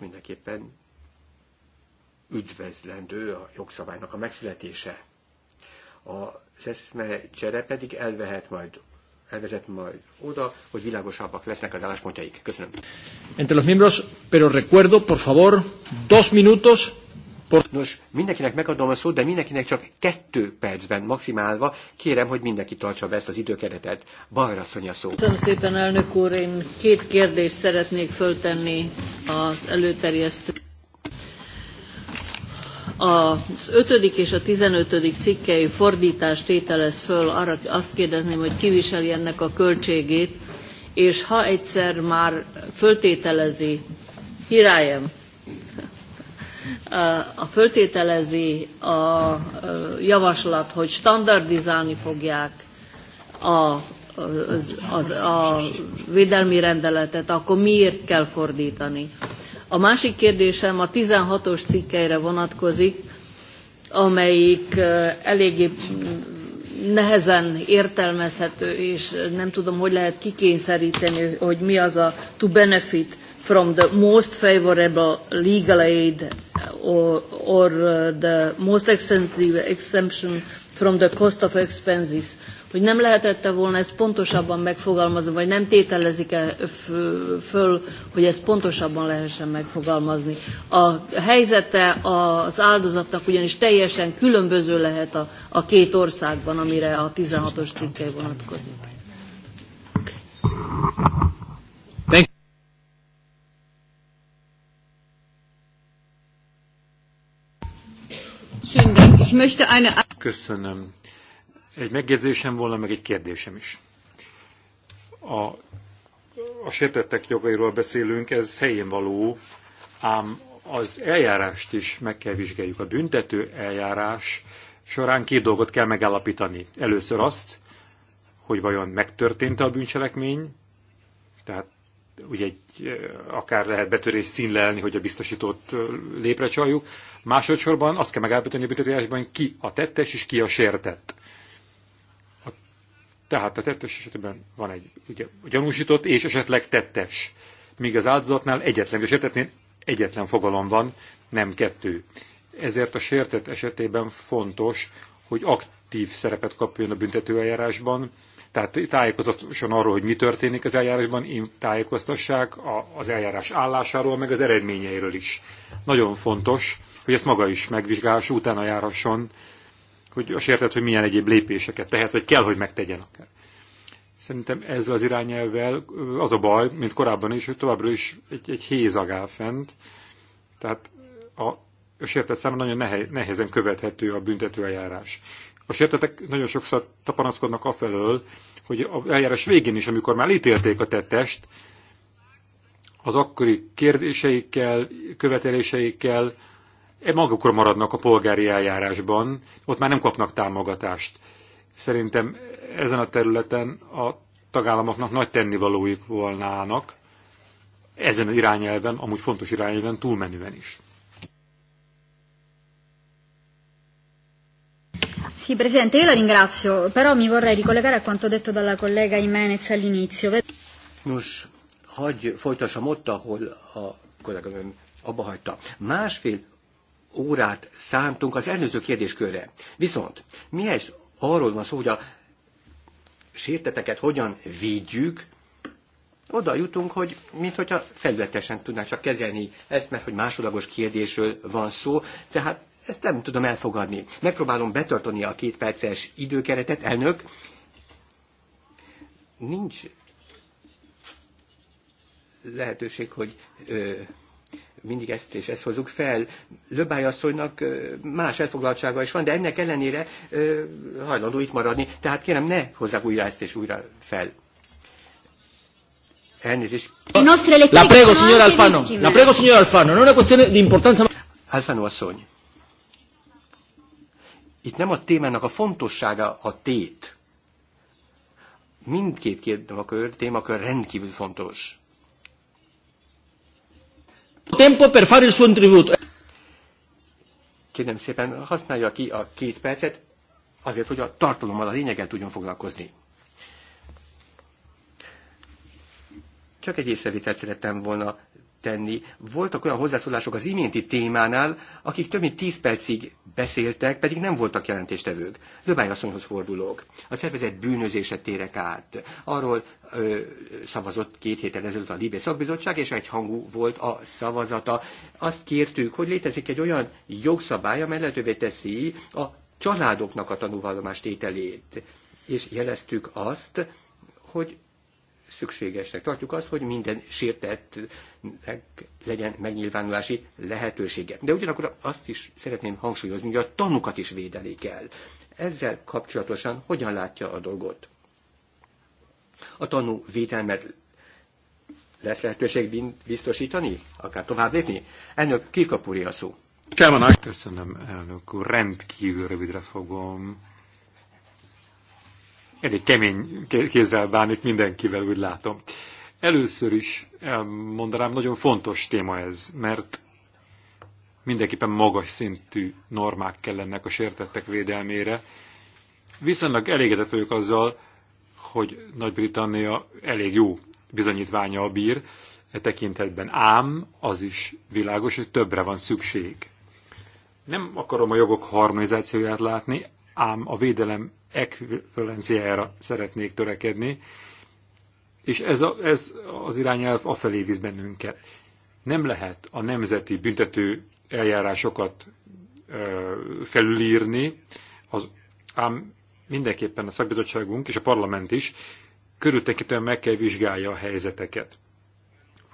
mindenképpen üdvözlendő a jogszabálynak a megszületése. A eszme csere pedig elvehet majd elvezet majd oda, hogy világosabbak lesznek az álláspontjaik. Köszönöm. Entre los miembros, pero recuerdo, por favor, dos minutos Sport... Nos, mindenkinek megadom a szót, de mindenkinek csak kettő percben maximálva. Kérem, hogy mindenki tartsa be ezt az időkeretet. Balra a szó. Köszönöm szépen, elnök úr. Én két kérdést szeretnék föltenni az előterjesztő. Az ötödik és a tizenötödik cikkei fordítást tételez föl, arra azt kérdezném, hogy kiviseli ennek a költségét, és ha egyszer már föltételezi, hirályem, a föltételezi a javaslat, hogy standardizálni fogják a, az, az, a védelmi rendeletet, akkor miért kell fordítani? A másik kérdésem a 16-os cikkeire vonatkozik, amelyik eléggé nehezen értelmezhető, és nem tudom, hogy lehet kikényszeríteni, hogy mi az a to benefit from the most favorable legal aid uh, or, or uh, the most extensive exemption from the cost of expenses, hogy nem lehetette volna ezt pontosabban megfogalmazni, vagy nem tételezik-e föl, hogy ezt pontosabban lehessen megfogalmazni. A helyzete az áldozatnak ugyanis teljesen különböző lehet a, a két országban, amire a 16-os cikkely vonatkozik. Okay. Köszönöm. Egy megjegyzésem volna, meg egy kérdésem is. A, a sértettek jogairól beszélünk, ez helyén való, ám az eljárást is meg kell vizsgáljuk. A büntető eljárás során két dolgot kell megállapítani. Először azt, hogy vajon megtörtént -e a bűncselekmény, tehát ugye egy, akár lehet betörés színlelni, hogy a biztosítót lépre csaljuk, Másodszorban azt kell megállapítani a büntetőjárásban, ki a tettes és ki a sértett. A, tehát a tettes esetben van egy ugye, gyanúsított és esetleg tettes. Míg az áldozatnál egyetlen, a sértetnél egyetlen fogalom van, nem kettő. Ezért a sértett esetében fontos, hogy aktív szerepet kapjon a büntetőeljárásban, tehát tájékozatosan arról, hogy mi történik az eljárásban, én tájékoztassák az eljárás állásáról, meg az eredményeiről is. Nagyon fontos, hogy ezt maga is megvizsgálás utána járhasson, hogy a sértett, hogy milyen egyéb lépéseket tehet, vagy kell, hogy megtegyen akár. Szerintem ezzel az irányelvvel az a baj, mint korábban is, hogy továbbra is egy, egy hézag áll fent. Tehát a, a sértett számára nagyon nehe, nehezen követhető a eljárás. A sértetek nagyon sokszor tapanaszkodnak afelől, hogy a eljárás végén is, amikor már ítélték a tettest, az akkori kérdéseikkel, követeléseikkel, E, magukra maradnak a polgári eljárásban, ott már nem kapnak támogatást. Szerintem ezen a területen a tagállamoknak nagy tennivalóik volnának, ezen az irányelven, amúgy fontos irányelven túlmenően is. Sì, Presidente, io la ringrazio, però mi vorrei ricollegare a quanto detto dalla collega Imenez all'inizio. Nos, hagy folytassam ott, ahol a kollega abba hagyta. Másfél órát szántunk az előző kérdéskörre. Viszont mi ez arról van szó, hogy a sérteteket hogyan védjük, oda jutunk, hogy mintha felületesen tudnánk csak kezelni ezt, mert hogy másodlagos kérdésről van szó, tehát ezt nem tudom elfogadni. Megpróbálom betartani a két perces időkeretet, elnök. Nincs lehetőség, hogy ö, mindig ezt és ezt hozzuk fel. Löbály asszonynak más elfoglaltsága is van, de ennek ellenére hajlandó itt maradni. Tehát kérem, ne hozzák újra ezt és újra fel. Elnézést. La prego, signor Alfano. La eh. prego, signor Alfano. Non è questione di importanza. Alfano asszony. Itt nem a témának a fontossága a tét. Mindkét kör témakör rendkívül fontos. Tempo per fare il suo tributo. Kérem szépen, használja ki a két percet, azért, hogy a tartalommal, a lényeggel tudjon foglalkozni. Csak egy észrevételt szerettem volna tenni. Voltak olyan hozzászólások az iménti témánál, akik több mint 10 percig beszéltek, pedig nem voltak jelentéstevők. Löbály asszonyhoz fordulok. A szervezet bűnözése térek át. Arról ö, szavazott két héttel ezelőtt a Libé Szakbizottság, és egy hangú volt a szavazata. Azt kértük, hogy létezik egy olyan jogszabály, amely lehetővé teszi a családoknak a tanúvallomást ételét. És jeleztük azt, hogy szükségesnek tartjuk azt, hogy minden sértettnek legyen megnyilvánulási lehetősége. De ugyanakkor azt is szeretném hangsúlyozni, hogy a tanukat is védeni kell. Ezzel kapcsolatosan hogyan látja a dolgot? A tanú védelmet lesz lehetőség biztosítani? Akár tovább lépni? Elnök, kirkapúri a szó. Köszönöm, elnök úr. Rendkívül rövidre fogom elég kemény kézzel bánik mindenkivel, úgy látom. Először is elmondanám, nagyon fontos téma ez, mert mindenképpen magas szintű normák kellenek a sértettek védelmére. Viszonylag elégedett vagyok azzal, hogy Nagy-Britannia elég jó bizonyítványa a bír e tekintetben. Ám az is világos, hogy többre van szükség. Nem akarom a jogok harmonizációját látni, ám a védelem ekvivalenciájára szeretnék törekedni, és ez, a, ez az irányelv afelé visz bennünket. Nem lehet a nemzeti büntető eljárásokat ö, felülírni, az, ám mindenképpen a szakbizottságunk és a parlament is körültekintően meg kell vizsgálja a helyzeteket.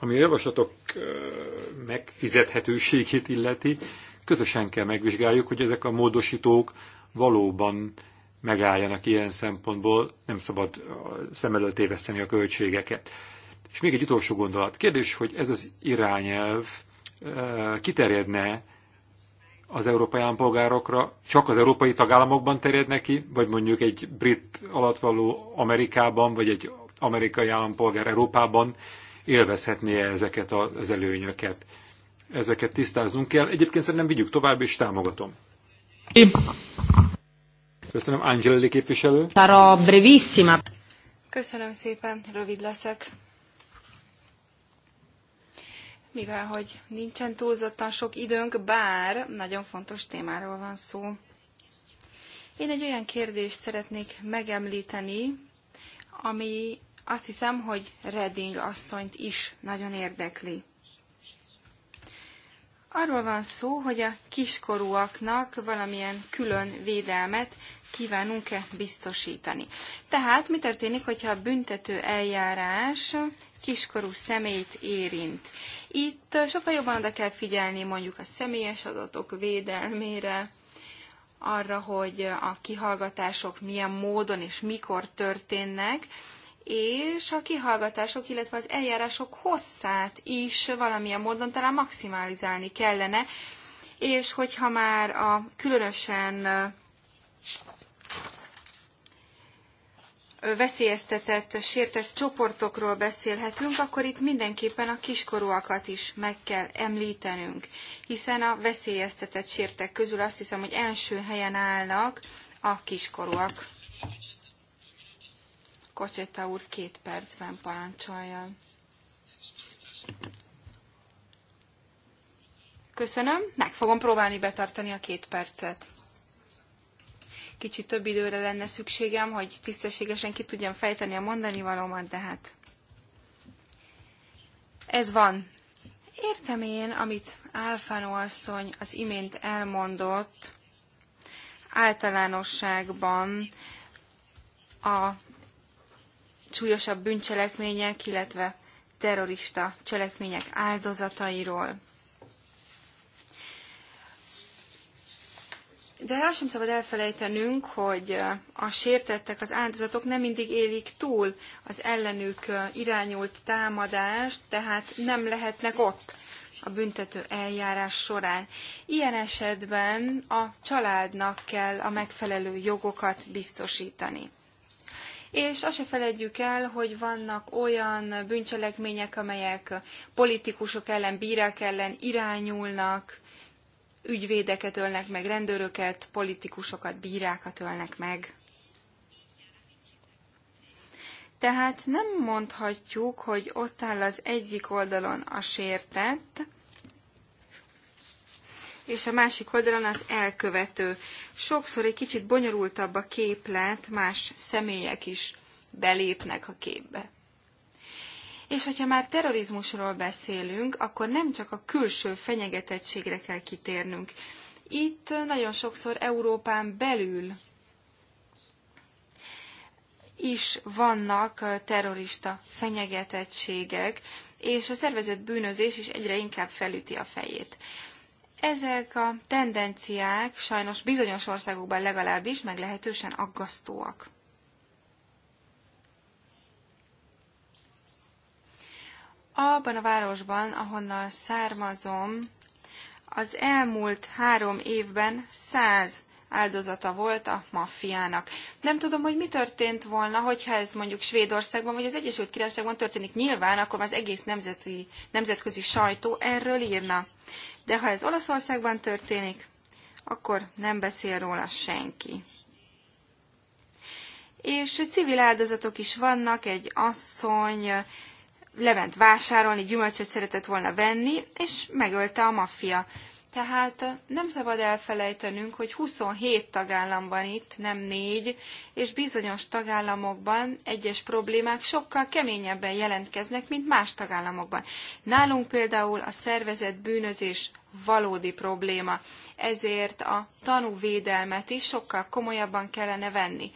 Ami a javaslatok megfizethetőségét illeti, közösen kell megvizsgáljuk, hogy ezek a módosítók valóban megálljanak ilyen szempontból, nem szabad szem előtt éveszteni a költségeket. És még egy utolsó gondolat. Kérdés, hogy ez az irányelv kiterjedne az európai állampolgárokra, csak az európai tagállamokban terjed neki, vagy mondjuk egy brit alattvaló Amerikában, vagy egy amerikai állampolgár Európában élvezhetné -e ezeket az előnyöket. Ezeket tisztáznunk kell. Egyébként szerintem vigyük tovább, és támogatom. Köszönöm, Angeli képviselő. Sarò brevissima. Köszönöm szépen, rövid leszek. Mivel, hogy nincsen túlzottan sok időnk, bár nagyon fontos témáról van szó. Én egy olyan kérdést szeretnék megemlíteni, ami azt hiszem, hogy Redding asszonyt is nagyon érdekli. Arról van szó, hogy a kiskorúaknak valamilyen külön védelmet kívánunk-e biztosítani. Tehát mi történik, hogyha a büntető eljárás kiskorú személyt érint? Itt sokkal jobban oda kell figyelni mondjuk a személyes adatok védelmére, arra, hogy a kihallgatások milyen módon és mikor történnek, és a kihallgatások, illetve az eljárások hosszát is valamilyen módon talán maximalizálni kellene, és hogyha már a különösen veszélyeztetett, sértett csoportokról beszélhetünk, akkor itt mindenképpen a kiskorúakat is meg kell említenünk, hiszen a veszélyeztetett sértek közül azt hiszem, hogy első helyen állnak a kiskorúak úr két percben parancsoljon. Köszönöm, meg fogom próbálni betartani a két percet. Kicsit több időre lenne szükségem, hogy tisztességesen ki tudjam fejteni a mondani valómat, de hát ez van. Értem én, amit Álfánó asszony az imént elmondott általánosságban a súlyosabb bűncselekmények, illetve terrorista cselekmények áldozatairól. De azt sem szabad elfelejtenünk, hogy a sértettek, az áldozatok nem mindig élik túl az ellenük irányult támadást, tehát nem lehetnek ott a büntető eljárás során. Ilyen esetben a családnak kell a megfelelő jogokat biztosítani és azt se feledjük el, hogy vannak olyan bűncselekmények, amelyek politikusok ellen, bírák ellen irányulnak, ügyvédeket ölnek meg, rendőröket, politikusokat, bírákat ölnek meg. Tehát nem mondhatjuk, hogy ott áll az egyik oldalon a sértett, és a másik oldalon az elkövető. Sokszor egy kicsit bonyolultabb a képlet, más személyek is belépnek a képbe. És hogyha már terrorizmusról beszélünk, akkor nem csak a külső fenyegetettségre kell kitérnünk. Itt nagyon sokszor Európán belül is vannak terrorista fenyegetettségek, és a szervezett bűnözés is egyre inkább felüti a fejét. Ezek a tendenciák sajnos bizonyos országokban legalábbis meglehetősen aggasztóak. Abban a városban, ahonnan származom, az elmúlt három évben száz áldozata volt a maffiának. Nem tudom, hogy mi történt volna, hogyha ez mondjuk Svédországban vagy az Egyesült Királyságban történik. Nyilván akkor az egész nemzeti, nemzetközi sajtó erről írna. De ha ez Olaszországban történik, akkor nem beszél róla senki. És civil áldozatok is vannak, egy asszony lement vásárolni, gyümölcsöt szeretett volna venni, és megölte a maffia. Tehát nem szabad elfelejtenünk, hogy 27 tagállam van itt, nem négy, és bizonyos tagállamokban egyes problémák sokkal keményebben jelentkeznek, mint más tagállamokban. Nálunk például a szervezett bűnözés valódi probléma, ezért a tanúvédelmet is sokkal komolyabban kellene venni.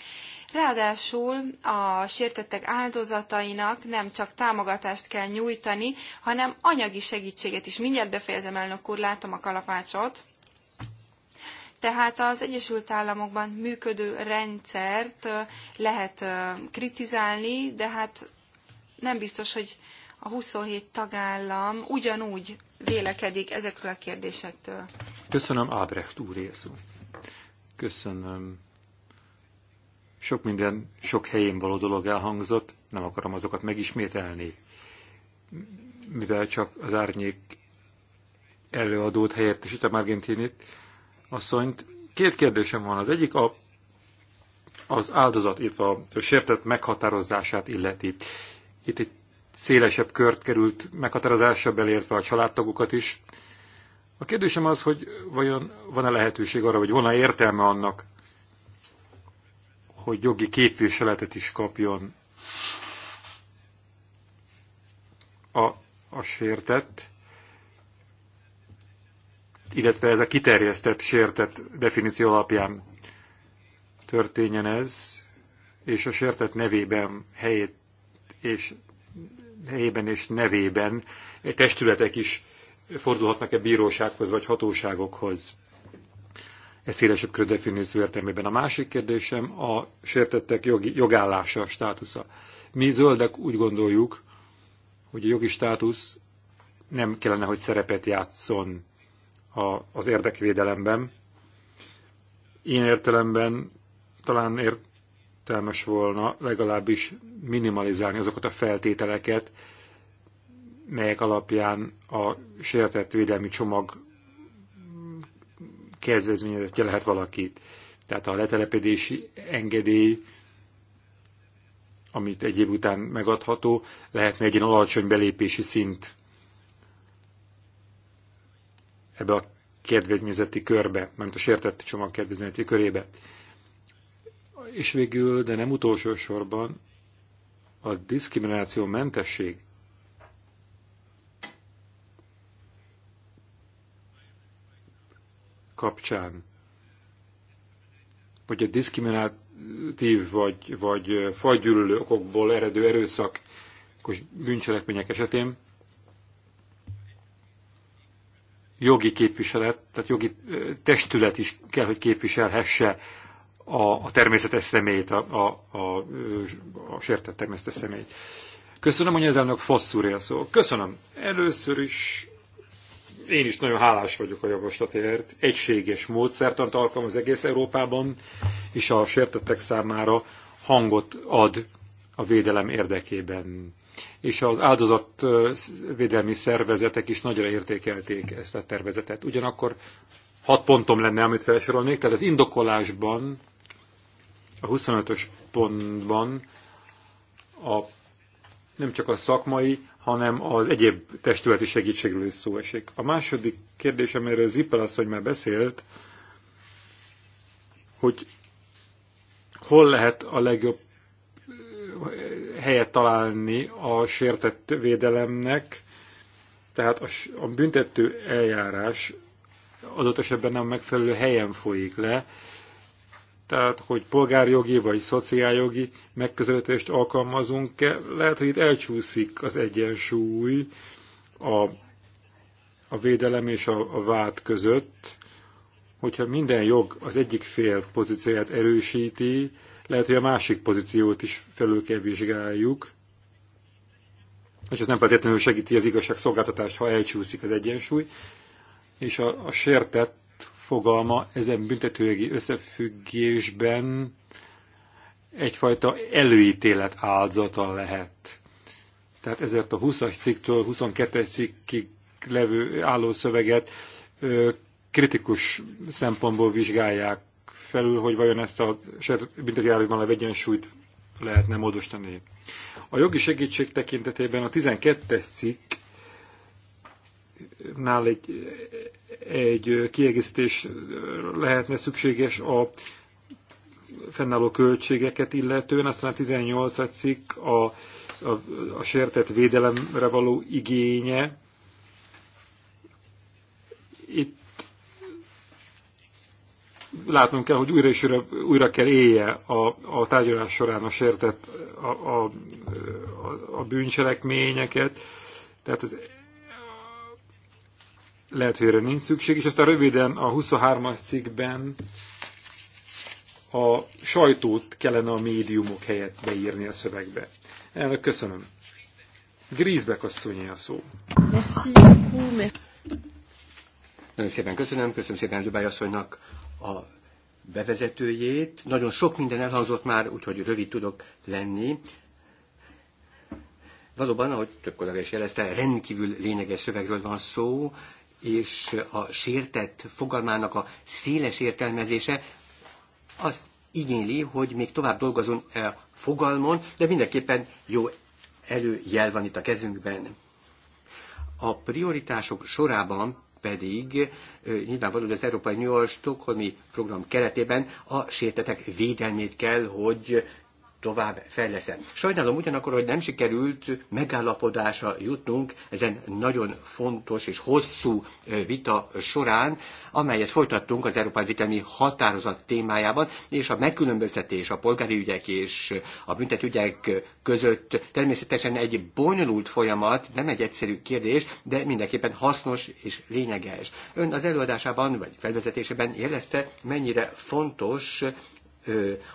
Ráadásul a sértettek áldozatainak nem csak támogatást kell nyújtani, hanem anyagi segítséget is. Mindjárt befejezem, elnök úr, látom a kalapácsot. Tehát az Egyesült Államokban működő rendszert lehet kritizálni, de hát nem biztos, hogy a 27 tagállam ugyanúgy vélekedik ezekről a kérdésektől. Köszönöm, Ábrecht úr, Jézus. Köszönöm, sok minden, sok helyén való dolog elhangzott, nem akarom azokat megismételni, mivel csak az árnyék előadót a Margentinit asszonyt. Két kérdésem van. Az egyik a, az áldozat, illetve a, a sértett meghatározását illeti. Itt egy szélesebb kört került meghatározásra, belértve a családtagokat is. A kérdésem az, hogy vajon van-e lehetőség arra, vagy volna értelme annak, hogy jogi képviseletet is kapjon a, a sértett, illetve ez a kiterjesztett sértett definíció alapján történjen ez, és a sértett nevében, helyét és helyében és nevében testületek is fordulhatnak-e bírósághoz vagy hatóságokhoz. Ez szélesebb körű definíció értelmében. A másik kérdésem a sértettek jogi, jogállása, státusza. Mi zöldek úgy gondoljuk, hogy a jogi státusz nem kellene, hogy szerepet játszon a, az érdekvédelemben. Ilyen értelemben talán értelmes volna legalábbis minimalizálni azokat a feltételeket, melyek alapján a sértett védelmi csomag kezdvezményezetje lehet valakit. Tehát a letelepedési engedély, amit egy év után megadható, lehetne egy ilyen alacsony belépési szint ebbe a kedvezményezeti körbe, mert a sértett csomag kedvezményezeti körébe. És végül, de nem utolsó sorban, a diszkrimináció mentesség kapcsán, vagy a diszkriminatív vagy, vagy fajgyűlölő okokból eredő erőszakos bűncselekmények esetén jogi képviselet, tehát jogi testület is kell, hogy képviselhesse a, a természetes személyt, a, a, a, a sértett természetes személyt. Köszönöm, hogy az elnök Fosszúr szó. Köszönöm. Először is én is nagyon hálás vagyok a javaslatért. Egységes módszertant alkalmaz egész Európában, és a sértettek számára hangot ad a védelem érdekében. És az áldozatvédelmi szervezetek is nagyra értékelték ezt a tervezetet. Ugyanakkor hat pontom lenne, amit felsorolnék, tehát az indokolásban, a 25-ös pontban a, nem csak a szakmai, hanem az egyéb testületi segítségről is szó esik. A második kérdés, amiről Zippel asszony már beszélt, hogy hol lehet a legjobb eh, helyet találni a sértett védelemnek, tehát a, a büntető eljárás adott esetben nem megfelelő helyen folyik le, tehát hogy polgárjogi vagy szociáljogi megközelítést alkalmazunk-e. Lehet, hogy itt elcsúszik az egyensúly a, a védelem és a, a vád között, hogyha minden jog az egyik fél pozícióját erősíti, lehet, hogy a másik pozíciót is felül kell vizsgáljuk, és ez nem feltétlenül segíti az igazságszolgáltatást, ha elcsúszik az egyensúly, és a, a sértett fogalma ezen büntetőjogi összefüggésben egyfajta előítélet áldozata lehet. Tehát ezért a 20 cikktől 22 cikkig levő álló szöveget kritikus szempontból vizsgálják felül, hogy vajon ezt a büntetőjárásban levő egyensúlyt lehetne módosítani. A jogi segítség tekintetében a 12 cikk nál egy egy kiegészítés lehetne szükséges a fennálló költségeket illetően, aztán a 18. cikk a, a, a sértett védelemre való igénye. Itt látnunk kell, hogy újra és újra, újra kell élje a, a tárgyalás során a sértett a, a, a bűncselekményeket. Tehát az lehet, hogy erre nincs szükség, és aztán röviden a 23-as cikkben a sajtót kellene a médiumok helyett beírni a szövegbe. Elnök, köszönöm. Grízbek asszonyi a szó. Nagyon szépen köszönöm, köszönöm szépen Lübály asszonynak a bevezetőjét. Nagyon sok minden elhangzott már, úgyhogy rövid tudok lenni. Valóban, ahogy több kollega is jelezte, rendkívül lényeges szövegről van szó, és a sértett fogalmának a széles értelmezése azt igényli, hogy még tovább dolgozunk a e fogalmon, de mindenképpen jó előjel van itt a kezünkben. A prioritások sorában pedig e, nyilvánvalóan az Európai Unió Stokholmi program keretében a sértetek védelmét kell, hogy tovább fejleszem. Sajnálom ugyanakkor, hogy nem sikerült megállapodásra jutnunk ezen nagyon fontos és hosszú vita során, amelyet folytattunk az Európai Védelmi Határozat témájában, és a megkülönböztetés a polgári ügyek és a büntetügyek között természetesen egy bonyolult folyamat, nem egy egyszerű kérdés, de mindenképpen hasznos és lényeges. Ön az előadásában vagy felvezetésében jelezte, mennyire fontos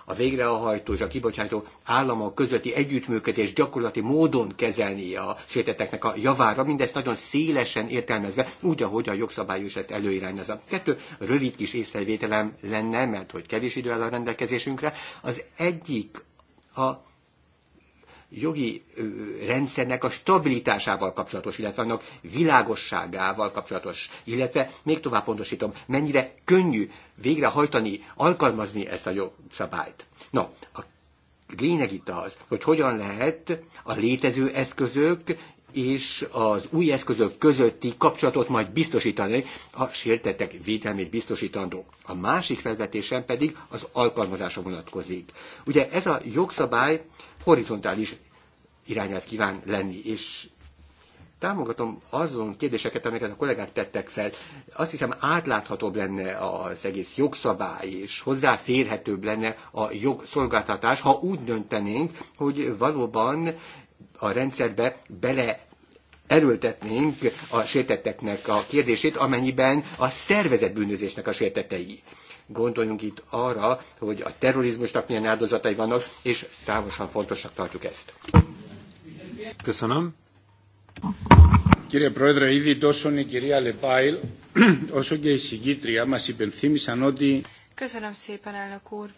a végrehajtó és a kibocsátó államok közötti együttműködés gyakorlati módon kezelni a sérteteknek a javára, mindezt nagyon szélesen értelmezve, úgy, ahogy a jogszabály is ezt előirányozza. Kettő rövid kis észrevételem lenne, mert hogy kevés idő áll a rendelkezésünkre. Az egyik a jogi rendszernek a stabilitásával kapcsolatos, illetve annak világosságával kapcsolatos, illetve még tovább pontosítom, mennyire könnyű végrehajtani, alkalmazni ezt a jogszabályt. Na, a lényeg itt az, hogy hogyan lehet a létező eszközök és az új eszközök közötti kapcsolatot majd biztosítani, a sértettek védelmét biztosítandó. A másik felvetésem pedig az alkalmazásra vonatkozik. Ugye ez a jogszabály horizontális irányát kíván lenni, és támogatom azon kérdéseket, amiket a kollégák tettek fel. Azt hiszem átláthatóbb lenne az egész jogszabály, és hozzáférhetőbb lenne a jogszolgáltatás, ha úgy döntenénk, hogy valóban a rendszerbe bele erőltetnénk a sértetteknek a kérdését, amennyiben a szervezet bűnözésnek a sértetei. Gondoljunk itt arra, hogy a terrorizmusnak milyen áldozatai vannak, és számosan fontosnak tartjuk ezt. Köszönöm. Κύριε Πρόεδρε, ήδη τόσο η κυρία Λεπάιλ, όσο και η συγκήτρια μας υπενθύμησαν ότι... Köszönöm szépen, elnök úr.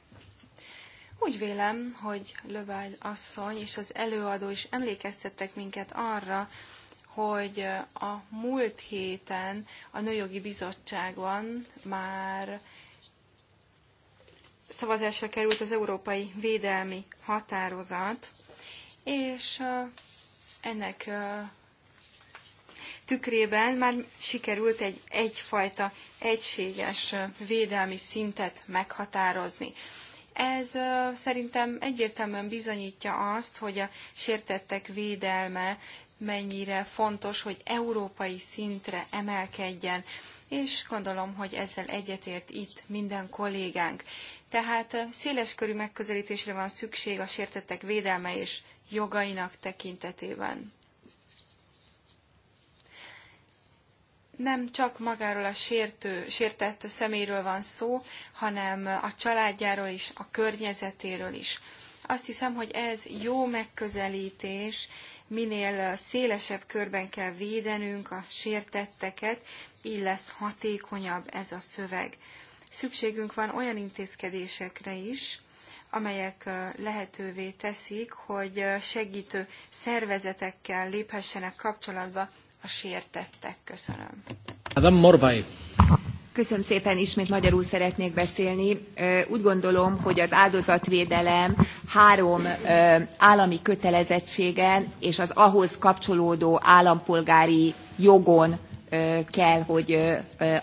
Úgy vélem, hogy Lövágy asszony és az előadó is emlékeztettek minket arra, hogy a múlt héten a Nőjogi Bizottságban már szavazásra került az Európai Védelmi Határozat, és ennek tükrében már sikerült egy egyfajta egységes védelmi szintet meghatározni. Ez szerintem egyértelműen bizonyítja azt, hogy a sértettek védelme mennyire fontos, hogy európai szintre emelkedjen, és gondolom, hogy ezzel egyetért itt minden kollégánk. Tehát széleskörű megközelítésre van szükség a sértettek védelme és jogainak tekintetében. nem csak magáról a sértő, sértett szeméről van szó, hanem a családjáról is, a környezetéről is. Azt hiszem, hogy ez jó megközelítés, minél szélesebb körben kell védenünk a sértetteket, így lesz hatékonyabb ez a szöveg. Szükségünk van olyan intézkedésekre is, amelyek lehetővé teszik, hogy segítő szervezetekkel léphessenek kapcsolatba a sértettek. Köszönöm. Adam Morvai. Köszönöm szépen, ismét magyarul szeretnék beszélni. Úgy gondolom, hogy az áldozatvédelem három állami kötelezettségen és az ahhoz kapcsolódó állampolgári jogon kell, hogy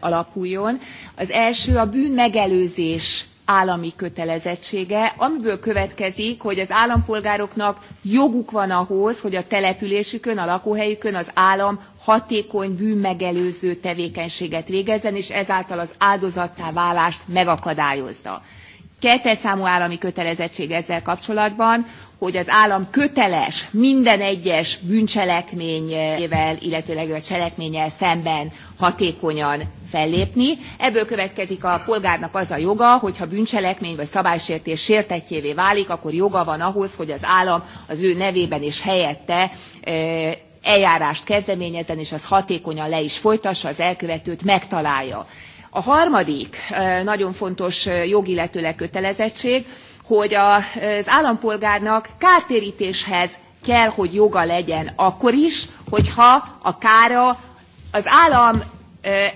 alapuljon. Az első a bűn megelőzés állami kötelezettsége, amiből következik, hogy az állampolgároknak joguk van ahhoz, hogy a településükön, a lakóhelyükön az állam hatékony bűnmegelőző tevékenységet végezzen, és ezáltal az áldozattá válást megakadályozza kettes számú állami kötelezettség ezzel kapcsolatban, hogy az állam köteles minden egyes bűncselekményével, illetőleg a cselekménnyel szemben hatékonyan fellépni. Ebből következik a polgárnak az a joga, hogyha bűncselekmény vagy szabálysértés sértetjévé válik, akkor joga van ahhoz, hogy az állam az ő nevében és helyette eljárást kezdeményezzen, és az hatékonyan le is folytassa, az elkövetőt megtalálja a harmadik nagyon fontos jog, illetőleg kötelezettség, hogy az állampolgárnak kártérítéshez kell, hogy joga legyen akkor is, hogyha a kára az állam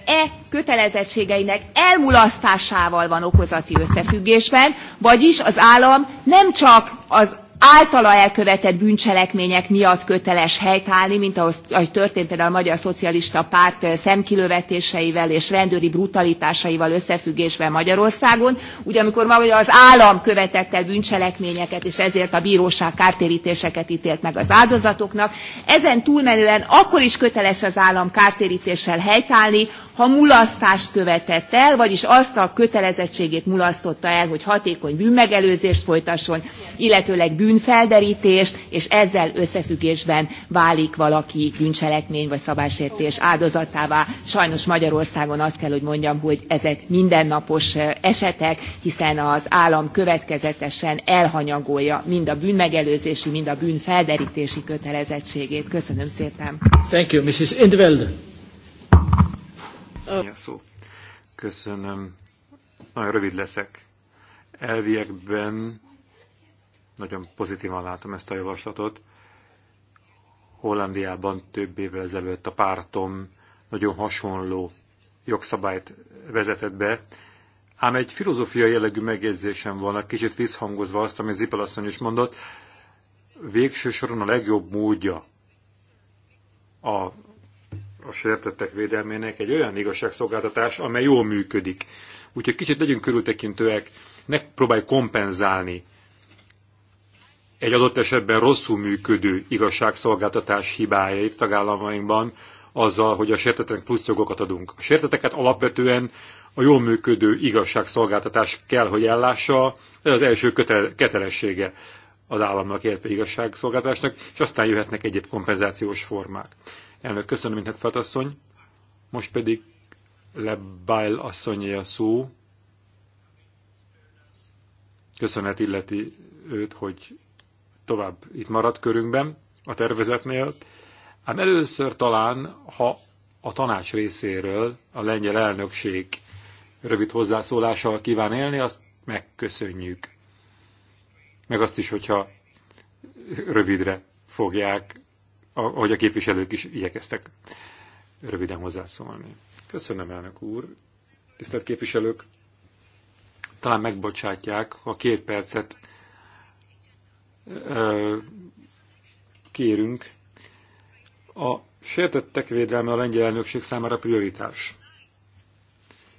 e kötelezettségeinek elmulasztásával van okozati összefüggésben vagyis az állam nem csak az általa elkövetett bűncselekmények miatt köteles helytállni, mint ahhoz, ahogy történt például a Magyar Szocialista Párt szemkilövetéseivel és rendőri brutalitásaival összefüggésben Magyarországon, ugye amikor maga az állam követett el bűncselekményeket, és ezért a bíróság kártérítéseket ítélt meg az áldozatoknak, ezen túlmenően akkor is köteles az állam kártérítéssel helytállni, ha mulasztást követett el, vagyis azt a kötelezettségét mulasztotta el, hogy hatékony bűnmegelőzést folytasson, illetőleg bűnfelderítést, és ezzel összefüggésben válik valaki bűncselekmény vagy szabásértés áldozatává. Sajnos Magyarországon azt kell, hogy mondjam, hogy ezek mindennapos esetek, hiszen az állam következetesen elhanyagolja mind a bűnmegelőzési, mind a bűnfelderítési kötelezettségét. Köszönöm szépen. Thank you, Mrs. Indveld. A szó. Köszönöm. Nagyon rövid leszek. Elviekben nagyon pozitívan látom ezt a javaslatot. Hollandiában több évvel ezelőtt a pártom nagyon hasonló jogszabályt vezetett be, ám egy filozófiai jellegű megjegyzésem van, kicsit visszhangozva azt, amit Zipel asszony is mondott, végső soron a legjobb módja a a sértettek védelmének egy olyan igazságszolgáltatás, amely jól működik. Úgyhogy kicsit legyünk körültekintőek, ne próbálj kompenzálni egy adott esetben rosszul működő igazságszolgáltatás hibájait tagállamainkban azzal, hogy a sérteteknek plusz jogokat adunk. A sérteteket alapvetően a jól működő igazságszolgáltatás kell, hogy ellássa, ez az első köte- kötelessége az államnak, illetve igazságszolgáltatásnak, és aztán jöhetnek egyéb kompenzációs formák. Elnök, köszönöm, mint hát asszony. Most pedig Bail asszonyé a szó. Köszönet illeti őt, hogy tovább itt maradt körünkben a tervezetnél. Ám először talán, ha a tanács részéről a lengyel elnökség rövid hozzászólással kíván élni, azt megköszönjük. Meg azt is, hogyha rövidre fogják ahogy a képviselők is igyekeztek röviden hozzászólni. Köszönöm, elnök úr. Tisztelt képviselők, talán megbocsátják, ha két percet ö, kérünk. A sértettek védelme a lengyel elnökség számára prioritás.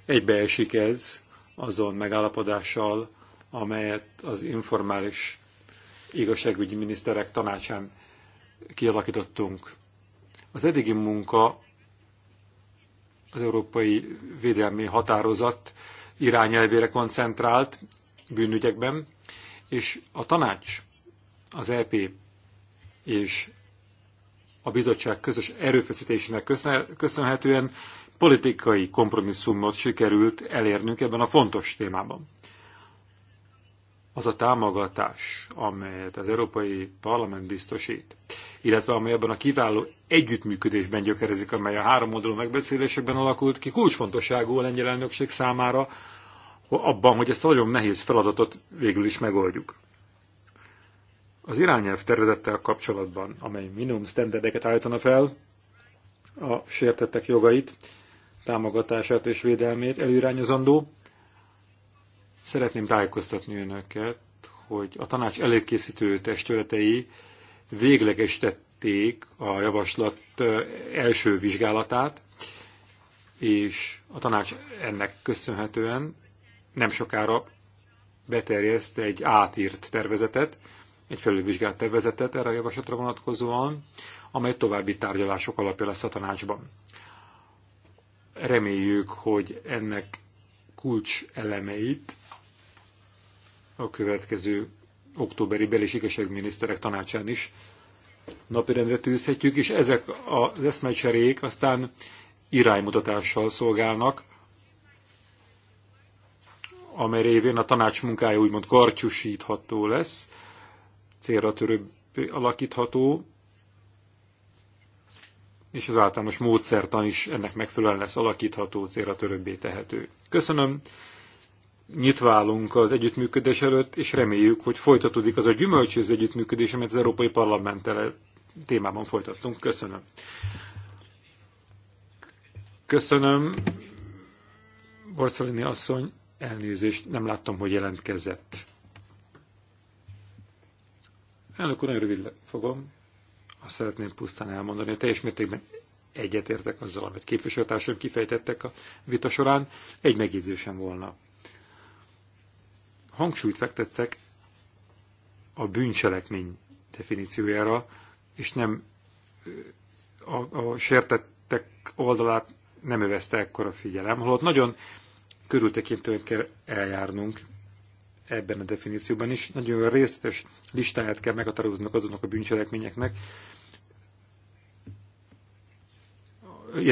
Egybeesik ez azon megállapodással, amelyet az informális igazságügyi miniszterek tanácsán kialakítottunk. Az eddigi munka az Európai Védelmi Határozat irányelvére koncentrált bűnügyekben, és a tanács, az EP és a bizottság közös erőfeszítésének köszönhetően politikai kompromisszumot sikerült elérnünk ebben a fontos témában. Az a támogatás, amelyet az Európai Parlament biztosít illetve amely abban a kiváló együttműködésben gyökerezik, amely a három oldalú megbeszélésekben alakult ki, kulcsfontosságú a lengyel elnökség számára abban, hogy ezt a nagyon nehéz feladatot végül is megoldjuk. Az irányelv tervezettel kapcsolatban, amely minimum standardeket állítana fel, a sértettek jogait, támogatását és védelmét előirányozandó, Szeretném tájékoztatni önöket, hogy a tanács előkészítő testületei véglegesítették a javaslat első vizsgálatát, és a tanács ennek köszönhetően nem sokára beterjeszt egy átírt tervezetet, egy felülvizsgált tervezetet erre a javaslatra vonatkozóan, amely további tárgyalások alapja lesz a tanácsban. Reméljük, hogy ennek kulcs elemeit a következő októberi bel- miniszterek tanácsán is napirendre tűzhetjük, és ezek az eszmecserék aztán iránymutatással szolgálnak, amely révén a tanács munkája úgymond karcsúsítható lesz, célra törőbb alakítható, és az általános módszertan is ennek megfelelően lesz alakítható, célra törőbbé tehető. Köszönöm nyitva állunk az együttműködés előtt, és reméljük, hogy folytatódik az a gyümölcsöz együttműködés, amit az Európai Parlamenttel e témában folytattunk. Köszönöm. Köszönöm. Borszalini asszony, elnézést, nem láttam, hogy jelentkezett. Elnök úr, nagyon rövid fogom. Azt szeretném pusztán elmondani, a teljes mértékben egyetértek azzal, amit képviselőtársaim kifejtettek a vita során. Egy megjegyzésem volna hangsúlyt fektettek a bűncselekmény definíciójára, és nem a, a sértettek oldalát nem övezte ekkora figyelem, holott nagyon körültekintően kell eljárnunk ebben a definícióban is. Nagyon részletes listáját kell meghatároznunk azoknak a bűncselekményeknek,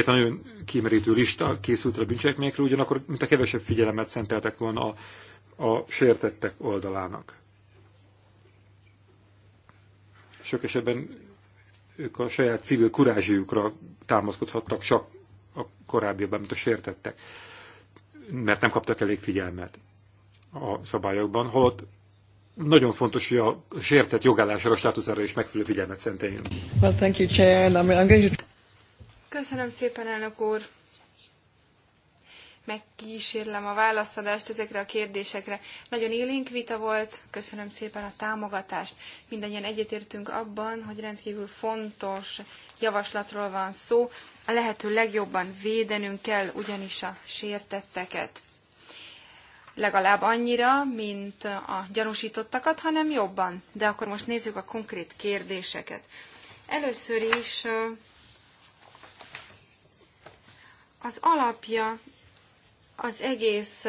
a nagyon kimerítő lista készült a bűncselekményekről, ugyanakkor mint a kevesebb figyelemet szenteltek volna a a sértettek oldalának. Sok esetben ők a saját civil kurázsiukra támaszkodhattak csak a korábbiakban, mint a sértettek, mert nem kaptak elég figyelmet a szabályokban, holott nagyon fontos, hogy a sértett jogállásra, a státuszára is megfelelő figyelmet szenteljünk. Well, thank you, Chair. I'm, I'm going to... Köszönöm szépen, elnök úr megkísérlem a válaszadást ezekre a kérdésekre. Nagyon élénk vita volt, köszönöm szépen a támogatást. Mindannyian egyetértünk abban, hogy rendkívül fontos javaslatról van szó. A lehető legjobban védenünk kell ugyanis a sértetteket legalább annyira, mint a gyanúsítottakat, hanem jobban. De akkor most nézzük a konkrét kérdéseket. Először is az alapja az egész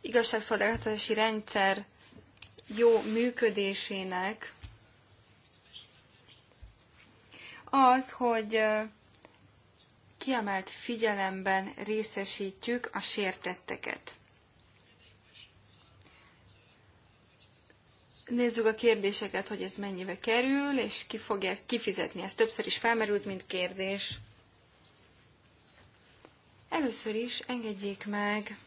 igazságszolgáltatási rendszer jó működésének az, hogy kiemelt figyelemben részesítjük a sértetteket. Nézzük a kérdéseket, hogy ez mennyibe kerül, és ki fogja ezt kifizetni. Ez többször is felmerült, mint kérdés. Először is engedjék meg,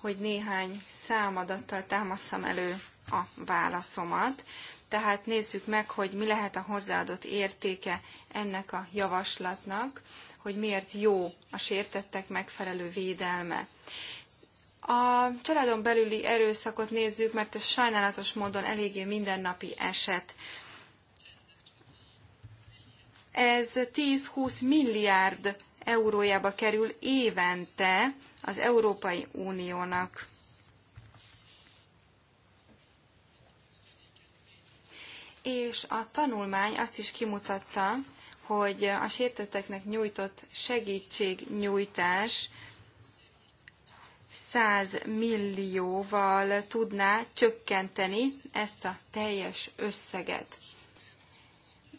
hogy néhány számadattal támaszam elő a válaszomat. Tehát nézzük meg, hogy mi lehet a hozzáadott értéke ennek a javaslatnak, hogy miért jó a sértettek megfelelő védelme. A családon belüli erőszakot nézzük, mert ez sajnálatos módon eléggé mindennapi eset. Ez 10-20 milliárd eurójába kerül évente az Európai Uniónak. És a tanulmány azt is kimutatta, hogy a sértetteknek nyújtott segítségnyújtás 100 millióval tudná csökkenteni ezt a teljes összeget.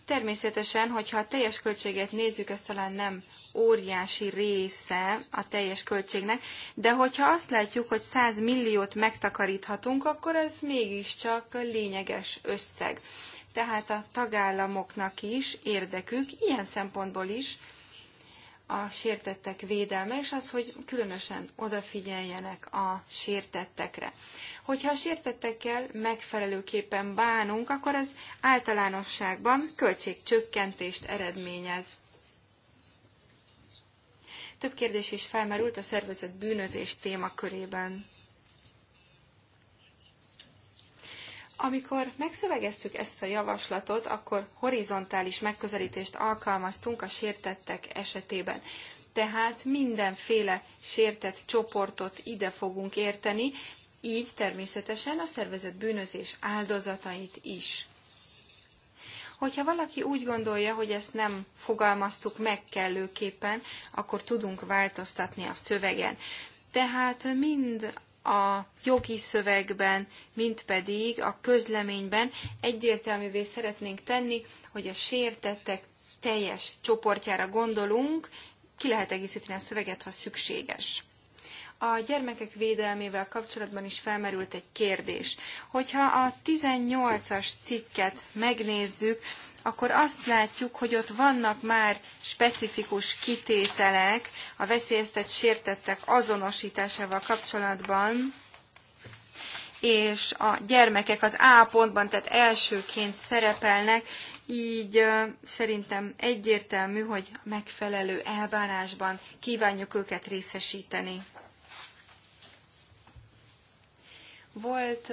Természetesen, hogyha a teljes költséget nézzük, ez talán nem óriási része a teljes költségnek, de hogyha azt látjuk, hogy 100 milliót megtakaríthatunk, akkor ez mégiscsak lényeges összeg. Tehát a tagállamoknak is érdekük, ilyen szempontból is, a sértettek védelme, és az, hogy különösen odafigyeljenek a sértettekre. Hogyha a sértettekkel megfelelőképpen bánunk, akkor ez általánosságban költségcsökkentést eredményez. Több kérdés is felmerült a szervezet bűnözés témakörében. Amikor megszövegeztük ezt a javaslatot, akkor horizontális megközelítést alkalmaztunk a sértettek esetében. Tehát mindenféle sértett csoportot ide fogunk érteni, így természetesen a szervezet bűnözés áldozatait is. Hogyha valaki úgy gondolja, hogy ezt nem fogalmaztuk meg kellőképpen, akkor tudunk változtatni a szövegen. Tehát mind a jogi szövegben, mint pedig a közleményben egyértelművé szeretnénk tenni, hogy a sértettek teljes csoportjára gondolunk, ki lehet egészíteni a szöveget, ha szükséges. A gyermekek védelmével kapcsolatban is felmerült egy kérdés. Hogyha a 18-as cikket megnézzük, akkor azt látjuk, hogy ott vannak már specifikus kitételek a veszélyeztet sértettek azonosításával kapcsolatban, és a gyermekek az A pontban, tehát elsőként szerepelnek, így szerintem egyértelmű, hogy megfelelő elbánásban kívánjuk őket részesíteni. Volt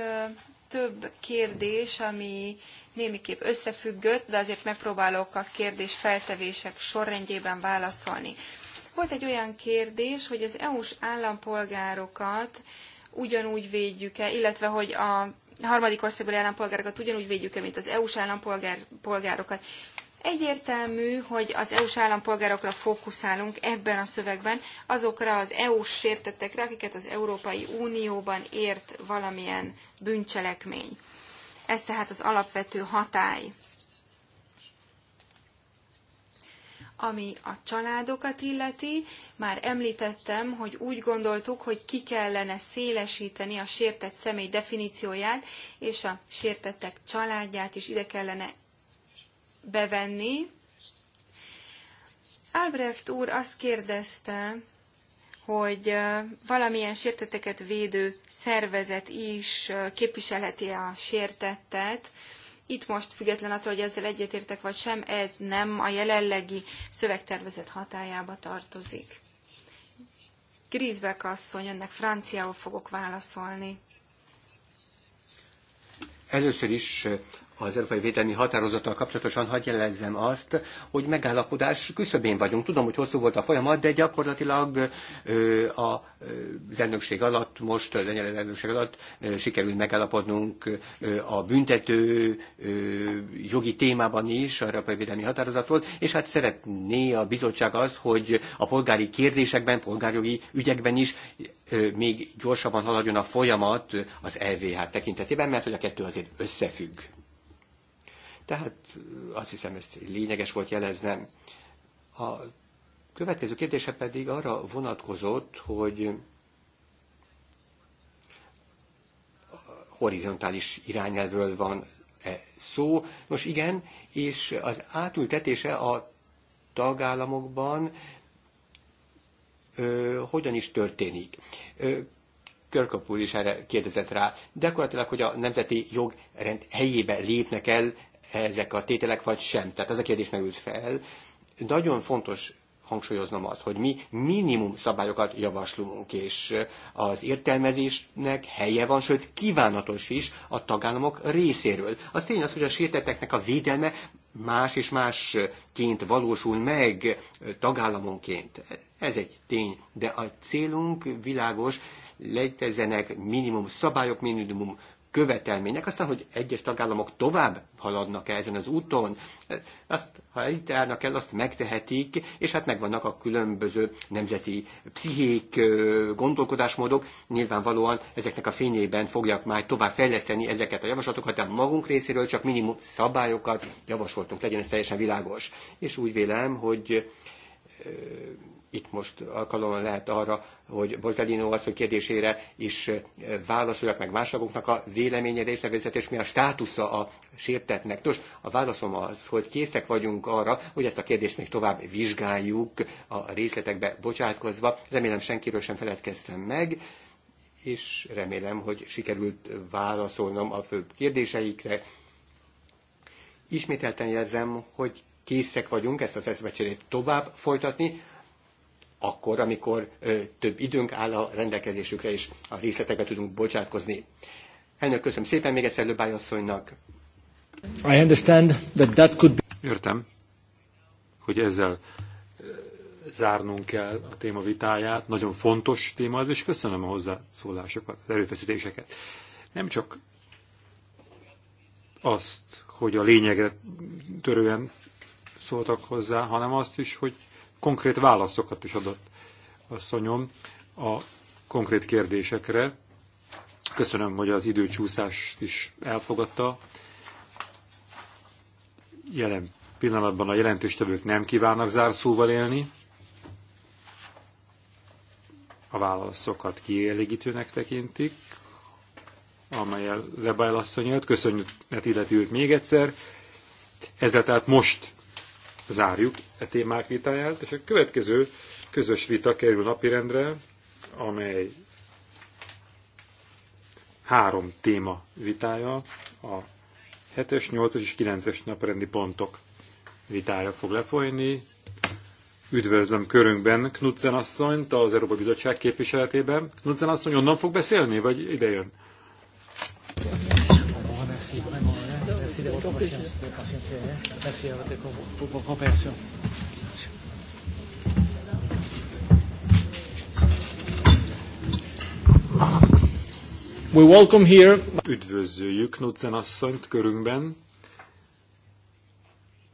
több kérdés, ami némiképp összefüggött, de azért megpróbálok a kérdés feltevések sorrendjében válaszolni. Volt egy olyan kérdés, hogy az EU-s állampolgárokat ugyanúgy védjük-e, illetve hogy a harmadik országból állampolgárokat ugyanúgy védjük-e, mint az EU-s állampolgárokat. Egyértelmű, hogy az EU-s állampolgárokra fókuszálunk ebben a szövegben, azokra az EU-s sértettekre, akiket az Európai Unióban ért valamilyen bűncselekmény. Ez tehát az alapvető hatály. Ami a családokat illeti, már említettem, hogy úgy gondoltuk, hogy ki kellene szélesíteni a sértett személy definícióját, és a sértettek családját is ide kellene bevenni. Albrecht úr azt kérdezte, hogy valamilyen sérteteket védő szervezet is képviselheti a sértettet. Itt most független attól, hogy ezzel egyetértek vagy sem, ez nem a jelenlegi szövegtervezet hatájába tartozik. Grisbeck asszony, önnek franciául fogok válaszolni. Először is az európai védelmi határozattal kapcsolatosan hagyj jelezzem azt, hogy megállapodás küszöbén vagyunk. Tudom, hogy hosszú volt a folyamat, de gyakorlatilag ö, a, az elnökség alatt, most az elnökség alatt ö, sikerült megállapodnunk ö, a büntető ö, jogi témában is, a európai védelmi határozatról, és hát szeretné a bizottság azt, hogy a polgári kérdésekben, polgárjogi ügyekben is ö, még gyorsabban haladjon a folyamat az LVH tekintetében, mert hogy a kettő azért összefügg. Tehát azt hiszem, ezt lényeges volt jeleznem. A következő kérdése pedig arra vonatkozott, hogy horizontális irányelvről van -e szó. Nos igen, és az átültetése a tagállamokban ö, hogyan is történik. Ö, Körköp is erre kérdezett rá. Dekoratilag, hogy a nemzeti jogrend helyébe lépnek el ezek a tételek, vagy sem. Tehát ez a kérdés megült fel. Nagyon fontos hangsúlyoznom azt, hogy mi minimum szabályokat javaslunk, és az értelmezésnek helye van, sőt kívánatos is a tagállamok részéről. Az tény az, hogy a sérteteknek a védelme más és másként valósul meg tagállamonként. Ez egy tény, de a célunk világos, létezzenek minimum szabályok, minimum követelmények, aztán, hogy egyes tagállamok tovább haladnak -e ezen az úton, e, azt, ha itt állnak el, azt megtehetik, és hát megvannak a különböző nemzeti pszichék, gondolkodásmódok, nyilvánvalóan ezeknek a fényében fogják majd tovább fejleszteni ezeket a javaslatokat, de magunk részéről csak minimum szabályokat javasoltunk, legyen ez teljesen világos. És úgy vélem, hogy itt most alkalommal lehet arra, hogy Bozzalino asszony kérdésére is eh, válaszoljak meg másoknak a véleményére és nevezetés, mi a státusza a sértetnek. Nos, a válaszom az, hogy készek vagyunk arra, hogy ezt a kérdést még tovább vizsgáljuk a részletekbe bocsátkozva. Remélem senkiről sem feledkeztem meg és remélem, hogy sikerült válaszolnom a főbb kérdéseikre. Ismételten jelzem, hogy készek vagyunk ezt az eszmecserét tovább folytatni, akkor, amikor több időnk áll a rendelkezésükre, és a részletekbe tudunk bocsátkozni. Elnök, köszönöm szépen még egyszer Löbály asszonynak. I understand that that could be... Értem, hogy ezzel zárnunk kell a téma vitáját. Nagyon fontos téma az, és köszönöm a hozzászólásokat, az erőfeszítéseket. Nem csak azt, hogy a lényegre törően szóltak hozzá, hanem azt is, hogy konkrét válaszokat is adott a szonyom a konkrét kérdésekre. Köszönöm, hogy az időcsúszást is elfogadta. Jelen pillanatban a jelentéstevők nem kívánnak zárszóval élni. A válaszokat kielégítőnek tekintik, amelyel Lebájl asszony élt. Köszönjük hát illeti őt még egyszer. Ezzel tehát most zárjuk e témák vitáját, és a következő közös vita kerül napirendre, amely három téma vitája, a 7-es, 8-as és 9-es naprendi pontok vitája fog lefolyni. Üdvözlöm körünkben Knudsen asszonyt az Európa Bizottság képviseletében. Knudsen asszony onnan fog beszélni, vagy idejön? de votre patience, de patienter. Hein. Merci à votre, pour votre compréhension. We welcome here. Üdvözöljük Knudsen asszonyt körünkben,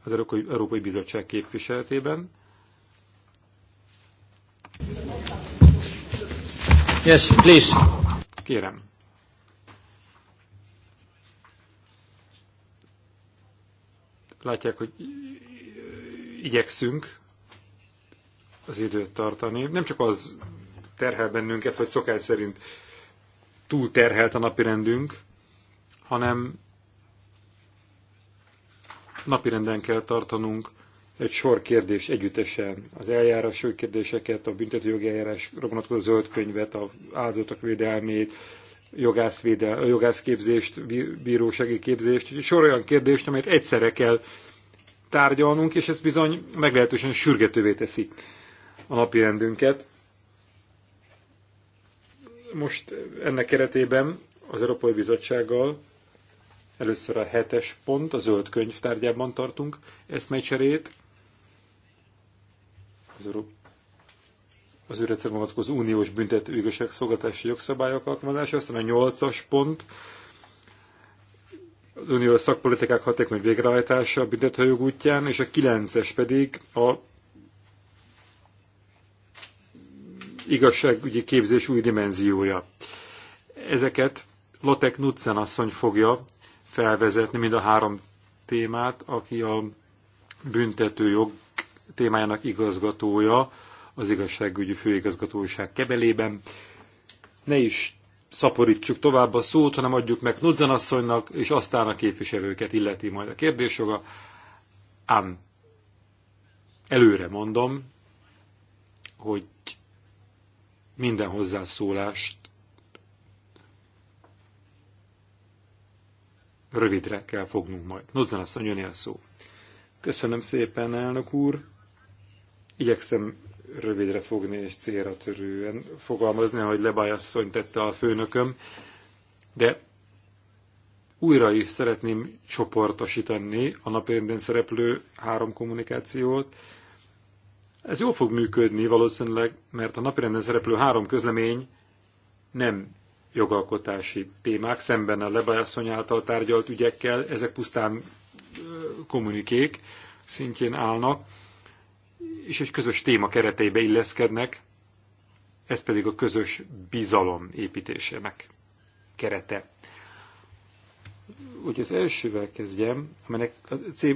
az Európai Bizottság képviseletében. Yes, please. Kérem. Látják, hogy igyekszünk az időt tartani. Nem csak az terhel bennünket, vagy szokás szerint túl terhelt a napirendünk, hanem renden kell tartanunk egy sor kérdés együttesen. Az eljárásjogi kérdéseket, a büntetőjogi eljárásra vonatkozó zöldkönyvet, könyvet, az áldozatok védelmét, jogászvédel, jogászképzést, bírósági képzést, és sor olyan kérdést, amelyet egyszerre kell tárgyalnunk, és ez bizony meglehetősen sürgetővé teszi a napi rendünket. Most ennek keretében az Európai Bizottsággal először a hetes pont, a zöld könyv tárgyában tartunk eszmecserét. Az Európai az őregyszerre vonatkozó uniós büntető igazságszolgáltási jogszabályok alkalmazása, aztán a nyolcas pont, az uniós szakpolitikák hatékony végrehajtása a büntetőjog útján, és a kilences pedig a igazságügyi képzés új dimenziója. Ezeket Lotek Nutzen asszony fogja felvezetni mind a három témát, aki a büntetőjog témájának igazgatója az igazságügyi főigazgatóság kebelében. Ne is szaporítsuk tovább a szót, hanem adjuk meg Nudzen asszonynak, és aztán a képviselőket illeti majd a kérdésjoga. Ám előre mondom, hogy minden hozzászólást rövidre kell fognunk majd. Nudzen asszony, a szó. Köszönöm szépen, elnök úr. Igyekszem rövidre fogni és célra törően fogalmazni, ahogy lebajasszony tette a főnököm, de újra is szeretném csoportosítani a napirenden szereplő három kommunikációt. Ez jól fog működni valószínűleg, mert a napirenden szereplő három közlemény nem jogalkotási témák, szemben a Lebajasszony által tárgyalt ügyekkel, ezek pusztán kommunikék szintjén állnak, és egy közös téma kereteibe illeszkednek, ez pedig a közös bizalom építésének kerete. Úgyhogy az elsővel kezdjem, amelynek a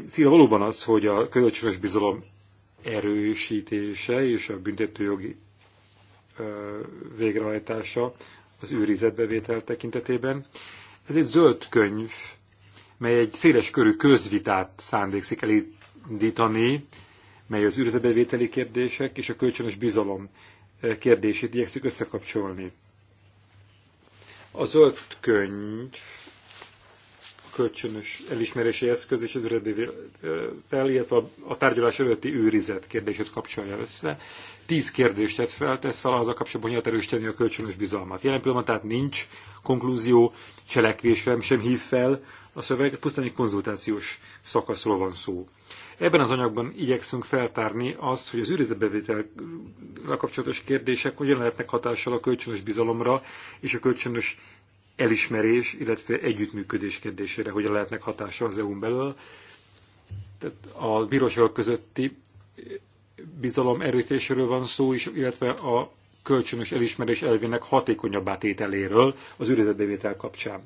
célja valóban az, hogy a közös bizalom erősítése és a büntetőjogi végrehajtása az őrizetbevétel tekintetében. Ez egy zöld könyv, mely egy széles körű közvitát szándékszik elindítani mely az üzletbevételi kérdések és a kölcsönös bizalom eh, kérdését igyekszik összekapcsolni. A zöld könyv a kölcsönös elismerési eszköz és az üzletbevétel, illetve a tárgyalás előtti őrizet kérdését kapcsolja össze. Tíz kérdést tett fel, tesz fel az a kapcsolatban, hogy erősíteni a kölcsönös bizalmat. Jelen pillanatban tehát nincs konklúzió, cselekvésre sem hív fel a szöveg, pusztán egy konzultációs szakaszról van szó. Ebben az anyagban igyekszünk feltárni azt, hogy az ügyletbevétel kapcsolatos kérdések hogyan lehetnek hatással a kölcsönös bizalomra és a kölcsönös elismerés, illetve együttműködés kérdésére, hogyan lehetnek hatással az EU-n belül. Tehát a bíróságok közötti bizalom erőtéséről van szó, is, illetve a kölcsönös elismerés elvének hatékonyabb átételéről az ügyletbevétel kapcsán.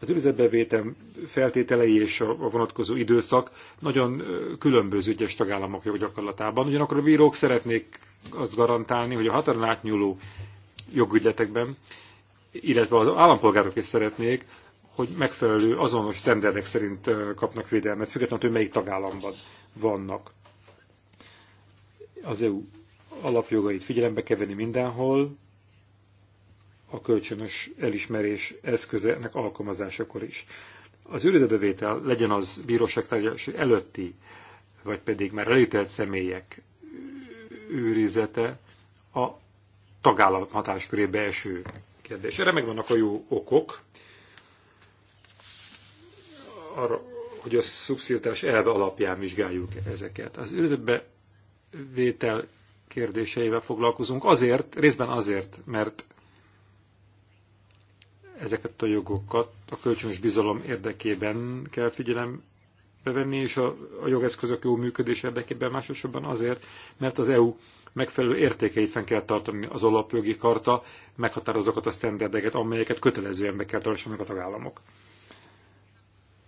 Az üzletbevétel feltételei és a vonatkozó időszak nagyon különböző egyes tagállamok joggyakorlatában. Ugyanakkor a bírók szeretnék azt garantálni, hogy a határon átnyúló jogügyletekben, illetve az állampolgárok is szeretnék, hogy megfelelő azonos sztenderdek szerint kapnak védelmet, függetlenül, hogy melyik tagállamban vannak. Az EU alapjogait figyelembe kell venni mindenhol, a kölcsönös elismerés eszközének alkalmazásakor is. Az őrizetbevétel legyen az bíróság tárgyalási előtti, vagy pedig már elítélt személyek őrizete a tagállam hatáskörébe eső kérdés. Erre megvannak a jó okok, arra, hogy a szubsziltás elve alapján vizsgáljuk ezeket. Az őrizetbe kérdéseivel foglalkozunk azért, részben azért, mert ezeket a jogokat a kölcsönös bizalom érdekében kell figyelembe venni, és a, a jogeszközök jó működés érdekében másosabban azért, mert az EU megfelelő értékeit fenn kell tartani az alapjogi karta, meghatározokat a sztenderdeket, amelyeket kötelezően be kell tartani a tagállamok.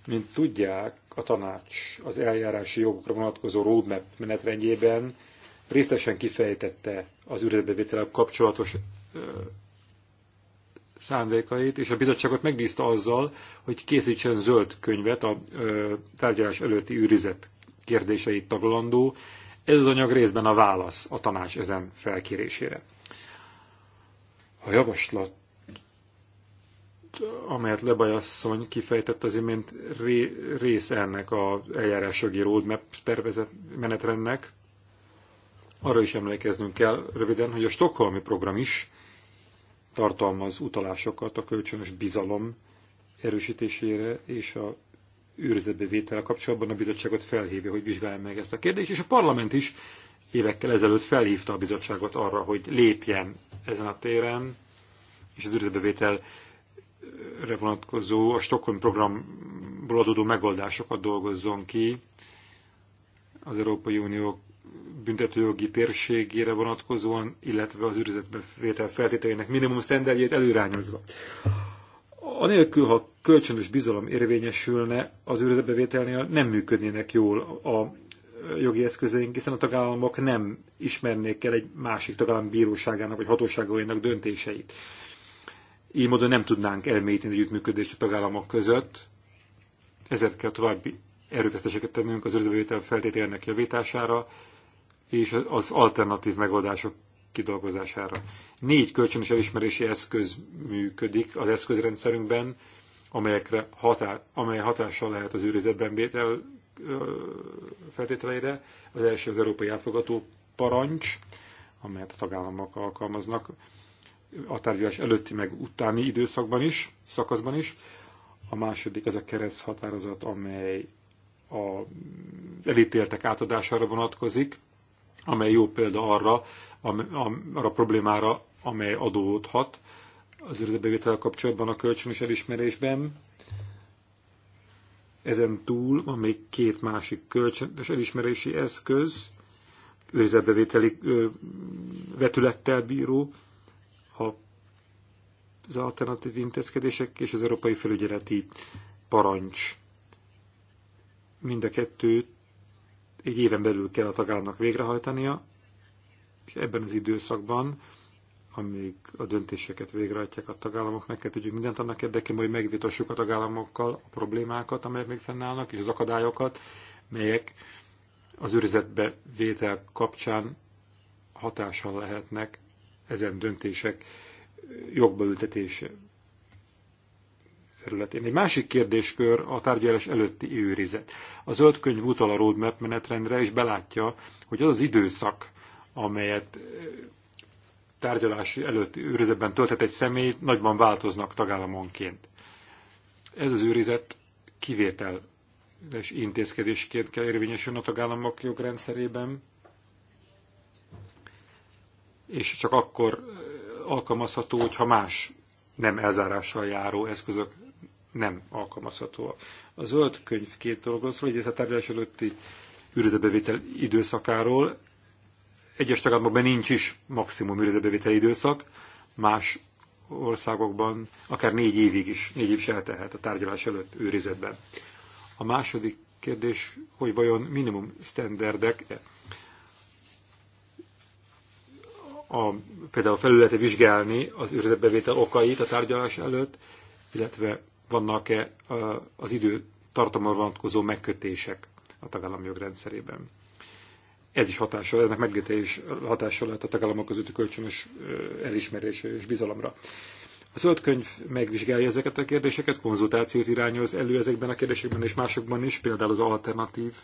Mint tudják, a tanács az eljárási jogokra vonatkozó roadmap menetrendjében részesen kifejtette az üredbevétel kapcsolatos szándékait, és a bizottságot megbízta azzal, hogy készítsen zöld könyvet a tárgyalás előtti őrizet kérdéseit taglandó. Ez az anyag részben a válasz a tanács ezen felkérésére. A javaslat, amelyet Lebajasszony kifejtett az imént ré, rész ennek az eljárásjogi roadmap tervezett menetrendnek, arra is emlékeznünk kell röviden, hogy a Stockholmi program is tartalmaz utalásokat a kölcsönös bizalom erősítésére és a őrzetbevétele kapcsolatban a bizottságot felhívja, hogy vizsgálja meg ezt a kérdést, és a parlament is évekkel ezelőtt felhívta a bizottságot arra, hogy lépjen ezen a téren, és az őrzetbevételre vonatkozó, a Stockholm programból adódó megoldásokat dolgozzon ki az Európai Unió büntetőjogi térségére vonatkozóan, illetve az őrizetbe vétel feltételének minimum szendeljét előrányozva. Anélkül, ha kölcsönös bizalom érvényesülne, az vételnél nem működnének jól a jogi eszközeink, hiszen a tagállamok nem ismernék el egy másik tagállam bíróságának vagy hatóságainak döntéseit. Így módon nem tudnánk elmélyíteni együttműködést a tagállamok között, ezért kell további erőfeszteseket tennünk az örökbevétel feltételének javítására, és az alternatív megoldások kidolgozására. Négy kölcsönös elismerési eszköz működik az eszközrendszerünkben, amelyekre hatá, amely hatással lehet az őrizetben vétel feltételeire. Az első az Európai Elfogató Parancs, amelyet a tagállamok alkalmaznak a tárgyalás előtti meg utáni időszakban is, szakaszban is. A második az a kereszthatározat, amely a elítéltek átadására vonatkozik, amely jó példa arra, arra a problémára, amely adódhat az üzletbevétel kapcsolatban a kölcsönös elismerésben. Ezen túl van még két másik kölcsönös elismerési eszköz, őrizetbevételi vetülettel bíró, ha az alternatív intézkedések és az európai felügyeleti parancs. Mind a kettőt egy éven belül kell a tagállamnak végrehajtania, és ebben az időszakban, amíg a döntéseket végrehajtják a tagállamok, meg kell tudjuk mindent annak érdekében, hogy megvitassuk a tagállamokkal a problémákat, amelyek még fennállnak, és az akadályokat, melyek az őrizetbe vétel kapcsán hatással lehetnek ezen döntések jogba ültetése területén. Egy másik kérdéskör a tárgyalás előtti őrizet. A zöld könyv utal a roadmap menetrendre, és belátja, hogy az az időszak, amelyet tárgyalási előtt őrizetben tölthet egy személy, nagyban változnak tagállamonként. Ez az őrizet kivételes intézkedésként kell érvényesülni a tagállamok jogrendszerében, és csak akkor alkalmazható, hogyha más nem elzárással járó eszközök nem alkalmazható. A zöld könyv két dologról szól, egyrészt a tárgyalás előtti üredebevétel időszakáról, egyes tagállamokban nincs is maximum üredebevétel időszak, más országokban akár négy évig is, négy év se tehet a tárgyalás előtt őrizetben. A második kérdés, hogy vajon minimum standardek a, például felülete vizsgálni az őrizetbevétel okait a tárgyalás előtt, illetve vannak-e az idő tartalma vonatkozó megkötések a tagállami jogrendszerében. Ez is hatással, ennek megkötés hatással lehet a tagállamok közötti kölcsönös elismerésre és bizalomra. A zöld könyv megvizsgálja ezeket a kérdéseket, konzultációt irányoz elő ezekben a kérdésekben és másokban is, például az alternatív,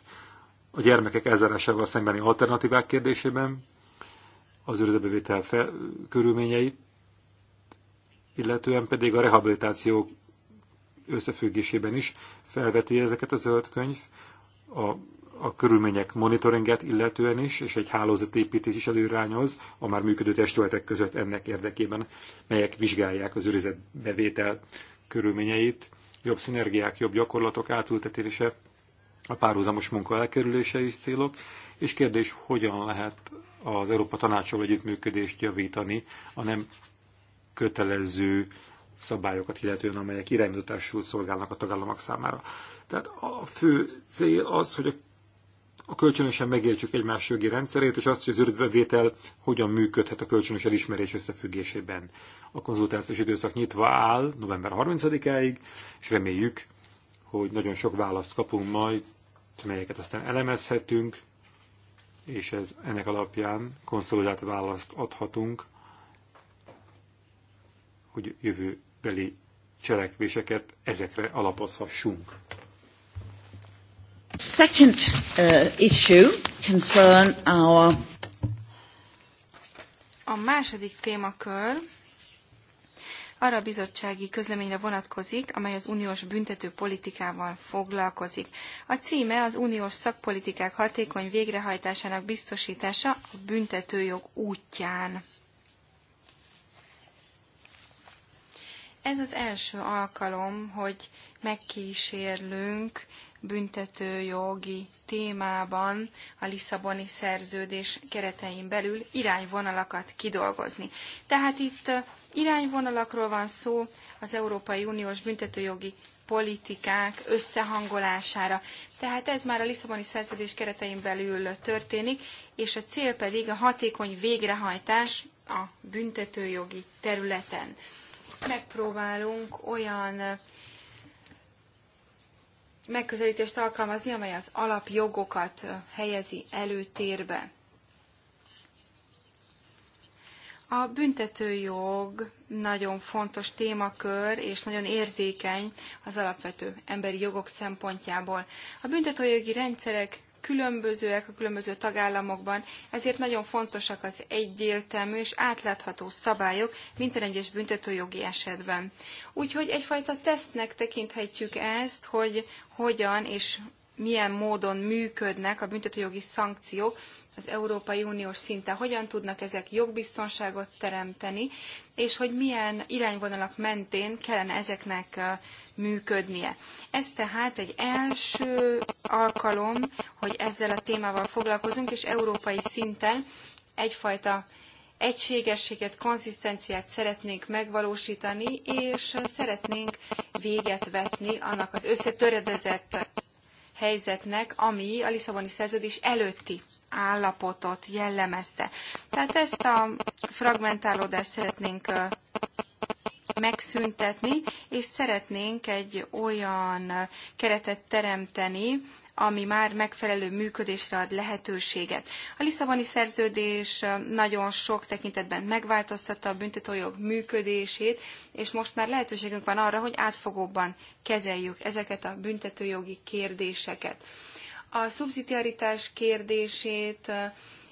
a gyermekek elzárásával szembeni alternatívák kérdésében, az őrzőbevétel körülményeit, illetően pedig a rehabilitáció összefüggésében is felveti ezeket a zöld könyv, a, a körülmények monitoringet illetően is, és egy hálózatépítés is előrányoz a már működő testületek között ennek érdekében, melyek vizsgálják az őrizet bevétel körülményeit, jobb szinergiák, jobb gyakorlatok átültetése, a párhuzamos munka elkerülése is célok, és kérdés, hogyan lehet az Európa Tanácsol együttműködést javítani a nem kötelező szabályokat illetően, amelyek irányítású szolgálnak a tagállamok számára. Tehát a fő cél az, hogy a a kölcsönösen megértsük egymás jogi rendszerét, és azt, hogy az örökbevétel hogyan működhet a kölcsönös elismerés összefüggésében. A konzultációs időszak nyitva áll november 30-áig, és reméljük, hogy nagyon sok választ kapunk majd, melyeket aztán elemezhetünk, és ez ennek alapján konszolidált választ adhatunk, hogy jövő beli cselekvéseket ezekre alapozhassunk. Second uh, issue concern our a második témakör arra a bizottsági közleményre vonatkozik, amely az uniós büntető politikával foglalkozik. A címe az uniós szakpolitikák hatékony végrehajtásának biztosítása a büntetőjog útján. Ez az első alkalom, hogy megkísérlünk büntetőjogi jogi témában a Lisszaboni szerződés keretein belül irányvonalakat kidolgozni. Tehát itt irányvonalakról van szó az Európai Uniós büntetőjogi politikák összehangolására. Tehát ez már a Lisszaboni szerződés keretein belül történik, és a cél pedig a hatékony végrehajtás a büntetőjogi területen megpróbálunk olyan megközelítést alkalmazni, amely az alapjogokat helyezi előtérbe. A büntetőjog nagyon fontos témakör, és nagyon érzékeny az alapvető emberi jogok szempontjából. A büntetőjogi rendszerek különbözőek a különböző tagállamokban, ezért nagyon fontosak az egyértelmű és átlátható szabályok minden egyes büntetőjogi esetben. Úgyhogy egyfajta tesztnek tekinthetjük ezt, hogy hogyan és milyen módon működnek a büntetőjogi szankciók az Európai Uniós szinten, hogyan tudnak ezek jogbiztonságot teremteni, és hogy milyen irányvonalak mentén kellene ezeknek működnie. Ez tehát egy első alkalom, hogy ezzel a témával foglalkozunk, és európai szinten egyfajta egységességet, konzisztenciát szeretnénk megvalósítani, és szeretnénk véget vetni annak az összetöredezett helyzetnek, ami a Lisszaboni szerződés előtti állapotot jellemezte. Tehát ezt a fragmentálódást szeretnénk megszüntetni, és szeretnénk egy olyan keretet teremteni, ami már megfelelő működésre ad lehetőséget. A Lisszaboni szerződés nagyon sok tekintetben megváltoztatta a büntetőjog működését, és most már lehetőségünk van arra, hogy átfogóbban kezeljük ezeket a büntetőjogi kérdéseket. A szubszidiaritás kérdését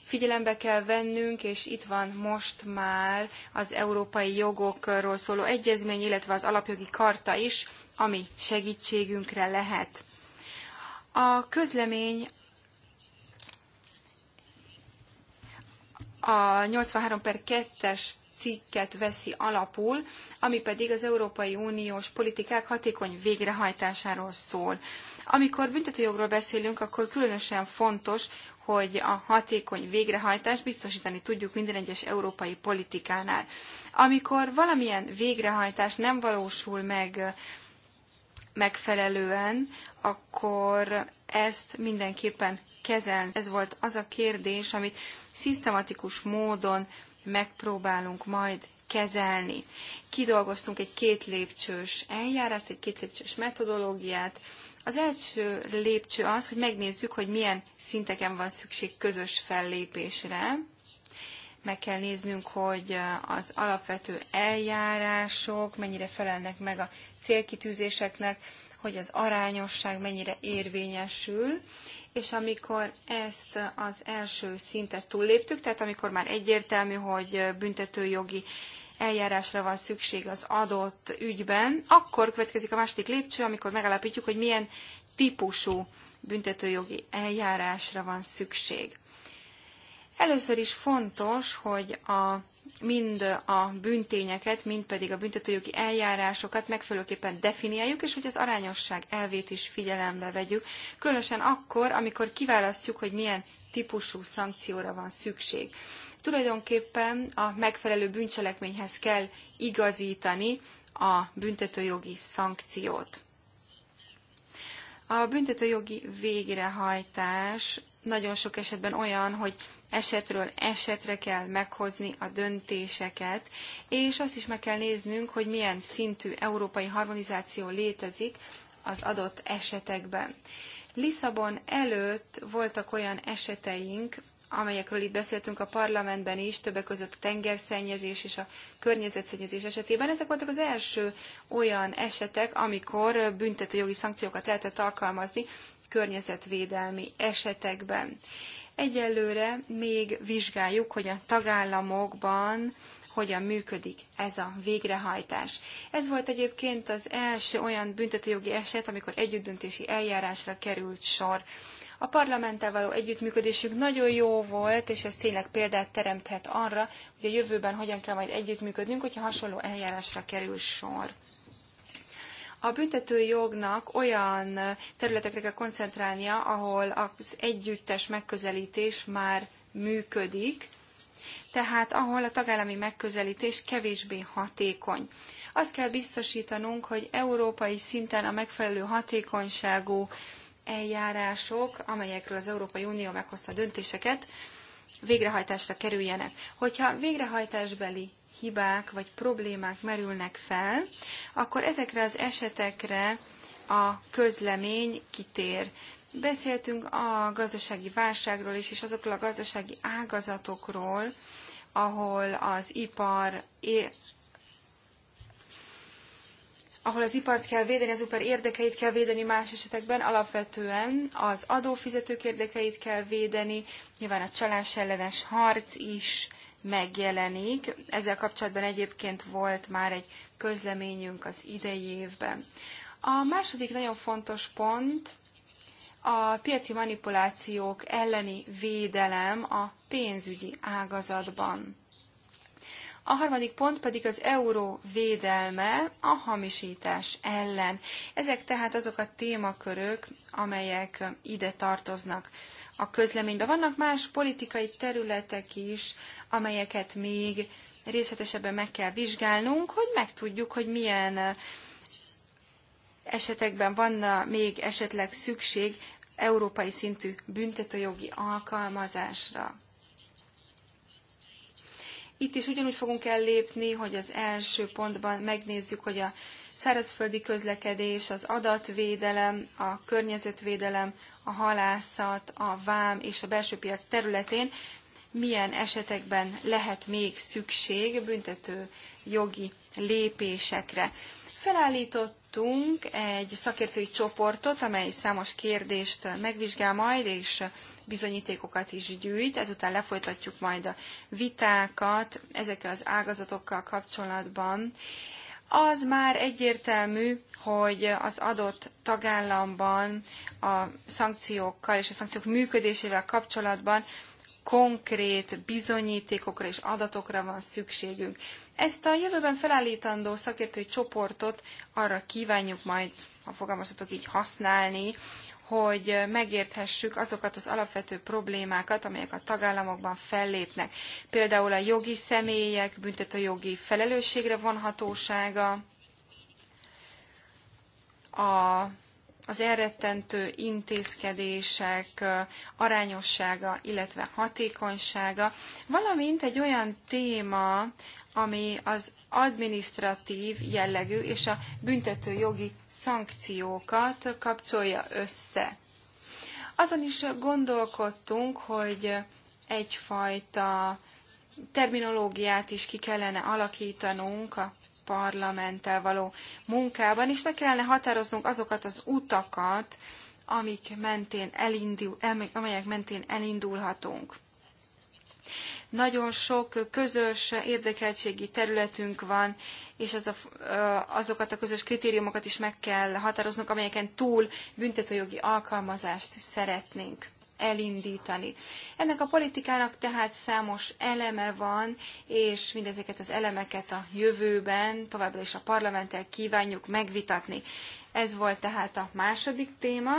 figyelembe kell vennünk, és itt van most már az európai jogokról szóló egyezmény, illetve az alapjogi karta is, ami segítségünkre lehet. A közlemény a 83 per 2-es cikket veszi alapul, ami pedig az Európai Uniós politikák hatékony végrehajtásáról szól. Amikor büntetőjogról beszélünk, akkor különösen fontos, hogy a hatékony végrehajtást biztosítani tudjuk minden egyes európai politikánál. Amikor valamilyen végrehajtás nem valósul meg megfelelően, akkor ezt mindenképpen kezel. Ez volt az a kérdés, amit szisztematikus módon megpróbálunk majd kezelni. Kidolgoztunk egy két eljárást, egy két metodológiát. Az első lépcső az, hogy megnézzük, hogy milyen szinteken van szükség közös fellépésre, meg kell néznünk, hogy az alapvető eljárások mennyire felelnek meg a célkitűzéseknek, hogy az arányosság mennyire érvényesül, és amikor ezt az első szintet túlléptük, tehát amikor már egyértelmű, hogy büntetőjogi eljárásra van szükség az adott ügyben, akkor következik a második lépcső, amikor megalapítjuk, hogy milyen típusú büntetőjogi eljárásra van szükség. Először is fontos, hogy a mind a bűntényeket, mind pedig a büntetőjogi eljárásokat megfelelőképpen definiáljuk, és hogy az arányosság elvét is figyelembe vegyük, különösen akkor, amikor kiválasztjuk, hogy milyen típusú szankcióra van szükség. Tulajdonképpen a megfelelő bűncselekményhez kell igazítani a büntetőjogi szankciót. A büntetőjogi végrehajtás nagyon sok esetben olyan, hogy esetről esetre kell meghozni a döntéseket, és azt is meg kell néznünk, hogy milyen szintű európai harmonizáció létezik az adott esetekben. Lisszabon előtt voltak olyan eseteink, amelyekről itt beszéltünk a parlamentben is, többek között a tengerszennyezés és a környezetszennyezés esetében. Ezek voltak az első olyan esetek, amikor büntetőjogi szankciókat lehetett alkalmazni környezetvédelmi esetekben. Egyelőre még vizsgáljuk, hogy a tagállamokban hogyan működik ez a végrehajtás. Ez volt egyébként az első olyan büntetőjogi eset, amikor együttdöntési eljárásra került sor. A parlamenttel való együttműködésük nagyon jó volt, és ez tényleg példát teremthet arra, hogy a jövőben hogyan kell majd együttműködnünk, hogyha hasonló eljárásra kerül sor. A büntető jognak olyan területekre kell koncentrálnia, ahol az együttes megközelítés már működik, tehát ahol a tagállami megközelítés kevésbé hatékony. Azt kell biztosítanunk, hogy európai szinten a megfelelő hatékonyságú eljárások, amelyekről az Európai Unió meghozta döntéseket, végrehajtásra kerüljenek. Hogyha végrehajtásbeli hibák vagy problémák merülnek fel, akkor ezekre az esetekre a közlemény kitér. Beszéltünk a gazdasági válságról is, és azokról a gazdasági ágazatokról, ahol az ipar ahol az ipart kell védeni, az ipar érdekeit kell védeni más esetekben, alapvetően az adófizetők érdekeit kell védeni, nyilván a csalás ellenes harc is megjelenik. Ezzel kapcsolatban egyébként volt már egy közleményünk az idei évben. A második nagyon fontos pont a piaci manipulációk elleni védelem a pénzügyi ágazatban. A harmadik pont pedig az euró védelme a hamisítás ellen. Ezek tehát azok a témakörök, amelyek ide tartoznak a közleményben. Vannak más politikai területek is, amelyeket még részletesebben meg kell vizsgálnunk, hogy megtudjuk, hogy milyen esetekben van még esetleg szükség európai szintű büntetőjogi alkalmazásra. Itt is ugyanúgy fogunk ellépni, hogy az első pontban megnézzük, hogy a szárazföldi közlekedés, az adatvédelem, a környezetvédelem, a halászat, a vám és a belső piac területén milyen esetekben lehet még szükség büntető jogi lépésekre. Felállítottunk egy szakértői csoportot, amely számos kérdést megvizsgál majd, és bizonyítékokat is gyűjt. Ezután lefolytatjuk majd a vitákat ezekkel az ágazatokkal kapcsolatban. Az már egyértelmű, hogy az adott tagállamban a szankciókkal és a szankciók működésével kapcsolatban konkrét bizonyítékokra és adatokra van szükségünk. Ezt a jövőben felállítandó szakértői csoportot arra kívánjuk majd, ha fogalmazhatok így, használni, hogy megérthessük azokat az alapvető problémákat, amelyek a tagállamokban fellépnek. Például a jogi személyek, büntetőjogi felelősségre vonhatósága, a az elrettentő intézkedések arányossága, illetve hatékonysága, valamint egy olyan téma, ami az administratív jellegű és a büntető jogi szankciókat kapcsolja össze. Azon is gondolkodtunk, hogy egyfajta terminológiát is ki kellene alakítanunk a parlamenttel való munkában, és meg kellene határoznunk azokat az utakat, amik mentén elindul, amelyek mentén elindulhatunk. Nagyon sok közös érdekeltségi területünk van, és az a, azokat a közös kritériumokat is meg kell határoznunk, amelyeken túl büntetőjogi alkalmazást szeretnénk elindítani. Ennek a politikának tehát számos eleme van, és mindezeket az elemeket a jövőben továbbra is a parlamenttel kívánjuk megvitatni. Ez volt tehát a második téma.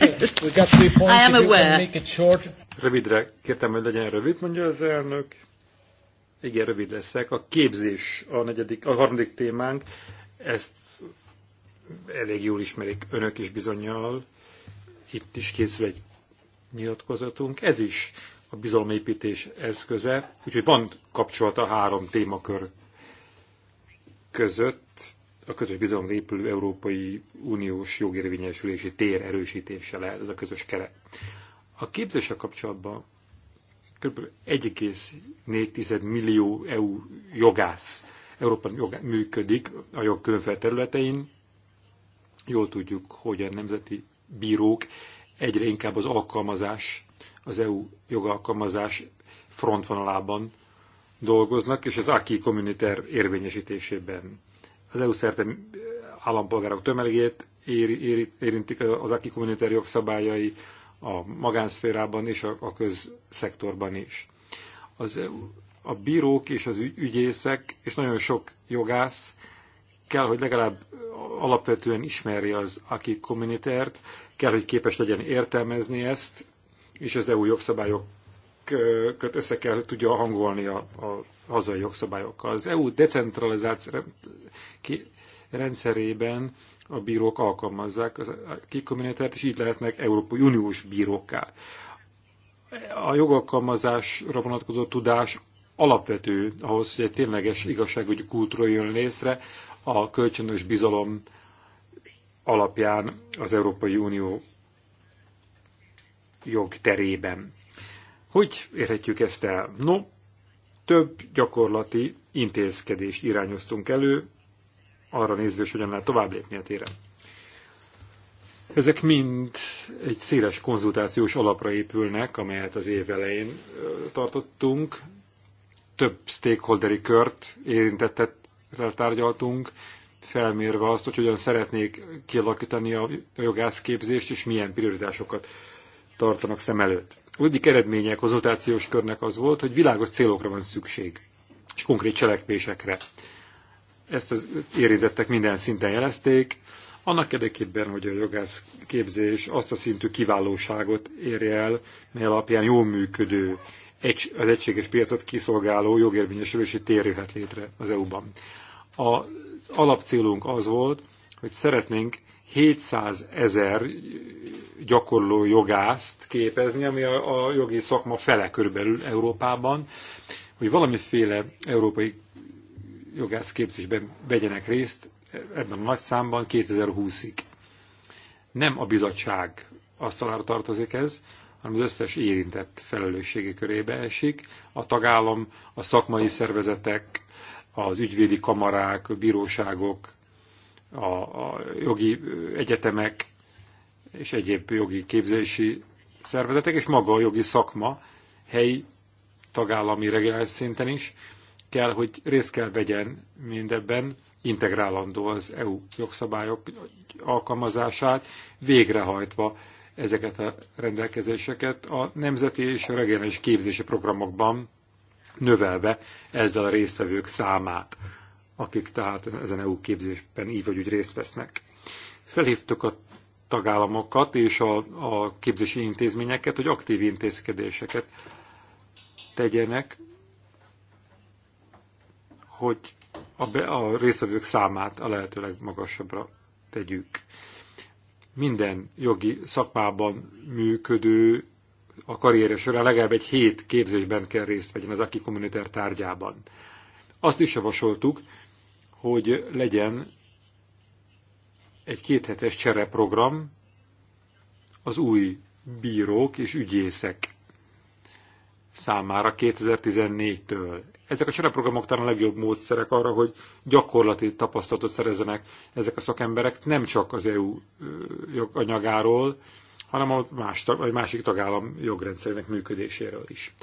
I Rövidre kértem, hogy legyen rövid, mondja az elnök. Igen, rövid leszek. A képzés a, negyedik, a harmadik témánk. Ezt elég jól ismerik önök is bizonyal. Itt is készül egy nyilatkozatunk. Ez is a bizalomépítés eszköze, úgyhogy van kapcsolat a három témakör között, a közös bizalomra épülő Európai Uniós jogérvényesülési tér erősítése lehet, ez a közös keret. A képzése kapcsolatban kb. 1,4 millió EU jogász, Európa jogá, működik a jog különféle területein. Jól tudjuk, hogy a nemzeti bírók egyre inkább az alkalmazás, az EU jogalkalmazás frontvonalában dolgoznak, és az AKI kommuniter érvényesítésében. Az EU szerte állampolgárok tömegét ér, ér, érintik az AKI kommuniter jogszabályai, a magánszférában és a, a közszektorban is. Az EU, a bírók és az ügyészek, és nagyon sok jogász kell, hogy legalább alapvetően ismerje az aki kommunitert, kell, hogy képes legyen értelmezni ezt, és az EU jogszabályokat össze kell, tudja hangolni a, a hazai jogszabályokkal. Az EU decentralizáció rendszerében a bírók alkalmazzák a kikommunitárt, és így lehetnek Európai Uniós bírókká. A jogalkalmazásra vonatkozó tudás alapvető ahhoz, hogy egy tényleges igazságügyi kultúra jön létre, a kölcsönös bizalom alapján az Európai Unió jog terében. Hogy érhetjük ezt el? No, több gyakorlati intézkedés irányoztunk elő, arra nézve, hogy hogyan lehet tovább lépni a téren. Ezek mind egy széles konzultációs alapra épülnek, amelyet az év elején tartottunk. Több stakeholderi kört érintettet tárgyaltunk, felmérve azt, hogy hogyan szeretnék kialakítani a jogászképzést, és milyen prioritásokat tartanak szem előtt. Egyik eredménye a konzultációs körnek az volt, hogy világos célokra van szükség, és konkrét cselekvésekre. Ezt az érintettek minden szinten jelezték, annak érdekében, hogy a jogászképzés azt a szintű kiválóságot érje el, mely alapján jól működő, egy, az egységes piacot kiszolgáló jogérvényesülési tér jöhet létre az EU-ban. A alapcélunk az volt, hogy szeretnénk 700 ezer gyakorló jogászt képezni, ami a, a jogi szakma fele körülbelül Európában, hogy valamiféle európai jogászképzésben vegyenek részt ebben a nagy számban 2020-ig. Nem a bizottság asztalára tartozik ez, hanem az összes érintett felelősségi körébe esik. A tagállam, a szakmai szervezetek, az ügyvédi kamarák, a bíróságok, a, a jogi egyetemek és egyéb jogi képzési szervezetek, és maga a jogi szakma helyi, tagállami, regionális szinten is kell, hogy részt kell vegyen mindebben, integrálandó az EU jogszabályok alkalmazását, végrehajtva ezeket a rendelkezéseket a nemzeti és regionális képzési programokban, növelve ezzel a résztvevők számát, akik tehát ezen EU képzésben így vagy úgy részt vesznek. Felhívtuk a tagállamokat és a, a képzési intézményeket, hogy aktív intézkedéseket tegyenek, hogy a, be, a részvevők számát a lehető legmagasabbra tegyük. Minden jogi szakmában működő a karrierje során legalább egy hét képzésben kell részt vegyen az aki kommuniter tárgyában. Azt is javasoltuk, hogy legyen egy kéthetes csereprogram az új bírók és ügyészek számára 2014-től. Ezek a csereprogramok talán a legjobb módszerek arra, hogy gyakorlati tapasztalatot szerezzenek ezek a szakemberek, nem csak az EU anyagáról, hanem a más, vagy másik tagállam jogrendszerének működéséről is.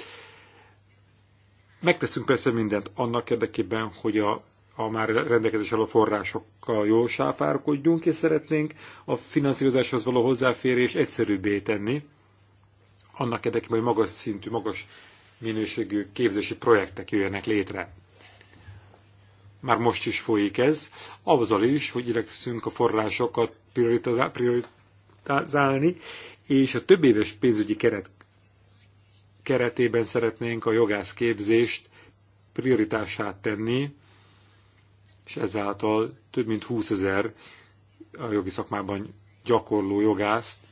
Megteszünk persze mindent annak érdekében, hogy a, a már rendelkezés álló forrásokkal jól sáfárkodjunk, és szeretnénk a finanszírozáshoz való hozzáférés egyszerűbbé tenni, annak érdekében, hogy magas szintű, magas minőségű képzési projektek jöjjenek létre. Már most is folyik ez, azzal is, hogy igyekszünk a forrásokat harmonizálni, és a több éves pénzügyi keret keretében szeretnénk a jogászképzést prioritását tenni, és ezáltal több mint 20 ezer a jogi szakmában gyakorló jogászt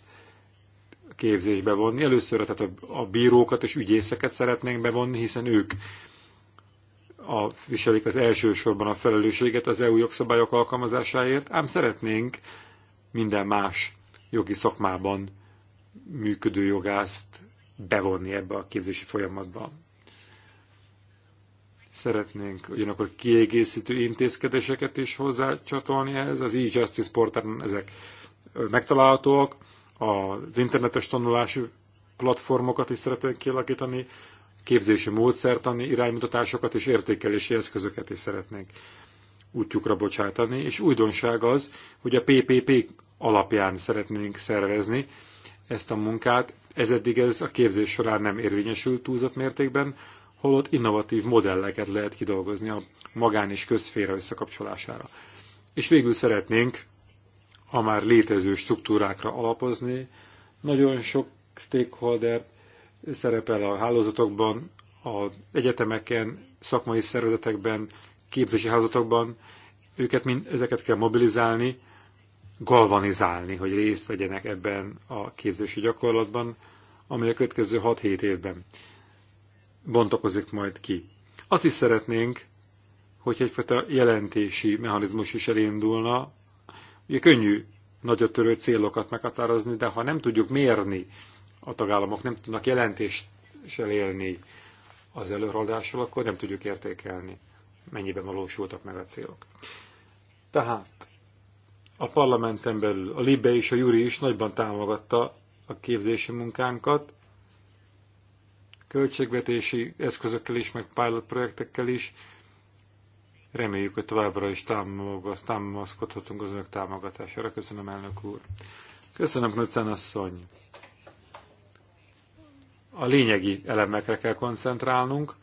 képzésbe vonni. Először tehát a, a bírókat és ügyészeket szeretnénk bevonni, hiszen ők a, viselik az elsősorban a felelősséget az EU jogszabályok alkalmazásáért, ám szeretnénk minden más jogi szakmában működő jogászt bevonni ebbe a képzési folyamatba. Szeretnénk ugyanakkor kiegészítő intézkedéseket is hozzácsatolni ehhez. Az e-justice portálon ezek megtalálhatóak, az internetes tanulási platformokat is szeretnénk kialakítani, képzési módszertani iránymutatásokat és értékelési eszközöket is szeretnénk útjukra bocsátani, és újdonság az, hogy a PPP alapján szeretnénk szervezni ezt a munkát. Ez eddig ez a képzés során nem érvényesült túlzott mértékben, holott innovatív modelleket lehet kidolgozni a magán és közféra összekapcsolására. És végül szeretnénk a már létező struktúrákra alapozni. Nagyon sok stakeholder szerepel a hálózatokban, az egyetemeken, szakmai szervezetekben, képzési házatokban, őket mind, ezeket kell mobilizálni, galvanizálni, hogy részt vegyenek ebben a képzési gyakorlatban, amely a következő 6-7 évben bontakozik majd ki. Azt is szeretnénk, hogy egyfajta jelentési mechanizmus is elindulna. Ugye könnyű nagyot törő célokat meghatározni, de ha nem tudjuk mérni, a tagállamok nem tudnak jelentéssel élni az előadásról, akkor nem tudjuk értékelni, mennyiben valósultak meg a célok. Tehát a parlamenten belül, a Libe és a Juri is nagyban támogatta a képzési munkánkat, költségvetési eszközökkel is, meg pilot projektekkel is. Reméljük, hogy továbbra is támaszkodhatunk az önök támogatására. Köszönöm, elnök úr. Köszönöm, Knudsen asszony. A lényegi elemekre kell koncentrálnunk.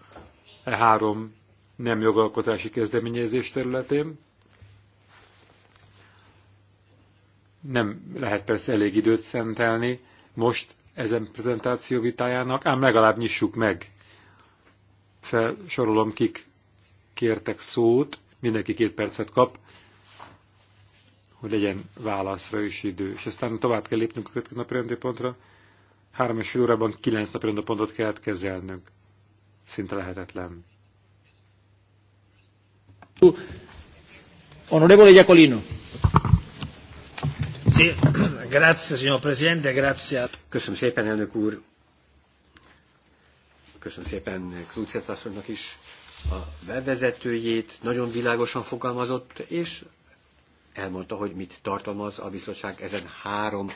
E három nem jogalkotási kezdeményezés területén Nem lehet persze elég időt szentelni most ezen prezentáció vitájának, ám legalább nyissuk meg. Felsorolom, kik kértek szót, mindenki két percet kap, hogy legyen válaszra is idő. És aztán tovább kell lépnünk a következő napi pontra. Három és fél órában kilenc napi pontot kellett kezelnünk. Szinte lehetetlen. Honorable Jacolino. Köszönöm szépen, elnök úr. Köszönöm szépen Krucet asszonynak is a bevezetőjét, nagyon világosan fogalmazott, és elmondta, hogy mit tartalmaz a bizottság ezen három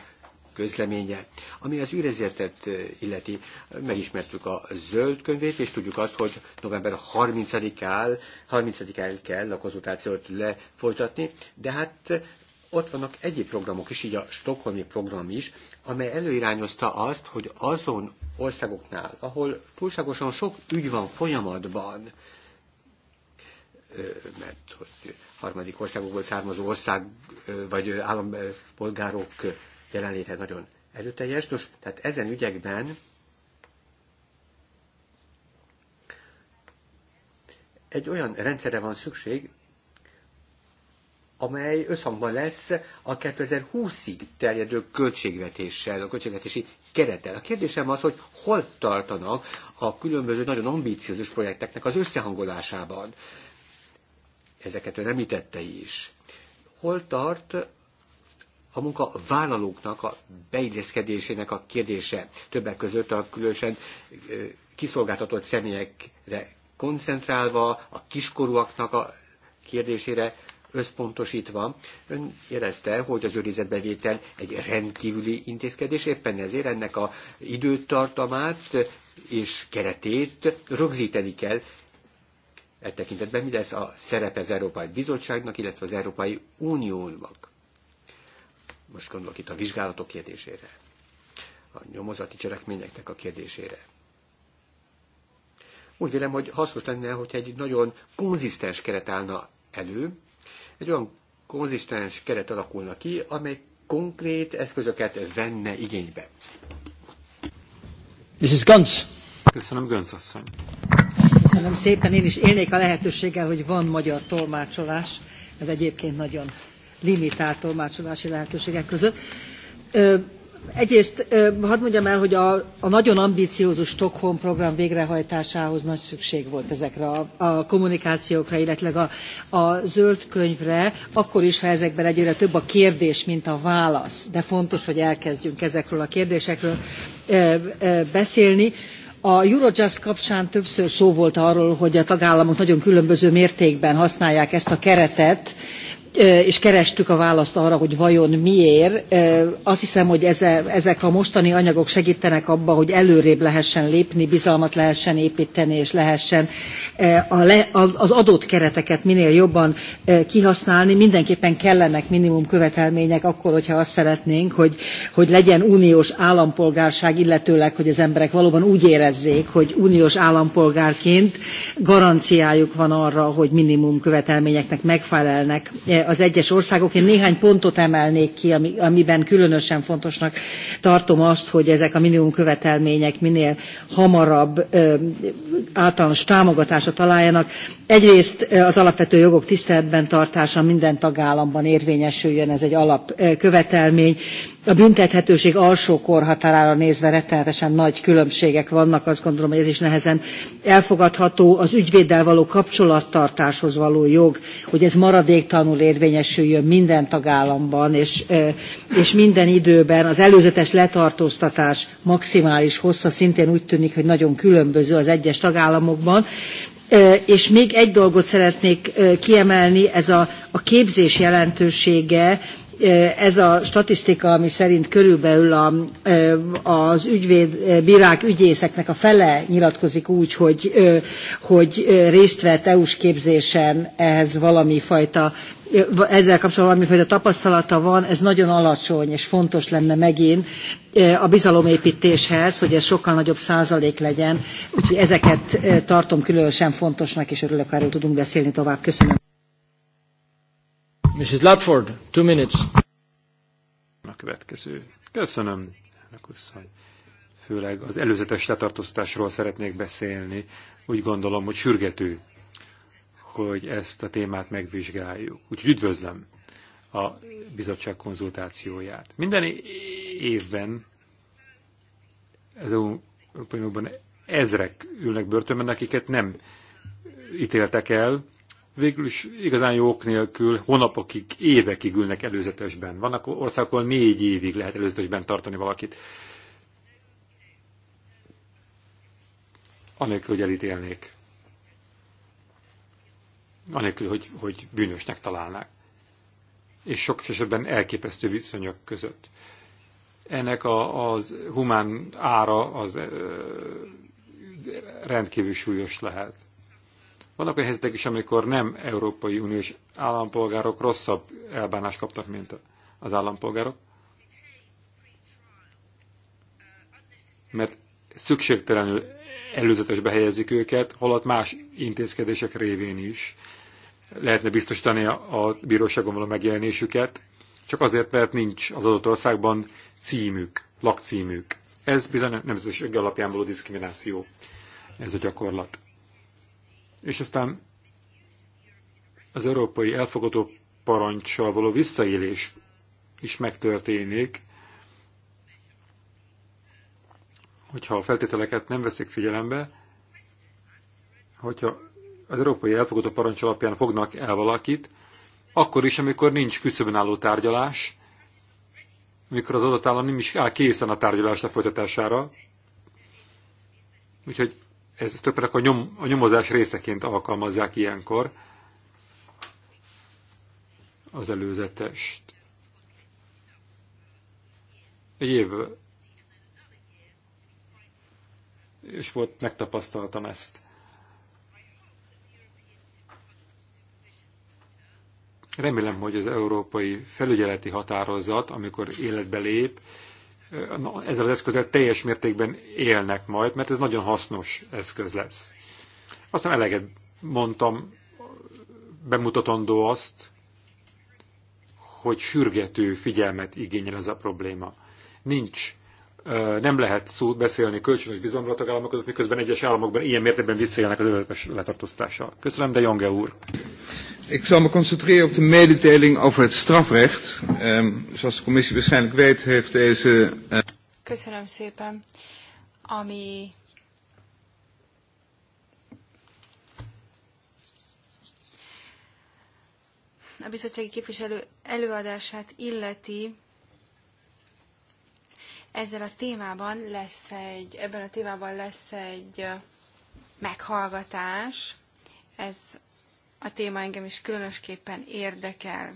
közleménye. Ami az ürezetet illeti, megismertük a zöld könyvét, és tudjuk azt, hogy november 30-án 30 kell a konzultációt lefolytatni, de hát ott vannak egyéb programok is, így a stokholmi program is, amely előirányozta azt, hogy azon országoknál, ahol túlságosan sok ügy van folyamatban, mert hogy harmadik országokból származó ország vagy állampolgárok jelenléte nagyon erőteljes. Nos, tehát ezen ügyekben egy olyan rendszerre van szükség, amely összhangban lesz a 2020-ig terjedő költségvetéssel, a költségvetési kerettel. A kérdésem az, hogy hol tartanak a különböző nagyon ambíciózus projekteknek az összehangolásában. Ezeket ön említette is. Hol tart a munkavállalóknak a beilleszkedésének a kérdése, többek között a különösen kiszolgáltatott személyekre koncentrálva, a kiskorúaknak a kérdésére összpontosítva. Ön jelezte, hogy az őrizetbevétel egy rendkívüli intézkedés, éppen ezért ennek a időtartamát és keretét rögzíteni kell, e tekintetben mi lesz a szerepe az Európai Bizottságnak, illetve az Európai Uniónak? Most gondolok itt a vizsgálatok kérdésére, a nyomozati cselekményeknek a kérdésére. Úgy vélem, hogy hasznos lenne, hogy egy nagyon konzisztens keret állna elő, egy olyan konzisztens keret alakulna ki, amely konkrét eszközöket venne igénybe. Mrs. Gönc. Köszönöm, Gönc asszony. Köszönöm szépen, én is élnék a lehetőséggel, hogy van magyar tolmácsolás. Ez egyébként nagyon limitált tolmácsolási lehetőségek között. Egyrészt hadd mondjam el, hogy a, a nagyon ambiciózus Stockholm program végrehajtásához nagy szükség volt ezekre a, a kommunikációkra, illetve a, a zöld könyvre, akkor is, ha ezekben egyre több a kérdés, mint a válasz. De fontos, hogy elkezdjünk ezekről a kérdésekről e, e, beszélni. A Eurojust kapcsán többször szó volt arról, hogy a tagállamok nagyon különböző mértékben használják ezt a keretet, és kerestük a választ arra, hogy vajon miért. Azt hiszem, hogy ezek a mostani anyagok segítenek abba, hogy előrébb lehessen lépni, bizalmat lehessen építeni, és lehessen az adott kereteket minél jobban kihasználni. Mindenképpen kellenek minimum követelmények akkor, hogyha azt szeretnénk, hogy, hogy legyen uniós állampolgárság, illetőleg, hogy az emberek valóban úgy érezzék, hogy uniós állampolgárként garanciájuk van arra, hogy minimum követelményeknek megfelelnek az egyes országok. Én néhány pontot emelnék ki, ami, amiben különösen fontosnak tartom azt, hogy ezek a minimum követelmények minél hamarabb általános támogatásra találjanak. Egyrészt az alapvető jogok tiszteletben tartása minden tagállamban érvényesüljön, ez egy alapkövetelmény a büntethetőség alsó korhatárára nézve rettenetesen nagy különbségek vannak, azt gondolom, hogy ez is nehezen elfogadható. Az ügyvéddel való kapcsolattartáshoz való jog, hogy ez maradéktanul érvényesüljön minden tagállamban, és, és minden időben az előzetes letartóztatás maximális hossza szintén úgy tűnik, hogy nagyon különböző az egyes tagállamokban. És még egy dolgot szeretnék kiemelni, ez a, a képzés jelentősége, Eh, ez a statisztika, ami szerint körülbelül a, eh, az ügyvéd, eh, bírák, ügyészeknek a fele nyilatkozik úgy, hogy, hogy részt vett EU-s képzésen ehhez valami fajta ezzel kapcsolatban fajta tapasztalata van, ez nagyon alacsony, és fontos lenne megint a bizalomépítéshez, hogy ez sokkal nagyobb százalék legyen. Úgyhogy ezeket tartom különösen fontosnak, és örülök, ha erről tudunk beszélni tovább. Köszönöm. Mrs. Latford, two minutes. A következő. Köszönöm, elnök szóval Főleg az előzetes letartóztatásról szeretnék beszélni. Úgy gondolom, hogy sürgető, hogy ezt a témát megvizsgáljuk. Úgyhogy üdvözlöm a bizottság konzultációját. Minden évben az Európai Unióban ezrek ülnek börtönben, akiket nem ítéltek el, végül is igazán jó ok nélkül hónapokig, évekig ülnek előzetesben. Vannak országok, ahol négy évig lehet előzetesben tartani valakit. Anélkül, hogy elítélnék. Anélkül, hogy, hogy bűnösnek találnák. És sok esetben elképesztő viszonyok között. Ennek a, az humán ára az rendkívül súlyos lehet vannak olyan helyzetek is, amikor nem Európai Uniós állampolgárok rosszabb elbánást kaptak, mint az állampolgárok, mert szükségtelenül előzetes helyezik őket, holott más intézkedések révén is lehetne biztosítani a, a bíróságon való megjelenésüket, csak azért, mert nincs az adott országban címük, lakcímük. Ez bizony nemzetiség alapján való diszkrimináció, ez a gyakorlat és aztán az európai elfogadó parancssal való visszaélés is megtörténik, hogyha a feltételeket nem veszik figyelembe, hogyha az európai elfogadó parancs alapján fognak el valakit, akkor is, amikor nincs küszöbön álló tárgyalás, amikor az adatállam nem is áll készen a tárgyalás lefolytatására. Úgyhogy ez többek a, nyom, a nyomozás részeként alkalmazzák ilyenkor az előzetest. Egy év és volt, megtapasztaltam ezt. Remélem, hogy az európai felügyeleti határozat, amikor életbe lép, ezzel az eszközzel teljes mértékben élnek majd, mert ez nagyon hasznos eszköz lesz. Aztán eleget mondtam, bemutatandó azt, hogy sürgető figyelmet igényel ez a probléma. Nincs nem lehet szó beszélni kölcsönös bizalomra a tagállamok között, miközben egyes államokban ilyen mértékben visszaélnek az előzetes letartóztással. Köszönöm, de Jonge úr. Ik zal me concentreren op de mededeling over het strafrecht. Um, zoals de commissie waarschijnlijk weet, heeft deze. Eh, Köszönöm szépen. Ami a bizottsági képviselő előadását illeti, ezzel a témában lesz egy, ebben a témában lesz egy meghallgatás. Ez a téma engem is különösképpen érdekel.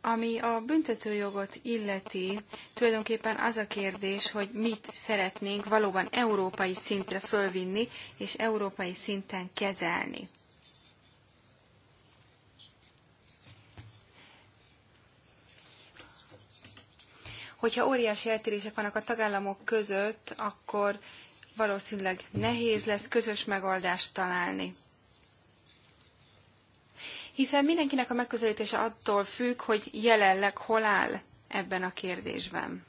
Ami a büntetőjogot illeti, tulajdonképpen az a kérdés, hogy mit szeretnénk valóban európai szintre fölvinni és európai szinten kezelni. Hogyha óriási eltérések vannak a tagállamok között, akkor valószínűleg nehéz lesz közös megoldást találni. Hiszen mindenkinek a megközelítése attól függ, hogy jelenleg hol áll ebben a kérdésben.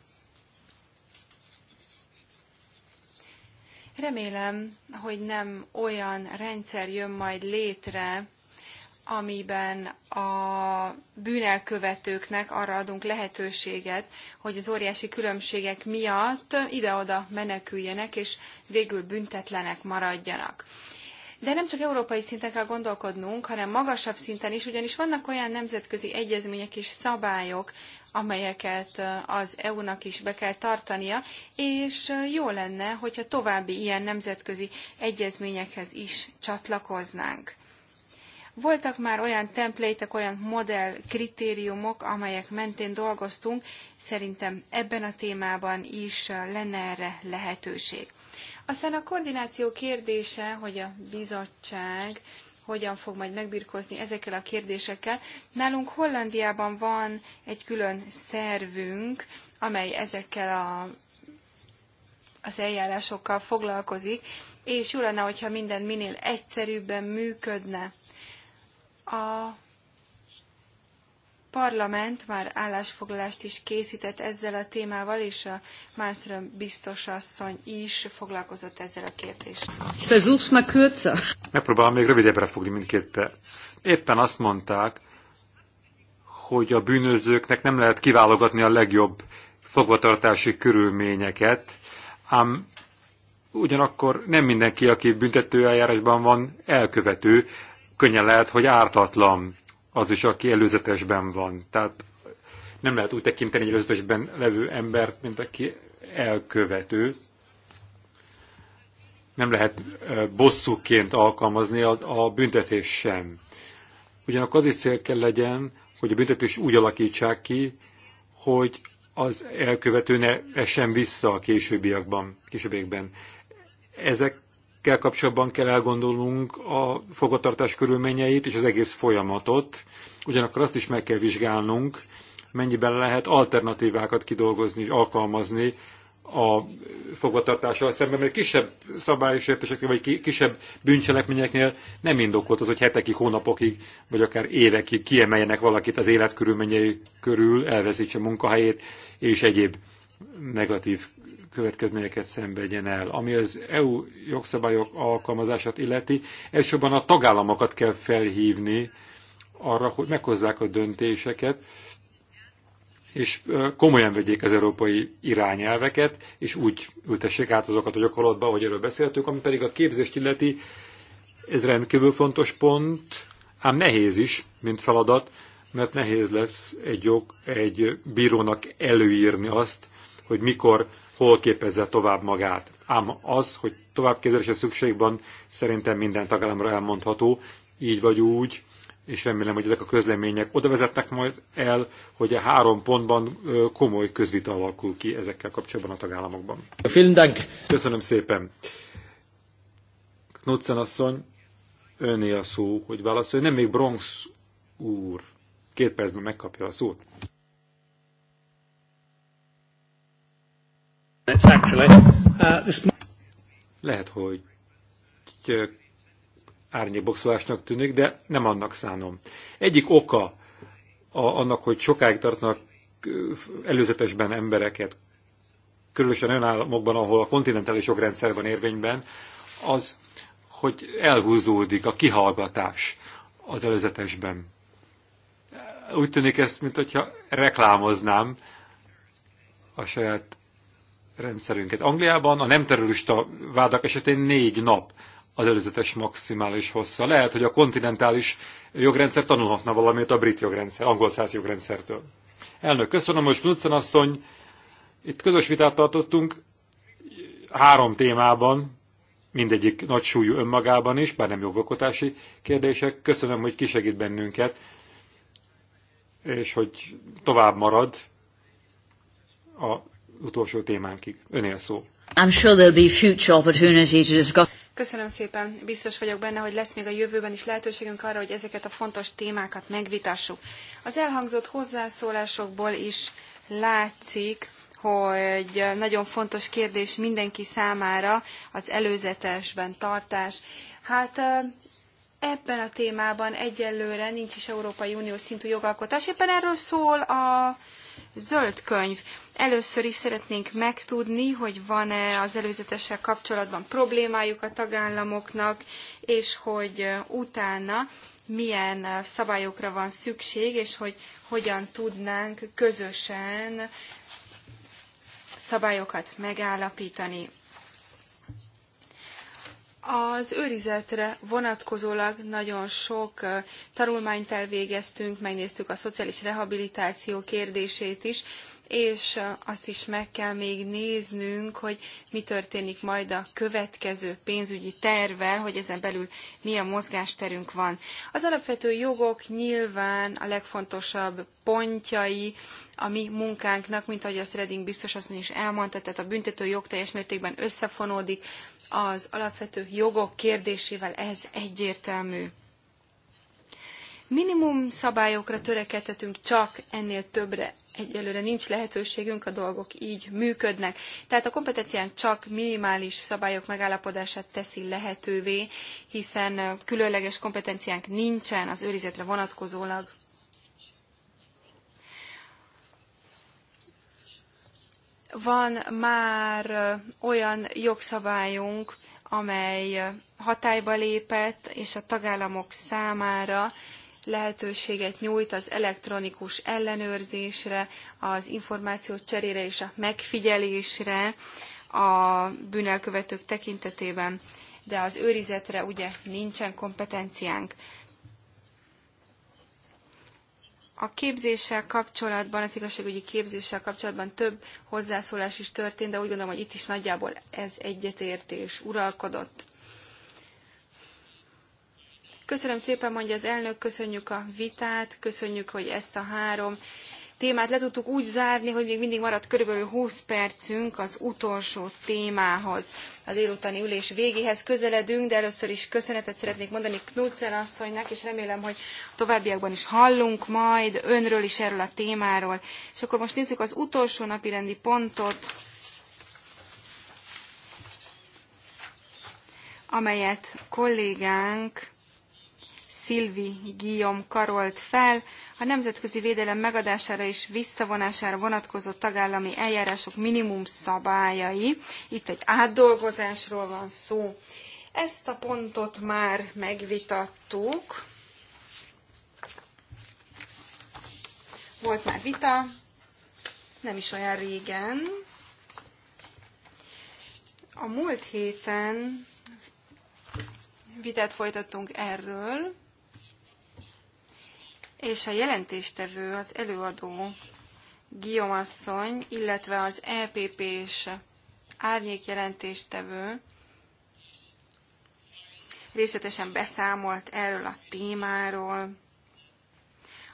Remélem, hogy nem olyan rendszer jön majd létre, amiben a bűnelkövetőknek arra adunk lehetőséget, hogy az óriási különbségek miatt ide-oda meneküljenek, és végül büntetlenek maradjanak. De nem csak európai szinten kell gondolkodnunk, hanem magasabb szinten is, ugyanis vannak olyan nemzetközi egyezmények és szabályok, amelyeket az EU-nak is be kell tartania, és jó lenne, hogyha további ilyen nemzetközi egyezményekhez is csatlakoznánk. Voltak már olyan templétek, olyan modell kritériumok, amelyek mentén dolgoztunk, szerintem ebben a témában is lenne erre lehetőség. Aztán a koordináció kérdése, hogy a bizottság hogyan fog majd megbirkózni ezekkel a kérdésekkel. Nálunk Hollandiában van egy külön szervünk, amely ezekkel a, az eljárásokkal foglalkozik, és jó lenne, hogyha minden minél egyszerűbben működne. A parlament már állásfoglalást is készített ezzel a témával, és a Malmström biztos asszony is foglalkozott ezzel a kérdéssel. Megpróbálom még rövidebbre fogni mindkét perc. Éppen azt mondták, hogy a bűnözőknek nem lehet kiválogatni a legjobb fogvatartási körülményeket, ám ugyanakkor nem mindenki, aki büntetőeljárásban van, elkövető, könnyen lehet, hogy ártatlan az is, aki előzetesben van. Tehát nem lehet úgy tekinteni egy előzetesben levő embert, mint aki elkövető. Nem lehet bosszúként alkalmazni a, a büntetés sem. Ugyanakkor az is cél kell legyen, hogy a büntetés úgy alakítsák ki, hogy az elkövető ne essen vissza a későbbiekben. későbbiekben. Ezek kell kapcsolatban kell elgondolnunk a fogatartás körülményeit és az egész folyamatot. Ugyanakkor azt is meg kell vizsgálnunk, mennyiben lehet alternatívákat kidolgozni, alkalmazni a fogvatartással szemben, mert kisebb értéseknél, vagy kisebb bűncselekményeknél nem indokolt az, hogy hetekig, hónapokig, vagy akár évekig kiemeljenek valakit az életkörülményei körül, elveszítse munkahelyét, és egyéb negatív következményeket szenvedjen el. Ami az EU jogszabályok alkalmazását illeti, elsősorban a tagállamokat kell felhívni arra, hogy meghozzák a döntéseket, és komolyan vegyék az európai irányelveket, és úgy ültessék át azokat a gyakorlatba, ahogy erről beszéltünk, ami pedig a képzést illeti, ez rendkívül fontos pont, ám nehéz is, mint feladat, mert nehéz lesz egy, jog, egy bírónak előírni azt, hogy mikor hol képezze tovább magát. Ám az, hogy továbbképzelésre szükség van, szerintem minden tagállamra elmondható, így vagy úgy, és remélem, hogy ezek a közlemények oda vezetnek majd el, hogy a három pontban komoly közvita alakul ki ezekkel kapcsolatban a tagállamokban. Köszönöm szépen. Knudsen asszony, öné a szó, hogy válaszolj. Nem még Bronx úr. Két percben megkapja a szót. Uh, Lehet, hogy árnyékboxolásnak tűnik, de nem annak szánom. Egyik oka a, annak, hogy sokáig tartanak előzetesben embereket, különösen olyan államokban, ahol a kontinentális jogrendszer van érvényben, az, hogy elhúzódik a kihallgatás az előzetesben. Úgy tűnik ezt, mint reklámoznám a saját rendszerünket. Angliában a nem terrorista vádak esetén négy nap az előzetes maximális hossza. Lehet, hogy a kontinentális jogrendszer tanulhatna valamit a brit jogrendszer, angol száz jogrendszertől. Elnök, köszönöm, most Knudsen asszony, itt közös vitát tartottunk három témában, mindegyik nagy súlyú önmagában is, bár nem jogokotási kérdések. Köszönöm, hogy kisegít bennünket, és hogy tovább marad a utolsó témánkig. Önél szó. I'm sure there'll be future opportunity to discuss. Köszönöm szépen. Biztos vagyok benne, hogy lesz még a jövőben is lehetőségünk arra, hogy ezeket a fontos témákat megvitassuk. Az elhangzott hozzászólásokból is látszik, hogy nagyon fontos kérdés mindenki számára az előzetesben tartás. Hát eh, ebben a témában egyelőre nincs is Európai Unió szintű jogalkotás, éppen erről szól a zöld könyv. Először is szeretnénk megtudni, hogy van-e az előzetessel kapcsolatban problémájuk a tagállamoknak, és hogy utána milyen szabályokra van szükség, és hogy hogyan tudnánk közösen szabályokat megállapítani. Az őrizetre vonatkozólag nagyon sok tanulmányt elvégeztünk, megnéztük a szociális rehabilitáció kérdését is, és azt is meg kell még néznünk, hogy mi történik majd a következő pénzügyi tervvel, hogy ezen belül milyen mozgásterünk van. Az alapvető jogok nyilván a legfontosabb pontjai a mi munkánknak, mint ahogy a Reding biztos asszony is elmondta, tehát a büntető jog teljes mértékben összefonódik az alapvető jogok kérdésével, ez egyértelmű minimum szabályokra törekedhetünk, csak ennél többre egyelőre nincs lehetőségünk, a dolgok így működnek. Tehát a kompetenciánk csak minimális szabályok megállapodását teszi lehetővé, hiszen különleges kompetenciánk nincsen az őrizetre vonatkozólag. Van már olyan jogszabályunk, amely hatályba lépett, és a tagállamok számára lehetőséget nyújt az elektronikus ellenőrzésre, az információ cserére és a megfigyelésre a bűnelkövetők tekintetében, de az őrizetre ugye nincsen kompetenciánk. A képzéssel kapcsolatban, az igazságügyi képzéssel kapcsolatban több hozzászólás is történt, de úgy gondolom, hogy itt is nagyjából ez egyetértés uralkodott. Köszönöm szépen, mondja az elnök, köszönjük a vitát, köszönjük, hogy ezt a három témát le tudtuk úgy zárni, hogy még mindig maradt körülbelül 20 percünk az utolsó témához. A délutáni ülés végéhez közeledünk, de először is köszönetet szeretnék mondani Knudsen asszonynak, és remélem, hogy továbbiakban is hallunk majd önről is erről a témáról. És akkor most nézzük az utolsó napirendi pontot, amelyet kollégánk Szilvi Guillaume karolt fel, a nemzetközi védelem megadására és visszavonására vonatkozó tagállami eljárások minimum szabályai. Itt egy átdolgozásról van szó. Ezt a pontot már megvitattuk. Volt már vita, nem is olyan régen. A múlt héten vitát folytattunk erről, és a jelentéstevő, az előadó Guillaume asszony, illetve az EPP és árnyék jelentéstevő részletesen beszámolt erről a témáról.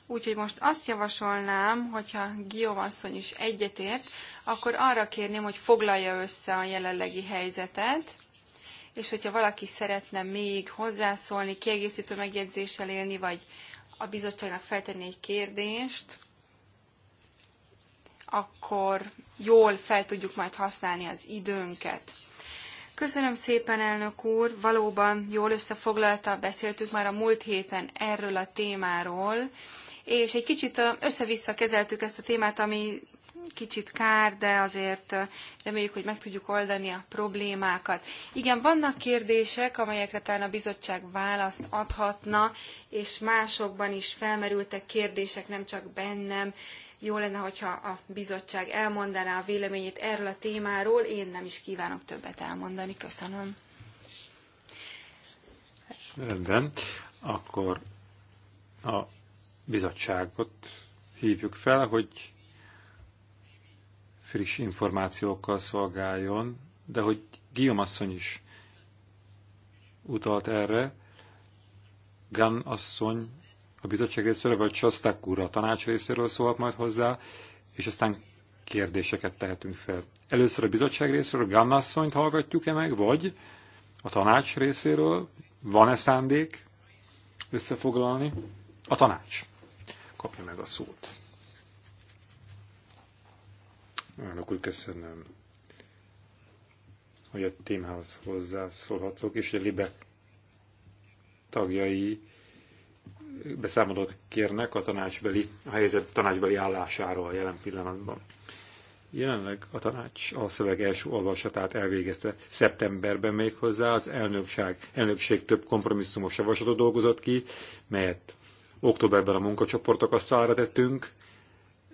Úgyhogy most azt javasolnám, hogyha Guillaume asszony is egyetért, akkor arra kérném, hogy foglalja össze a jelenlegi helyzetet, és hogyha valaki szeretne még hozzászólni, kiegészítő megjegyzéssel élni, vagy a bizottságnak feltenni egy kérdést, akkor jól fel tudjuk majd használni az időnket. Köszönöm szépen, elnök úr! Valóban jól összefoglalta, beszéltük már a múlt héten erről a témáról, és egy kicsit össze-vissza kezeltük ezt a témát, ami kicsit kár, de azért reméljük, hogy meg tudjuk oldani a problémákat. Igen, vannak kérdések, amelyekre talán a bizottság választ adhatna, és másokban is felmerültek kérdések, nem csak bennem. Jó lenne, hogyha a bizottság elmondaná a véleményét erről a témáról. Én nem is kívánok többet elmondani. Köszönöm. Rendben. Akkor a bizottságot hívjuk fel, hogy friss információkkal szolgáljon, de hogy Guillaume asszony is utalt erre, Gan asszony a bizottság részéről, vagy Csaszták úr a tanács részéről szólhat majd hozzá, és aztán kérdéseket tehetünk fel. Először a bizottság részéről Gan asszonyt hallgatjuk-e meg, vagy a tanács részéről van-e szándék összefoglalni? A tanács kapja meg a szót. Elnök úr, köszönöm, hogy a témához hozzászólhatok, és a LIBE tagjai beszámolót kérnek a tanácsbeli, a helyzet tanácsbeli állásáról a jelen pillanatban. Jelenleg a tanács a szöveg első olvasatát elvégezte szeptemberben még hozzá, az elnökség, elnökség több kompromisszumos javaslatot dolgozott ki, melyet októberben a munkacsoportok asztalra tettünk,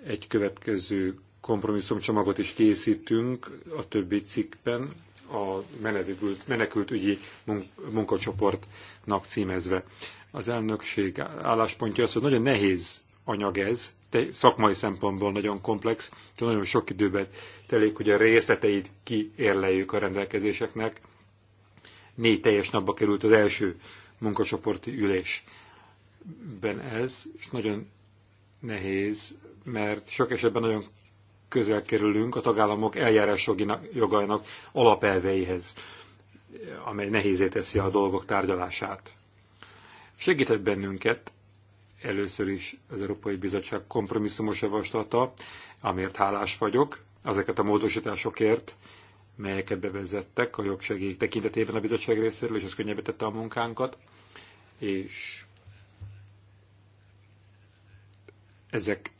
egy következő kompromisszumcsomagot is készítünk a többi cikkben, a menekült, ügyi munkacsoportnak címezve. Az elnökség álláspontja az, hogy nagyon nehéz anyag ez, szakmai szempontból nagyon komplex, de nagyon sok időben telik, hogy a részleteit kiérleljük a rendelkezéseknek. Négy teljes napba került az első munkacsoporti ülésben ez, és nagyon nehéz, mert sok esetben nagyon közel kerülünk a tagállamok eljárás jogainak alapelveihez, amely nehézé teszi a dolgok tárgyalását. Segített bennünket először is az Európai Bizottság kompromisszumos javaslata, amért hálás vagyok, azeket a módosításokért, melyeket bevezettek a jogsegély tekintetében a bizottság részéről, és ez könnyebbítette a munkánkat, és ezek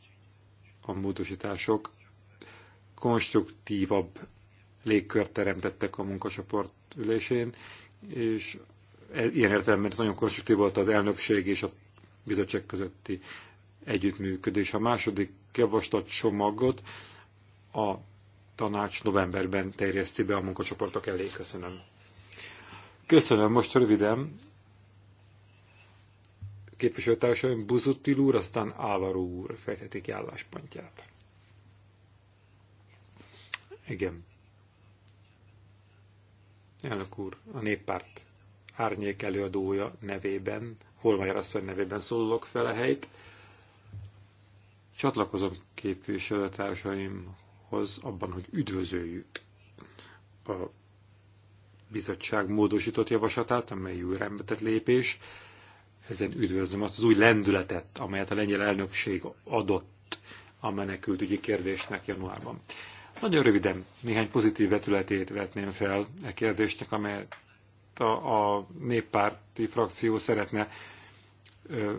a módosítások konstruktívabb légkört teremtettek a munkacsoport ülésén, és e- ilyen értelemben nagyon konstruktív volt az elnökség és a bizottság közötti együttműködés. A második javaslat csomagot a tanács novemberben terjeszti be a munkacsoportok elé. Köszönöm. Köszönöm, most röviden. Képviselőtársaim Buzutil úr, aztán Ávaró úr ki álláspontját. Igen. Elnök úr, a néppárt árnyék előadója nevében, Holmajer asszony nevében szólok fel a helyt. Csatlakozom képviselőtársaimhoz abban, hogy üdvözöljük a bizottság módosított javaslatát, amely új rendbetett lépés. Ezen üdvözlöm azt az új lendületet, amelyet a lengyel elnökség adott a menekültügyi kérdésnek januárban. Nagyon röviden néhány pozitív vetületét vetném fel a e kérdésnek, amelyet a, a néppárti frakció szeretne ö,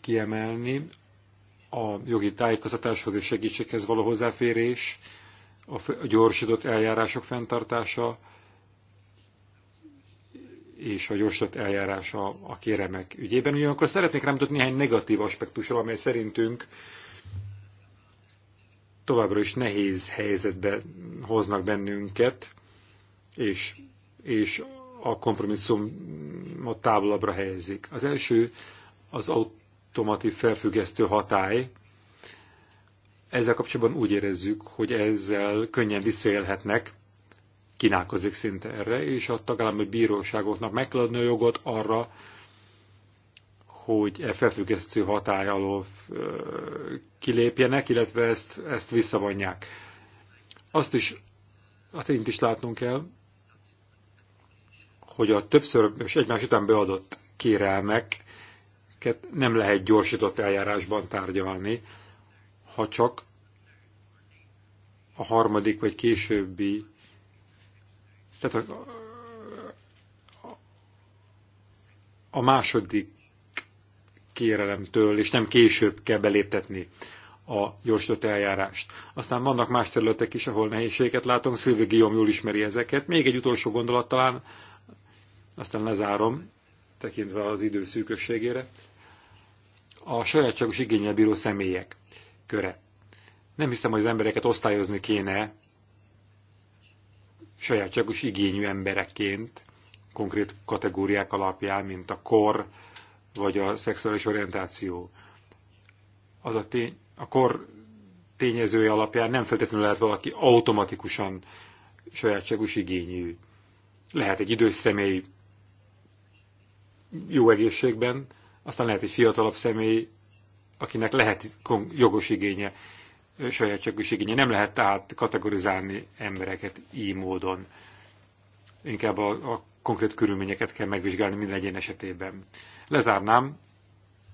kiemelni. A jogi tájékoztatáshoz és segítséghez való hozzáférés, a gyorsított eljárások fenntartása, és a gyorsított eljárása a kéremek ügyében. Ugyanakkor szeretnék rámutatni néhány negatív aspektusra, amely szerintünk továbbra is nehéz helyzetbe hoznak bennünket, és, és a kompromisszumot távolabbra helyezik. Az első az automatív felfüggesztő hatály. Ezzel kapcsolatban úgy érezzük, hogy ezzel könnyen visszaélhetnek, kínálkozik szinte erre, és a tagállami bíróságoknak meg kell adni a jogot arra, hogy e felfüggesztő hatály alól kilépjenek, illetve ezt, ezt visszavonják. Azt is, azt én is látnunk kell, hogy a többször és egymás után beadott kérelmeket nem lehet gyorsított eljárásban tárgyalni, ha csak a harmadik vagy későbbi, tehát a, a második kérelemtől, és nem később kell beléptetni a gyorsított eljárást. Aztán vannak más területek is, ahol nehézségeket látom, Szilvi Guillaume jól ismeri ezeket. Még egy utolsó gondolat talán, aztán lezárom, tekintve az idő szűkösségére. A sajátságos igényel bíró személyek köre. Nem hiszem, hogy az embereket osztályozni kéne sajátságos igényű emberekként, konkrét kategóriák alapján, mint a kor, vagy a szexuális orientáció, az a, tény, a kor tényezője alapján nem feltétlenül lehet valaki automatikusan sajátságos igényű. Lehet egy idős személy jó egészségben, aztán lehet egy fiatalabb személy, akinek lehet jogos igénye, sajátságos igénye. Nem lehet tehát kategorizálni embereket így módon. Inkább a, a konkrét körülményeket kell megvizsgálni minden egyén esetében. Lezárnám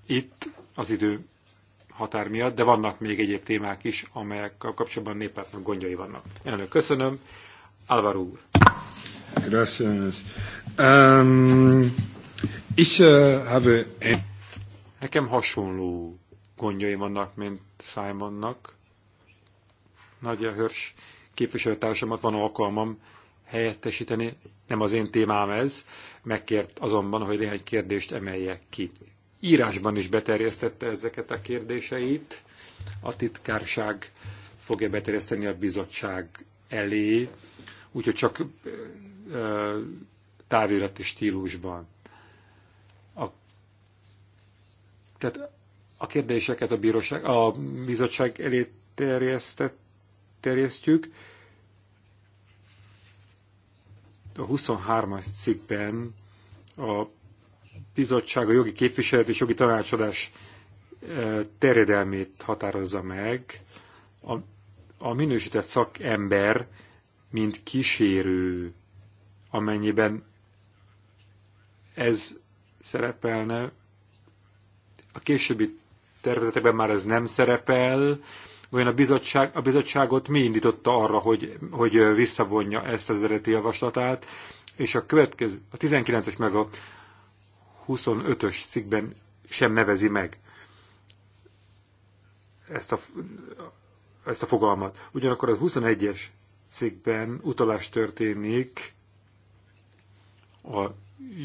itt az idő határ miatt, de vannak még egyéb témák is, amelyekkel kapcsolatban néppártnak gondjai vannak. Elnök, köszönöm. Álvaro úr. Gracias. Um, ich uh, have a... Nekem hasonló gondjai vannak, mint Simonnak. Nagy a Hörs képviselőtársamat van alkalmam helyettesíteni, nem az én témám ez, megkért azonban, hogy néhány kérdést emeljek ki. Írásban is beterjesztette ezeket a kérdéseit, a titkárság fogja beterjeszteni a bizottság elé, úgyhogy csak ö, távirati stílusban. A, tehát a kérdéseket a, bíróság, a bizottság elé terjesztett, terjesztjük, a 23-as cikkben a bizottság a jogi képviselet és jogi tanácsadás e, terjedelmét határozza meg. A, a minősített szakember, mint kísérő, amennyiben ez szerepelne, a későbbi tervezetekben már ez nem szerepel, vajon a, bizottság, a bizottságot mi indította arra, hogy, hogy visszavonja ezt az eredeti javaslatát, és a következő, a 19-es meg a 25-ös cikkben sem nevezi meg ezt a, ezt a fogalmat. Ugyanakkor az 21-es cikkben utalás történik a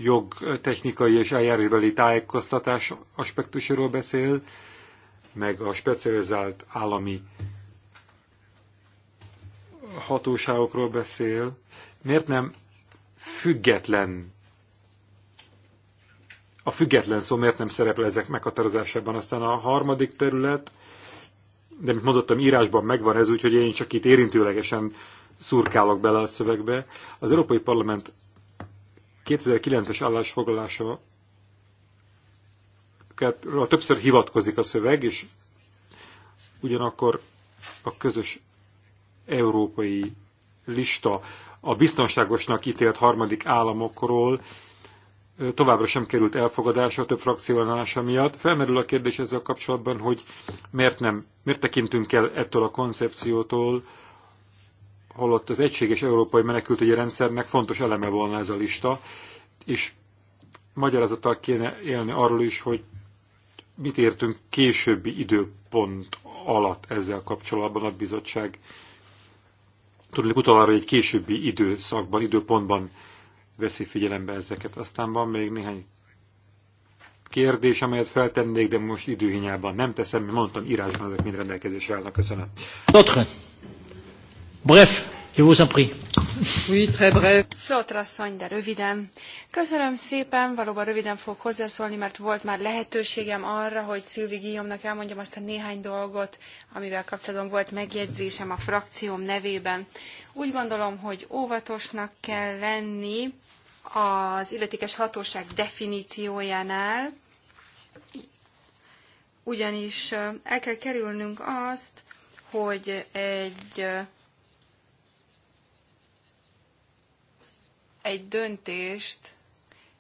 jogtechnikai és eljárásbeli tájékoztatás aspektusról beszél, meg a specializált állami hatóságokról beszél, miért nem független a független szó miért nem szerepel ezek meghatározásában. Aztán a harmadik terület, de mint mondottam, írásban megvan ez, úgyhogy én csak itt érintőlegesen szurkálok bele a szövegbe. Az Európai Parlament 2009-es állásfoglalása többször hivatkozik a szöveg, és ugyanakkor a közös európai lista a biztonságosnak ítélt harmadik államokról továbbra sem került elfogadásra több frakcionálása miatt. Felmerül a kérdés ezzel kapcsolatban, hogy miért nem, miért tekintünk el ettől a koncepciótól, holott az egységes európai menekültügyi rendszernek fontos eleme volna ez a lista, és magyarázattal kéne élni arról is, hogy mit értünk későbbi időpont alatt ezzel kapcsolatban a bizottság tudnék utal arra, hogy egy későbbi időszakban, időpontban veszi figyelembe ezeket. Aztán van még néhány kérdés, amelyet feltennék, de most időhinyában nem teszem, mert mondtam, írásban ezek mind rendelkezésre állnak. Köszönöm. Notre. Bref. Je Flotra asszony, de röviden. Köszönöm szépen, valóban röviden fogok hozzászólni, mert volt már lehetőségem arra, hogy Szilvi Guillaume-nak elmondjam azt a néhány dolgot, amivel kapcsolatban volt megjegyzésem a frakcióm nevében. Úgy gondolom, hogy óvatosnak kell lenni az illetékes hatóság definíciójánál, ugyanis el kell kerülnünk azt, hogy egy egy döntést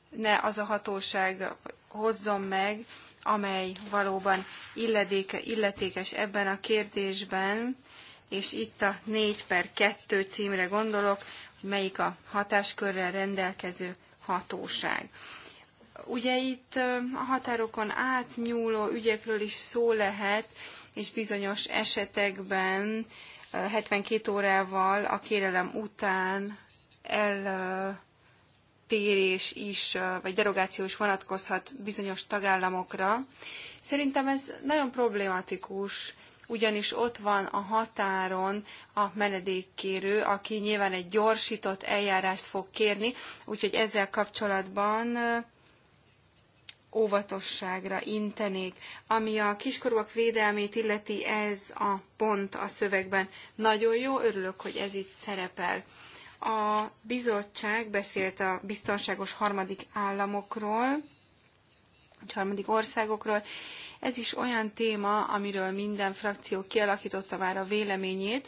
ne az a hatóság hozzon meg, amely valóban illedéke, illetékes ebben a kérdésben, és itt a 4 per 2 címre gondolok, hogy melyik a hatáskörrel rendelkező hatóság. Ugye itt a határokon átnyúló ügyekről is szó lehet, és bizonyos esetekben 72 órával a kérelem után eltérés is, vagy derogáció is vonatkozhat bizonyos tagállamokra. Szerintem ez nagyon problematikus, ugyanis ott van a határon a menedékkérő, aki nyilván egy gyorsított eljárást fog kérni, úgyhogy ezzel kapcsolatban óvatosságra intenék. Ami a kiskorúak védelmét illeti, ez a pont a szövegben nagyon jó, örülök, hogy ez itt szerepel. A bizottság beszélt a biztonságos harmadik államokról, vagy harmadik országokról. Ez is olyan téma, amiről minden frakció kialakította már a véleményét,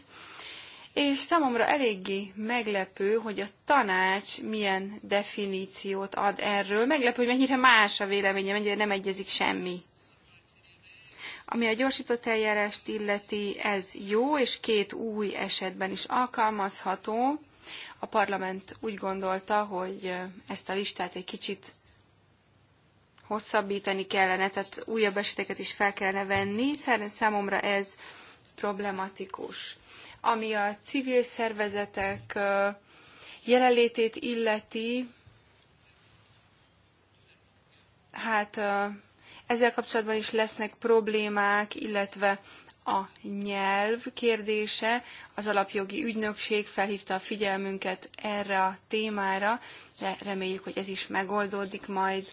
és számomra eléggé meglepő, hogy a tanács milyen definíciót ad erről. Meglepő, hogy mennyire más a véleménye, mennyire nem egyezik semmi. Ami a gyorsított eljárást illeti, ez jó, és két új esetben is alkalmazható a parlament úgy gondolta, hogy ezt a listát egy kicsit hosszabbítani kellene, tehát újabb eseteket is fel kellene venni. Szerintem számomra ez problematikus. Ami a civil szervezetek jelenlétét illeti, hát ezzel kapcsolatban is lesznek problémák, illetve a nyelv kérdése. Az alapjogi ügynökség felhívta a figyelmünket erre a témára, de reméljük, hogy ez is megoldódik majd.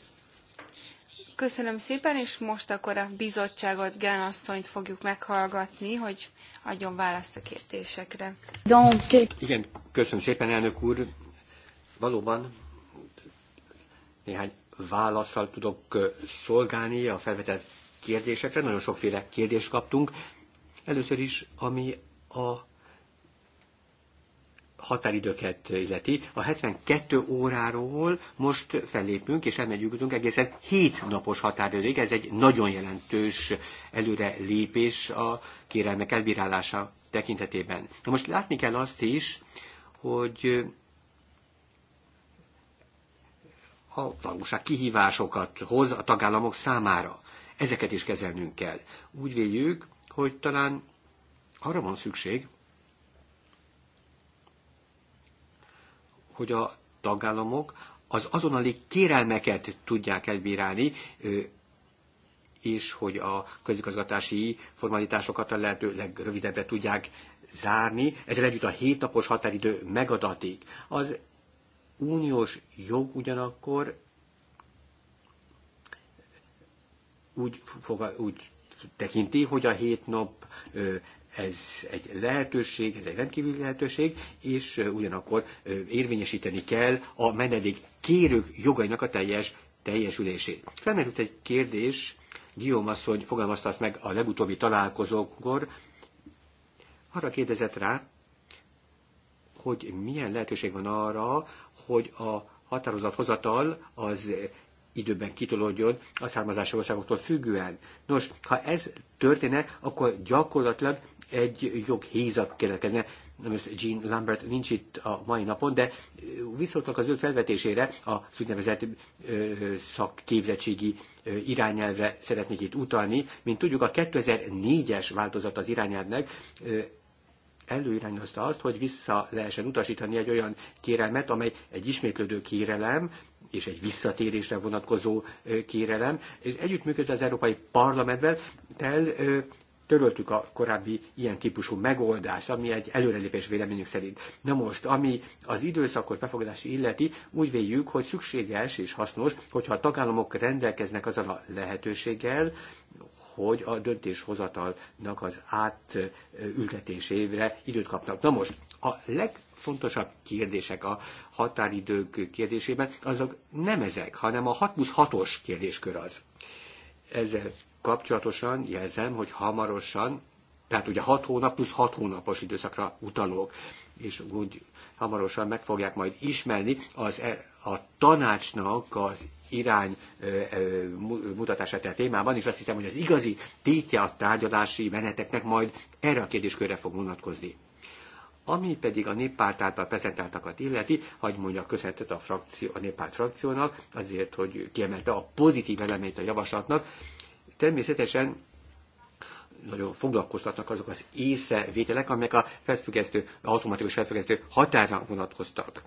Köszönöm szépen, és most akkor a bizottságot, Gánasszonyt fogjuk meghallgatni, hogy adjon választ a kérdésekre. Igen, köszönöm szépen, elnök úr. Valóban néhány válaszsal tudok szolgálni a felvetett kérdésekre. Nagyon sokféle kérdést kaptunk. Először is, ami a határidőket illeti. A 72 óráról most fellépünk, és elmegyünk egészen 7 napos határidőig. Ez egy nagyon jelentős előre lépés a kérelmek elbírálása tekintetében. Na most látni kell azt is, hogy a valóság kihívásokat hoz a tagállamok számára. Ezeket is kezelnünk kell. Úgy véljük, hogy talán arra van szükség, hogy a tagállamok az azonnali kérelmeket tudják elbírálni, és hogy a közigazgatási formalitásokat a lehető legrövidebbre tudják zárni, ezzel együtt a hétnapos határidő megadatik. Az uniós jog ugyanakkor úgy, fog. úgy tekinti, hogy a hét nap ez egy lehetőség, ez egy rendkívüli lehetőség, és ugyanakkor érvényesíteni kell a menedék kérők jogainak a teljes teljesülését. Felmerült egy kérdés, Guillaume asszony fogalmazta azt meg a legutóbbi találkozókor, arra kérdezett rá, hogy milyen lehetőség van arra, hogy a határozathozatal az időben kitolódjon a származási országoktól függően. Nos, ha ez történne, akkor gyakorlatilag egy joghízat keletkezne. Na most Jean Lambert nincs itt a mai napon, de visszatok az ő felvetésére a úgynevezett szakképzettségi irányelvre szeretnék itt utalni. Mint tudjuk, a 2004-es változat az irányelvnek előirányozta azt, hogy vissza lehessen utasítani egy olyan kérelmet, amely egy ismétlődő kérelem, és egy visszatérésre vonatkozó kérelem. Együttműködve az Európai Parlamentben, tel, töröltük a korábbi ilyen típusú megoldást, ami egy előrelépés véleményünk szerint. Na most, ami az időszakos befogadási illeti, úgy véljük, hogy szükséges és hasznos, hogyha a tagállamok rendelkeznek azzal a lehetőséggel, hogy a döntéshozatalnak az átültetésére időt kapnak. Na most, a legfontosabb kérdések a határidők kérdésében azok nem ezek, hanem a 6 os kérdéskör az. Ezzel kapcsolatosan jelzem, hogy hamarosan, tehát ugye 6 hónap plusz 6 hónapos időszakra utalok, és úgy hamarosan meg fogják majd ismerni az, e- a tanácsnak az irány mutatása tehát e témában, és azt hiszem, hogy az igazi tétje a tárgyalási meneteknek majd erre a kérdéskörre fog vonatkozni. Ami pedig a néppárt által prezentáltakat illeti, hogy mondja köszönetet a, frakció, a néppárt frakciónak, azért, hogy kiemelte a pozitív elemét a javaslatnak. Természetesen nagyon foglalkoztatnak azok az észrevételek, amelyek a felfüggesztő, automatikus felfüggesztő határa vonatkoztak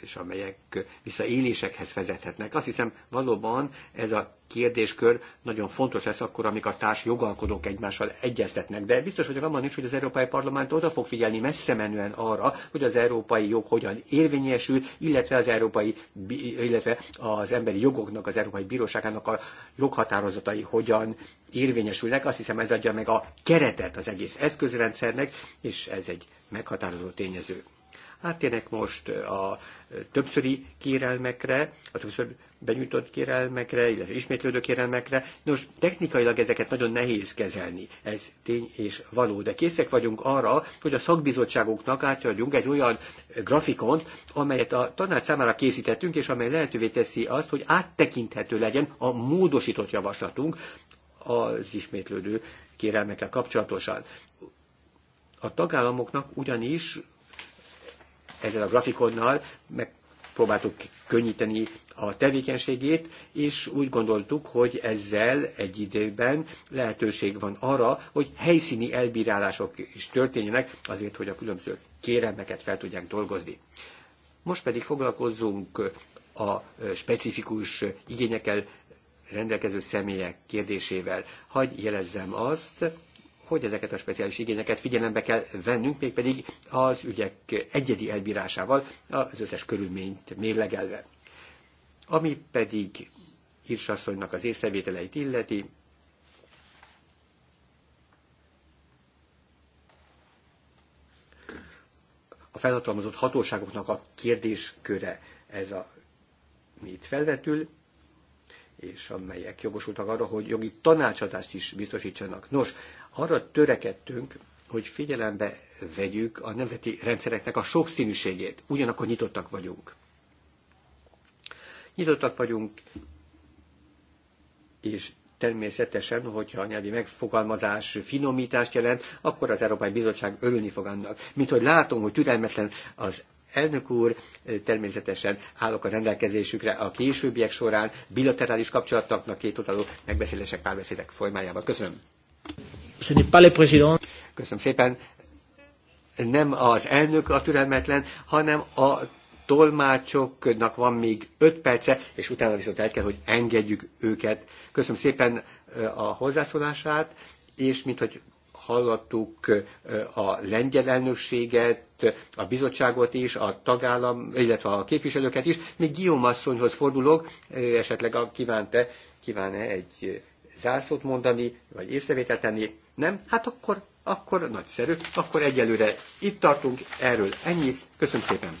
és amelyek visszaélésekhez vezethetnek. Azt hiszem valóban ez a kérdéskör nagyon fontos lesz akkor, amikor a társ jogalkodók egymással egyeztetnek. De biztos vagyok abban is, hogy az Európai Parlament oda fog figyelni messze menően arra, hogy az európai jog hogyan érvényesül, illetve az európai, illetve az emberi jogoknak, az Európai Bíróságának a joghatározatai hogyan érvényesülnek. Azt hiszem ez adja meg a keretet az egész eszközrendszernek, és ez egy meghatározó tényező. Áttérek most a többszöri kérelmekre, a többször benyújtott kérelmekre, illetve ismétlődő kérelmekre. Nos, technikailag ezeket nagyon nehéz kezelni, ez tény és való, de készek vagyunk arra, hogy a szakbizottságoknak átadjunk egy olyan grafikont, amelyet a tanács számára készítettünk, és amely lehetővé teszi azt, hogy áttekinthető legyen a módosított javaslatunk az ismétlődő kérelmekkel kapcsolatosan. A tagállamoknak ugyanis ezzel a grafikonnal megpróbáltuk könnyíteni a tevékenységét, és úgy gondoltuk, hogy ezzel egy időben lehetőség van arra, hogy helyszíni elbírálások is történjenek, azért, hogy a különböző kéremeket fel tudják dolgozni. Most pedig foglalkozzunk a specifikus igényekkel rendelkező személyek kérdésével. Hagy jelezzem azt, hogy ezeket a speciális igényeket figyelembe kell vennünk, mégpedig az ügyek egyedi elbírásával az összes körülményt mérlegelve. Ami pedig Írsasszonynak az észrevételeit illeti, a felhatalmazott hatóságoknak a kérdésköre ez a mit felvetül, és amelyek jogosultak arra, hogy jogi tanácsadást is biztosítsanak. Nos, arra törekedtünk, hogy figyelembe vegyük a nemzeti rendszereknek a sokszínűségét. Ugyanakkor nyitottak vagyunk. Nyitottak vagyunk, és természetesen, hogyha a nyelvi megfogalmazás finomítást jelent, akkor az Európai Bizottság örülni fog annak. Mint hogy látom, hogy türelmetlen az Elnök úr, természetesen állok a rendelkezésükre a későbbiek során bilaterális kapcsolatoknak utaló megbeszélések, párbeszédek formájában. Köszönöm. Köszönöm szépen. Nem az elnök a türelmetlen, hanem a tolmácsoknak van még öt perce, és utána viszont el kell, hogy engedjük őket. Köszönöm szépen a hozzászólását, és mint hogy hallottuk eh, a lengyel elnökséget, a bizottságot is, a tagállam, illetve a képviselőket is. Még Guillaume asszonyhoz fordulok, eh, esetleg a kívánte, kíván-e egy zárszót mondani, vagy észrevételt tenni? Nem? Hát akkor, akkor nagyszerű, akkor egyelőre itt tartunk, erről Ennyi Köszönöm szépen!